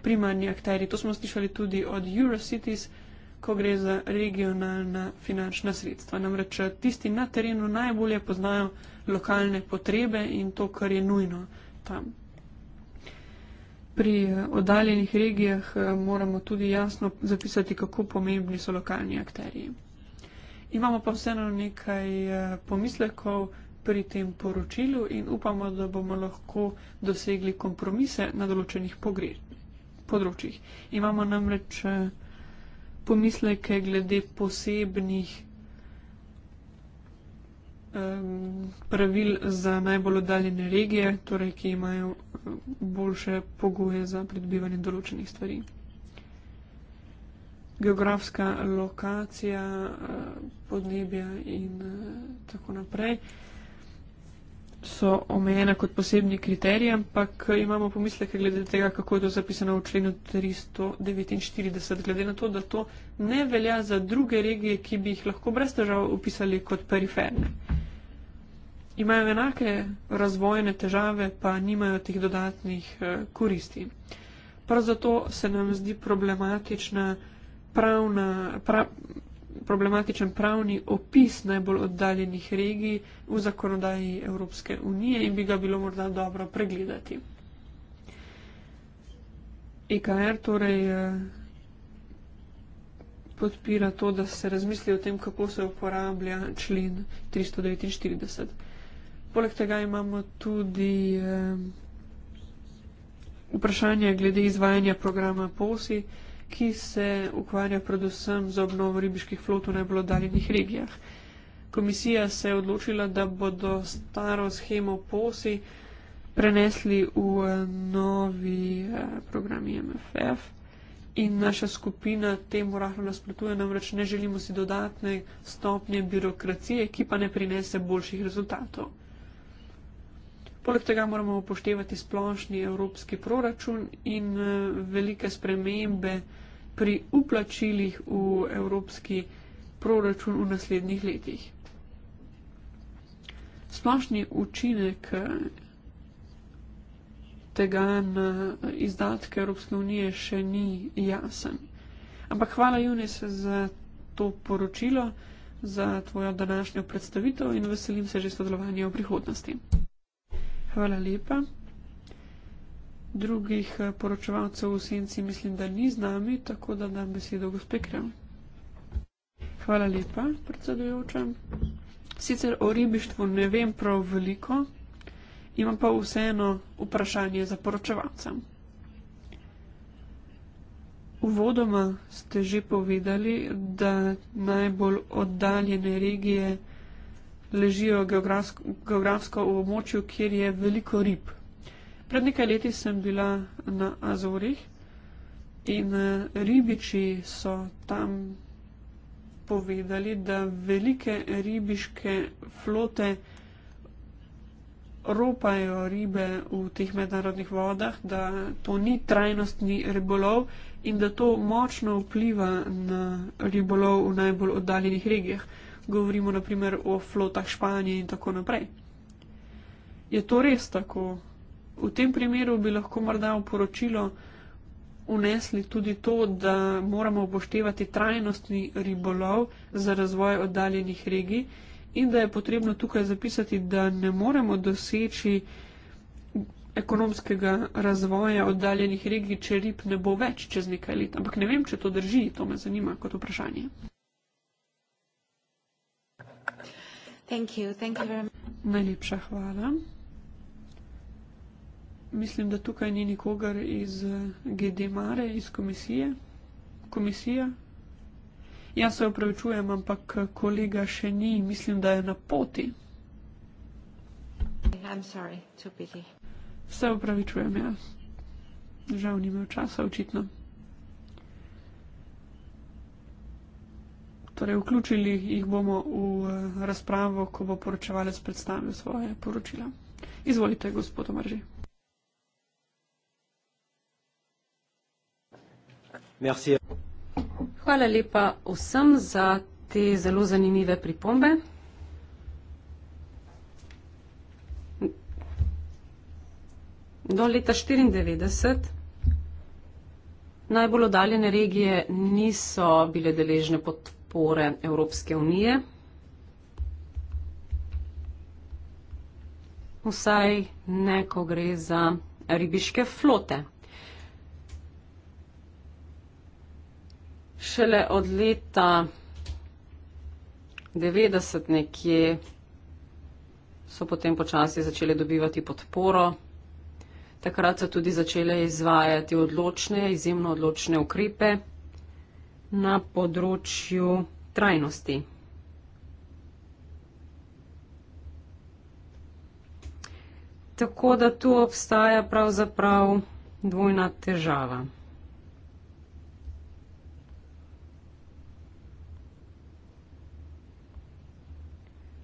primarni akterji. To smo slišali tudi od Eurocities, ko gre za regionalna finančna sredstva. Namreč eh, tisti na terenu najbolje poznajo lokalne potrebe in to, kar je nujno tam. Pri eh, oddaljenih regijah eh, moramo tudi jasno zapisati, kako pomembni so lokalni akteri. Imamo pa vseeno nekaj pomislekov pri tem poročilu in upamo, da bomo lahko dosegli kompromise na določenih področjih. Imamo namreč pomisleke glede posebnih um, pravil za najbolj oddaljene regije, torej ki imajo boljše pogoje za pridobivanje določenih stvari. Geografska lokacija, podnebja in tako naprej so omejena kot posebni kriteriji, ampak imamo pomisleke glede tega, kako je to zapisano v členu 349, glede na to, da to ne velja za druge regije, ki bi jih lahko brez težav upisali kot periferne. Imajo enake razvojne težave, pa nimajo teh dodatnih eh, koristi. Prav zato se nam zdi problematična pravna, pra, problematičen pravni opis najbolj oddaljenih regij v zakonodaji Evropske unije in bi ga bilo morda dobro pregledati. EKR torej eh, podpira to, da se razmisli o tem, kako se uporablja člen 349. Poleg tega imamo tudi eh, vprašanje glede izvajanja programa POSI. Eh, ki se ukvarja predvsem z obnovo ribiških flot v najbolj oddaljenih regijah. Komisija se je odločila, da bodo staro schemo posi prenesli v eh, novi eh, program IMFF in naša skupina temu rahlo nasprotuje, namreč ne želimo si dodatne stopnje birokracije, ki pa ne prinese boljših rezultatov. Poleg tega moramo upoštevati splošni evropski proračun in eh, velike spremembe pri uplačilih v evropski proračun v naslednjih letih. Splošni učinek tega na izdatke Evropske unije še ni jasen. Ampak hvala, Junes, za to poročilo, za tvojo današnjo predstavitev in veselim se že sodelovanja v prihodnosti. Hvala lepa drugih eh, poročevalcev v senci mislim, da ni z nami, tako da dam besedo gospe Krem. Hvala lepa, predsedujoča. Sicer o ribištvu ne vem prav veliko, imam pa vseeno vprašanje za poročevalca. Uvodoma ste že povedali, da najbolj oddaljene regije ležijo geografsko, geografsko v območju, kjer je veliko rib. Pred nekaj leti sem bila na Azorih in eh, ribiči so tam povedali, da velike ribiške flote ropajo ribe v teh mednarodnih vodah, da to ni trajnostni ribolov in da to močno vpliva na ribolov v najbolj oddaljenih regijah. Govorimo naprimer o flotah Španije in tako naprej. Je to res tako? V tem primeru bi lahko morda v poročilo unesli tudi to, da moramo upoštevati trajnostni ribolov za razvoj oddaljenih regij in da je potrebno tukaj zapisati, da ne moremo doseči ekonomskega razvoja oddaljenih regij, če rib ne bo več čez nekaj let. Ampak ne vem, če to drži, to me zanima kot vprašanje. Thank you. Thank you very... Najlepša hvala mislim, da tukaj ni nikogar iz eh, GD Mare, iz komisije. Komisija. Jaz se upravičujem, ampak eh, kolega še ni, mislim, da je na poti. Se upravičujem, ja. Žal ni imel časa, očitno. Torej, vključili jih bomo v eh, razpravo, ko bo poročevalec predstavil svoje poročila. Izvolite, gospod Omarži. Merci. Hvala lepa vsem za te zelo zanimive pripombe. Do leta 1994 najbolj odaljene regije niso bile deležne podpore Evropske unije. Vsaj ne, ko gre za ribiške flote. šele od leta 90 nekje so potem počasi začele dobivati podporo. Takrat so tudi začele izvajati odločne, izjemno odločne ukrepe na področju trajnosti. Tako da tu obstaja pravzaprav dvojna težava.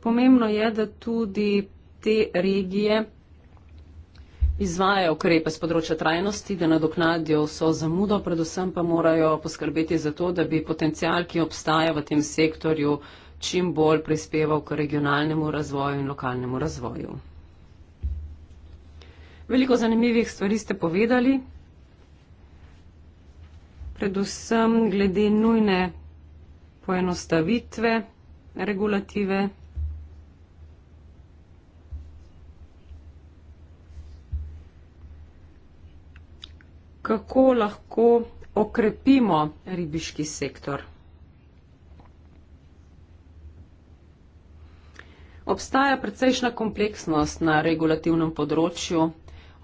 Pomembno je, da tudi te regije izvajajo ukrepe z področja trajnosti, da nadoknadijo vso zamudo, predvsem pa morajo poskrbeti za to, da bi potencial, ki obstaja v tem sektorju, čim bolj prispeval k regionalnemu razvoju in lokalnemu razvoju. Veliko zanimivih stvari ste povedali, predvsem glede nujne poenostavitve regulative kako lahko okrepimo ribiški sektor. Obstaja precejšna kompleksnost na regulativnem področju,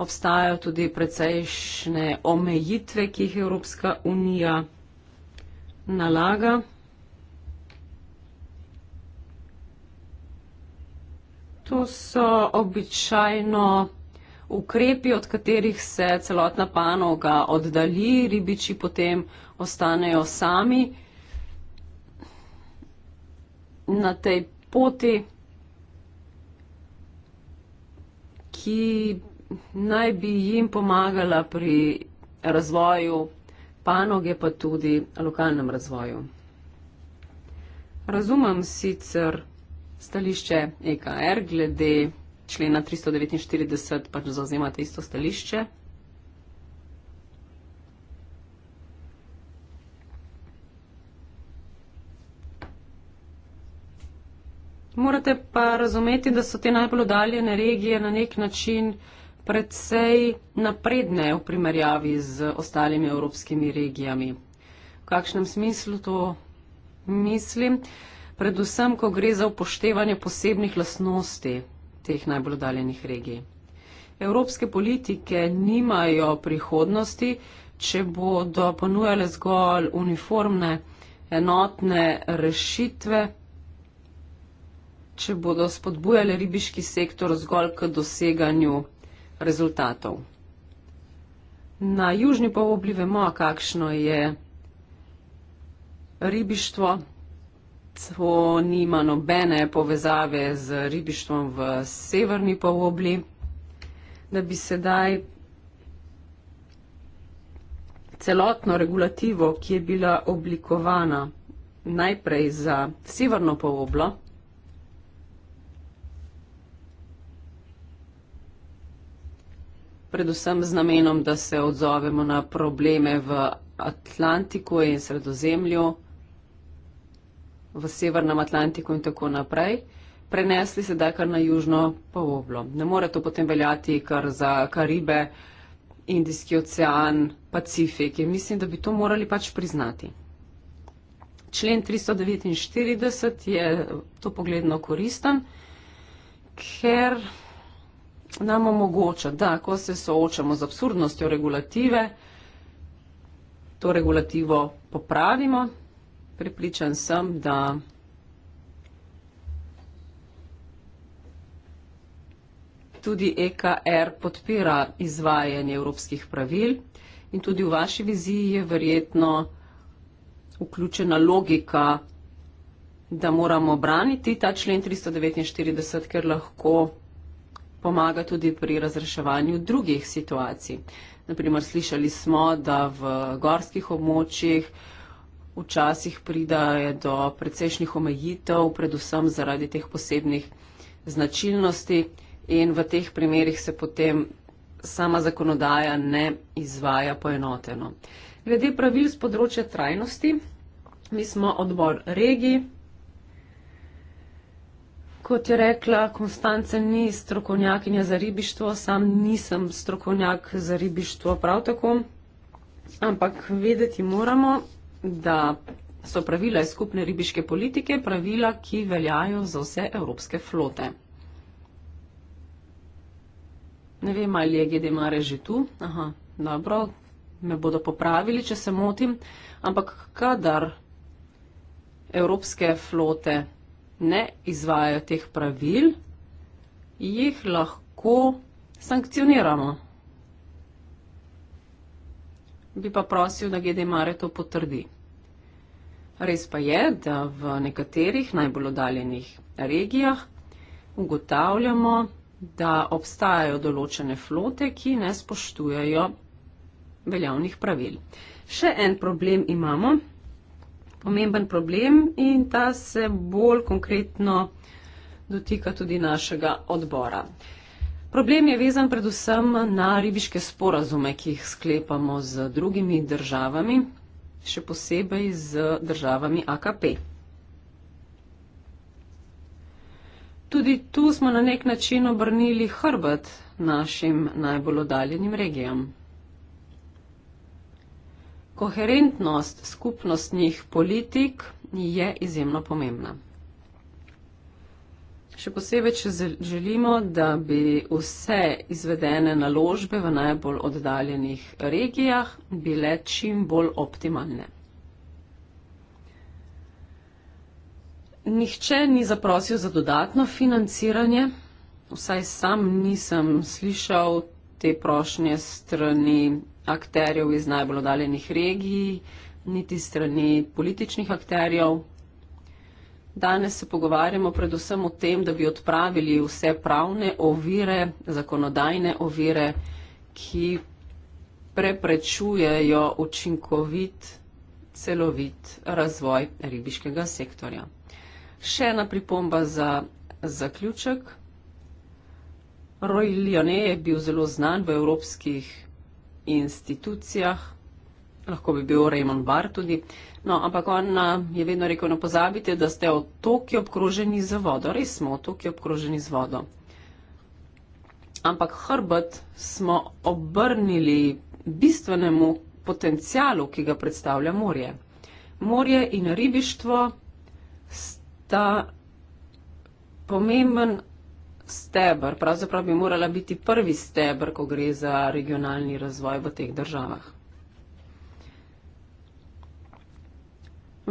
obstajajo tudi precejšne omejitve, ki jih Evropska unija nalaga. To so običajno ukrepi, od katerih se celotna panoga oddalji, ribiči potem ostanejo sami na tej poti, ki naj bi jim pomagala pri razvoju panoge, pa tudi lokalnem razvoju. Razumem sicer stališče EKR glede člena 349 pač zauzemate isto stališče. Morate pa razumeti, da so te najbolj oddaljene regije na nek način predvsej napredne v primerjavi z ostalimi evropskimi regijami. V kakšnem smislu to mislim? Predvsem, ko gre za upoštevanje posebnih lasnosti teh najbolj oddaljenih regij. Evropske politike nimajo prihodnosti, če bodo ponujale zgolj uniformne, enotne rešitve, če bodo spodbujale ribiški sektor zgolj k doseganju rezultatov. Na južni polobli vemo, kakšno je ribištvo, to nima nobene povezave z ribištvom v severni povobli, da bi sedaj celotno regulativo, ki je bila oblikovana najprej za severno povoblo, predvsem z namenom, da se odzovemo na probleme v Atlantiku in sredozemlju, v Severnem Atlantiku in tako naprej, prenesli se da kar na južno polovlo. Ne more to potem veljati kar za Karibe, Indijski ocean, Pacifik. In mislim, da bi to morali pač priznati. Člen 349 je to pogledno koristen, ker nam omogoča, da ko se soočamo z absurdnostjo regulative, to regulativo popravimo, prepričan sem, da tudi EKR podpira izvajanje evropskih pravil in tudi v vaši viziji je verjetno vključena logika, da moramo braniti ta člen 349, ker lahko pomaga tudi pri razreševanju drugih situacij. Naprimer, slišali smo, da v gorskih območjih včasih pride do precejšnjih omejitev, predvsem zaradi teh posebnih značilnosti in v teh primerjih se potem sama zakonodaja ne izvaja poenoteno. Glede pravil z področja trajnosti, mi smo odbor regij. Kot je rekla Konstance, ni strokovnjakinja za ribištvo, sam nisem strokovnjak za ribištvo prav tako, ampak vedeti moramo, da so pravila iz skupne ribiške politike pravila, ki veljajo za vse evropske flote. Ne vem, ali je Gedemare že tu. Aha, dobro, me bodo popravili, če se motim. Ampak kadar evropske flote ne izvajajo teh pravil, jih lahko sankcioniramo bi pa prosil, da GD Mare to potrdi. Res pa je, da v nekaterih najbolj oddaljenih regijah ugotavljamo, da obstajajo določene flote, ki ne spoštujajo veljavnih pravil. Še en problem imamo, pomemben problem in ta se bolj konkretno dotika tudi našega odbora. Problem je vezan predvsem na ribiške sporazume, ki jih sklepamo z drugimi državami, še posebej z državami AKP. Tudi tu smo na nek način obrnili hrbet našim najbolj oddaljenim regijam. Koherentnost skupnostnih politik je izjemno pomembna. Še posebej, če želimo, da bi vse izvedene naložbe v najbolj oddaljenih regijah bile čim bolj optimalne. Nihče ni zaprosil za dodatno financiranje, vsaj sam nisem slišal te prošnje strani akterjev iz najbolj oddaljenih regij, niti strani političnih akterjev. Danes se pogovarjamo predvsem o tem, da bi odpravili vse pravne ovire, zakonodajne ovire, ki preprečujejo učinkovit, celovit razvoj ribiškega sektorja. Še ena pripomba za zaključek. Roy Lyonet je bil zelo znan v evropskih institucijah lahko bi bil Raymond Barr tudi. No, ampak on eh, je vedno rekel, ne no, pozabite, da ste otoki obkroženi z vodo. Res smo otoki obkroženi z vodo. Ampak hrbet smo obrnili bistvenemu potencialu, ki ga predstavlja morje. Morje in ribištvo sta pomemben. Steber, pravzaprav bi morala biti prvi stebr, ko gre za regionalni razvoj v teh državah.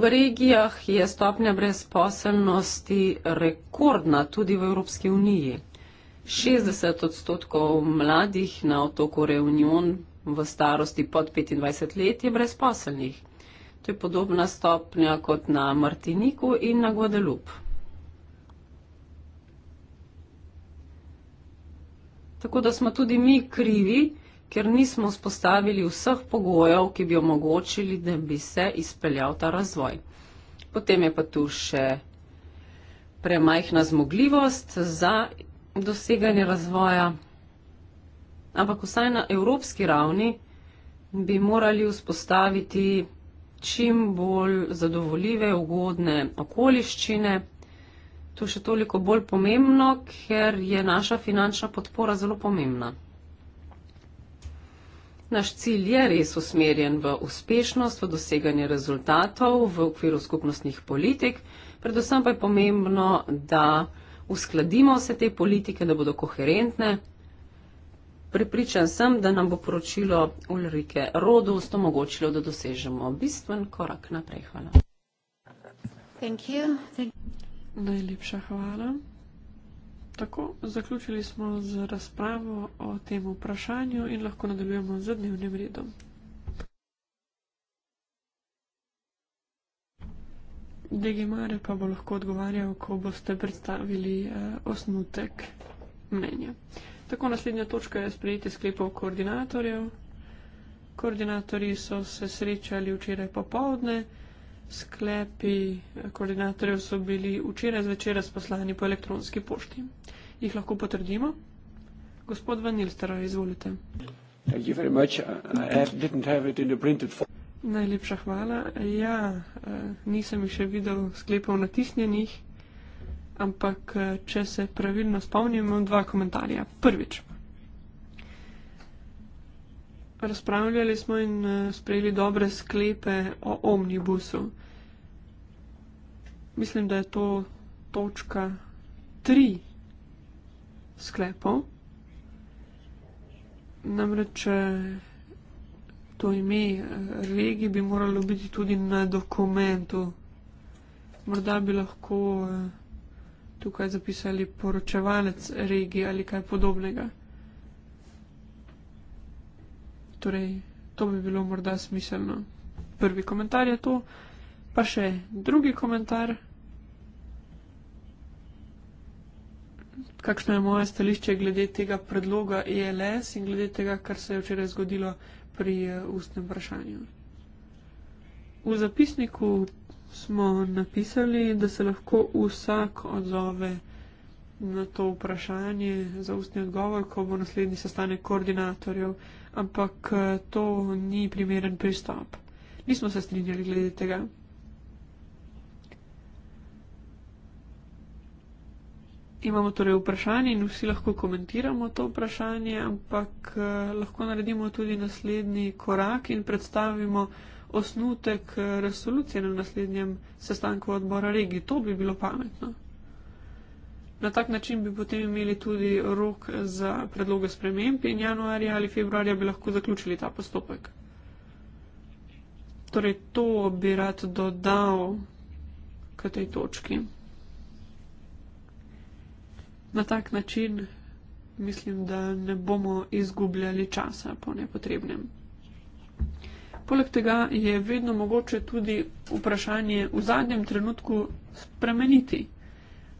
V regijah je stopnja brezposelnosti rekordna tudi v Evropski uniji. 60 odstotkov mladih na otoku Reunion v starosti pod 25 let je brezposelnih. To je podobna stopnja kot na Martiniku in na Guadalup. Tako da smo tudi mi krivi, ker nismo spostavili vseh pogojev, ki bi omogočili, da bi se izpeljal ta razvoj. Potem je pa tu še premajhna zmogljivost za doseganje razvoja, ampak vsaj na evropski ravni bi morali vzpostaviti čim bolj zadovoljive, ugodne okoliščine. To je še toliko bolj pomembno, ker je naša finančna podpora zelo pomembna. Naš cilj je res usmerjen v uspešnost, v doseganje rezultatov v okviru skupnostnih politik, predvsem pa je pomembno, da uskladimo vse te politike, da bodo koherentne. Pripričan sem, da nam bo poročilo Ulrike Rodu s to mogočilo, da dosežemo bistven korak naprej. Hvala. Thank you. Thank you. Najlepša hvala. Tako, zaključili smo z razpravo o tem vprašanju in lahko nadaljujemo z dnevnim redom. Degimare pa bo lahko odgovarjal, ko boste predstavili eh, osnutek mnenja. Tako, naslednja točka je sprejeti sklepov koordinatorjev. Koordinatorji so se srečali včeraj popovdne. Sklepi eh, koordinatorjev so bili včeraj zvečer razposlani po elektronski pošti jih lahko potrdimo. Gospod Van Nilstra, izvolite. Najlepša hvala. Ja, eh, nisem jih še videl sklepov natisnjenih, ampak eh, če se pravilno spomnim, imam dva komentarja. Prvič. Razpravljali smo in eh, sprejeli dobre sklepe o omnibusu. Mislim, da je to točka 3 sklepov. Namreč eh, to ime eh, regi bi moralo biti tudi na dokumentu. Morda bi lahko eh, tukaj zapisali poročevalec regi ali kaj podobnega. Torej, to bi bilo morda smiselno. Prvi komentar je to, pa še drugi komentar. kakšno je moje stališče glede tega predloga ELS in glede tega, kar se je včeraj zgodilo pri eh, ustnem vprašanju. V zapisniku smo napisali, da se lahko vsak odzove na to vprašanje za ustni odgovor, ko bo naslednji sestanek koordinatorjev, ampak eh, to ni primeren pristop. Nismo se strinjali glede tega. Imamo torej vprašanje in vsi lahko komentiramo to vprašanje, ampak eh, lahko naredimo tudi naslednji korak in predstavimo osnutek eh, resolucije na naslednjem sestanku odbora regije. To bi bilo pametno. Na tak način bi potem imeli tudi rok za predloge sprememb in januarja ali februarja bi lahko zaključili ta postopek. Torej, to bi rad dodal k tej točki na tak način mislim, da ne bomo izgubljali časa po nepotrebnem. Poleg tega je vedno mogoče tudi vprašanje v zadnjem trenutku spremeniti.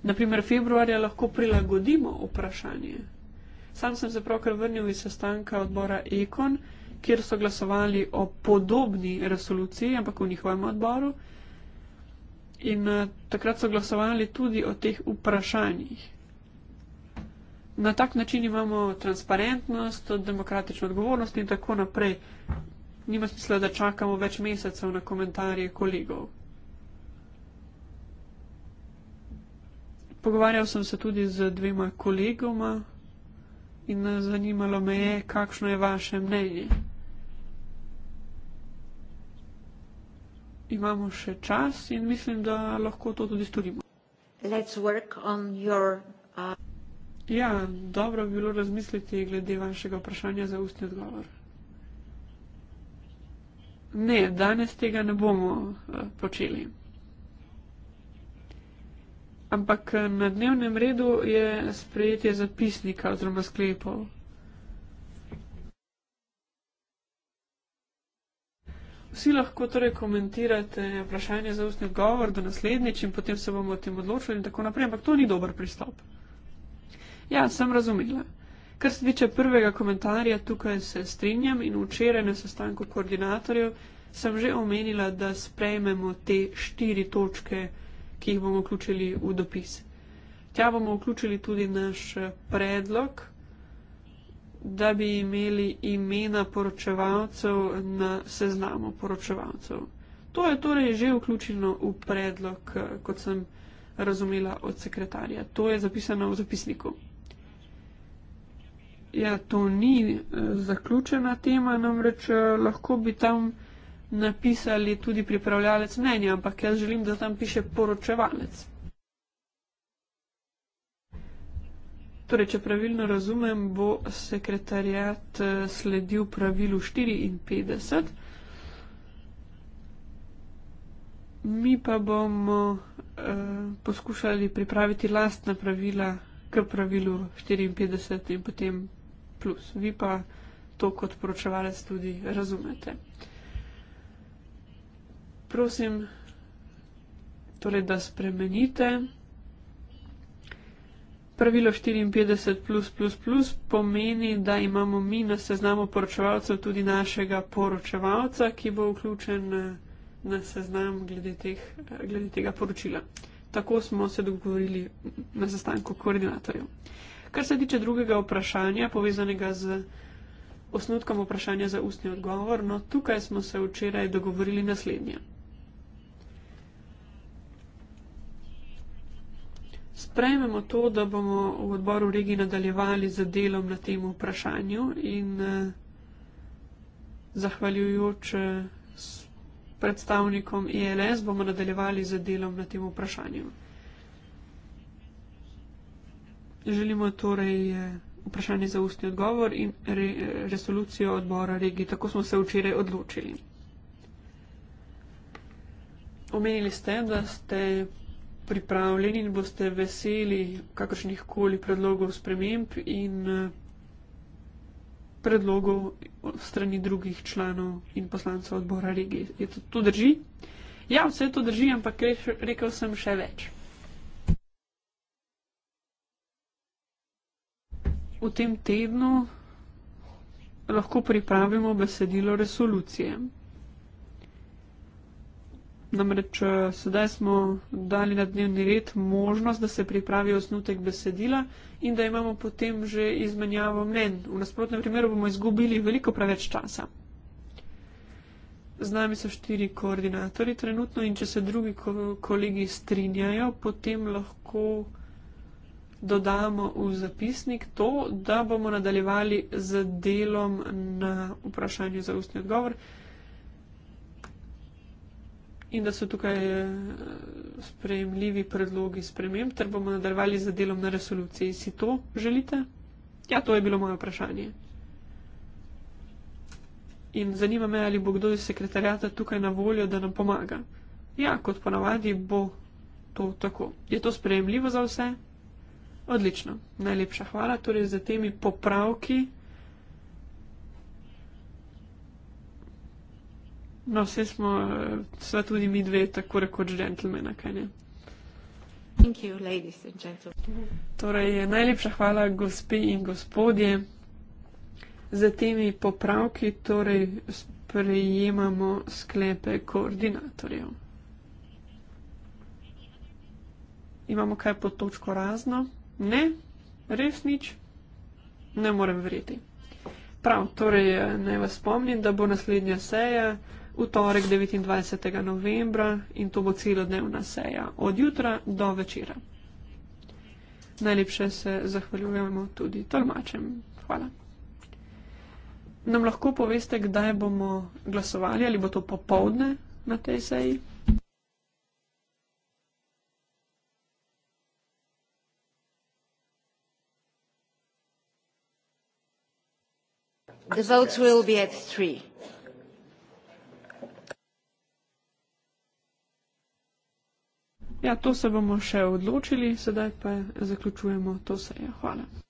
Naprimer, februarja lahko prilagodimo vprašanje. Sam sem se pravkar vrnil iz sestanka odbora Ekon, kjer so glasovali o podobni resoluciji, ampak v njihovem odboru. In eh, takrat so glasovali tudi o teh vprašanjih na tak način imamo transparentnost, demokratično odgovornost in tako naprej. Nima smisla, da čakamo več mesecev na komentarje kolegov. Pogovarjal sem se tudi z dvema kolegoma in zanimalo me je, kakšno je vaše mnenje. Imamo še čas in mislim, da lahko to tudi storimo. Let's work on your uh... Ja, dobro bi bilo razmisliti glede vašega vprašanja za ustni odgovor. Ne, danes tega ne bomo eh, počeli. Ampak eh, na dnevnem redu je sprejetje zapisnika oziroma sklepov. Vsi lahko torej komentirate vprašanje za ustni govor do naslednjič in potem se bomo o tem odločili in tako naprej, ampak to ni dober pristop. Ja, sem razumela. Kar se tiče prvega komentarja, tukaj se strinjam in včeraj na sestanku koordinatorjev sem že omenila, da sprejmemo te štiri točke, ki jih bomo vključili v dopis. Tja bomo vključili tudi naš predlog, da bi imeli imena poročevalcev na seznamu poročevalcev. To je torej že vključeno v predlog, kot sem razumela od sekretarja. To je zapisano v zapisniku. Ja, to ni eh, zaključena tema, namreč eh, lahko bi tam napisali tudi pripravljalec mnenja, ampak jaz želim, da tam piše poročevalec. Torej, če pravilno razumem, bo sekretarjat eh, sledil pravilu 54. Mi pa bomo eh, poskušali pripraviti lastna pravila k pravilu 54 in potem plus. Vi pa to kot poročevalec tudi razumete. Prosim, torej, da spremenite. Pravilo 54 plus plus plus pomeni, da imamo mi na seznamu poročevalcev tudi našega poročevalca, ki bo vključen na seznam glede, teh, glede tega poročila. Tako smo se dogovorili na sestanku koordinatorjev. Kar se tiče drugega vprašanja, povezanega z osnutkom vprašanja za ustni odgovor, no tukaj smo se včeraj dogovorili naslednje. Sprejmemo to, da bomo v odboru regi nadaljevali z delom na tem vprašanju in eh, zahvaljujoč eh, predstavnikom ILS e bomo nadaljevali z delom na tem vprašanju želimo torej eh, vprašanje za ustni odgovor in re, eh, resolucijo odbora regij. Tako smo se včeraj odločili. Omenili ste, da ste pripravljeni in boste veseli kakršnih koli predlogov sprememb in eh, predlogov strani drugih članov in poslancev odbora regij. Je to, to drži? Ja, vse to drži, ampak rekel sem še več. v tem tednu lahko pripravimo besedilo resolucije. Namreč eh, sedaj smo dali na dnevni red možnost, da se pripravi osnutek besedila in da imamo potem že izmenjavo mnen. V nasprotnem primeru bomo izgubili veliko preveč časa. Z nami so štiri koordinatori trenutno in če se drugi kolegi strinjajo, potem lahko dodamo v zapisnik to, da bomo nadaljevali z delom na vprašanju za ustni odgovor. In da so tukaj eh, sprejemljivi predlogi sprememb, ter bomo nadaljevali z delom na resoluciji. Si to želite? Ja, to je bilo moje vprašanje. In zanima me, ali bo kdo iz sekretarjata tukaj na voljo, da nam pomaga. Ja, kot ponavadi bo to tako. Je to sprejemljivo za vse? Odlično, najlepša hvala. Torej, za temi popravki. No, vse smo, eh, sva tudi mi dve, tako rekoč, džentlmena, kaj ne. Torej, najlepša hvala, gospe in gospodje. Za temi popravki torej sprejemamo sklepe koordinatorjev. Imamo kaj pod točko razno? Ne, res nič, ne morem verjeti. Prav, torej eh, naj vas spomnim, da bo naslednja seja v torek 29. novembra in to bo celodnevna seja od jutra do večera. Najlepše se zahvaljujemo tudi tolmačem. Hvala. Nam lahko poveste, kdaj bomo glasovali, ali bo to popovdne na tej seji? the votes will be at three. Ja, to se bomo še odločili, sedaj pa zaključujemo to sejo. Hvala.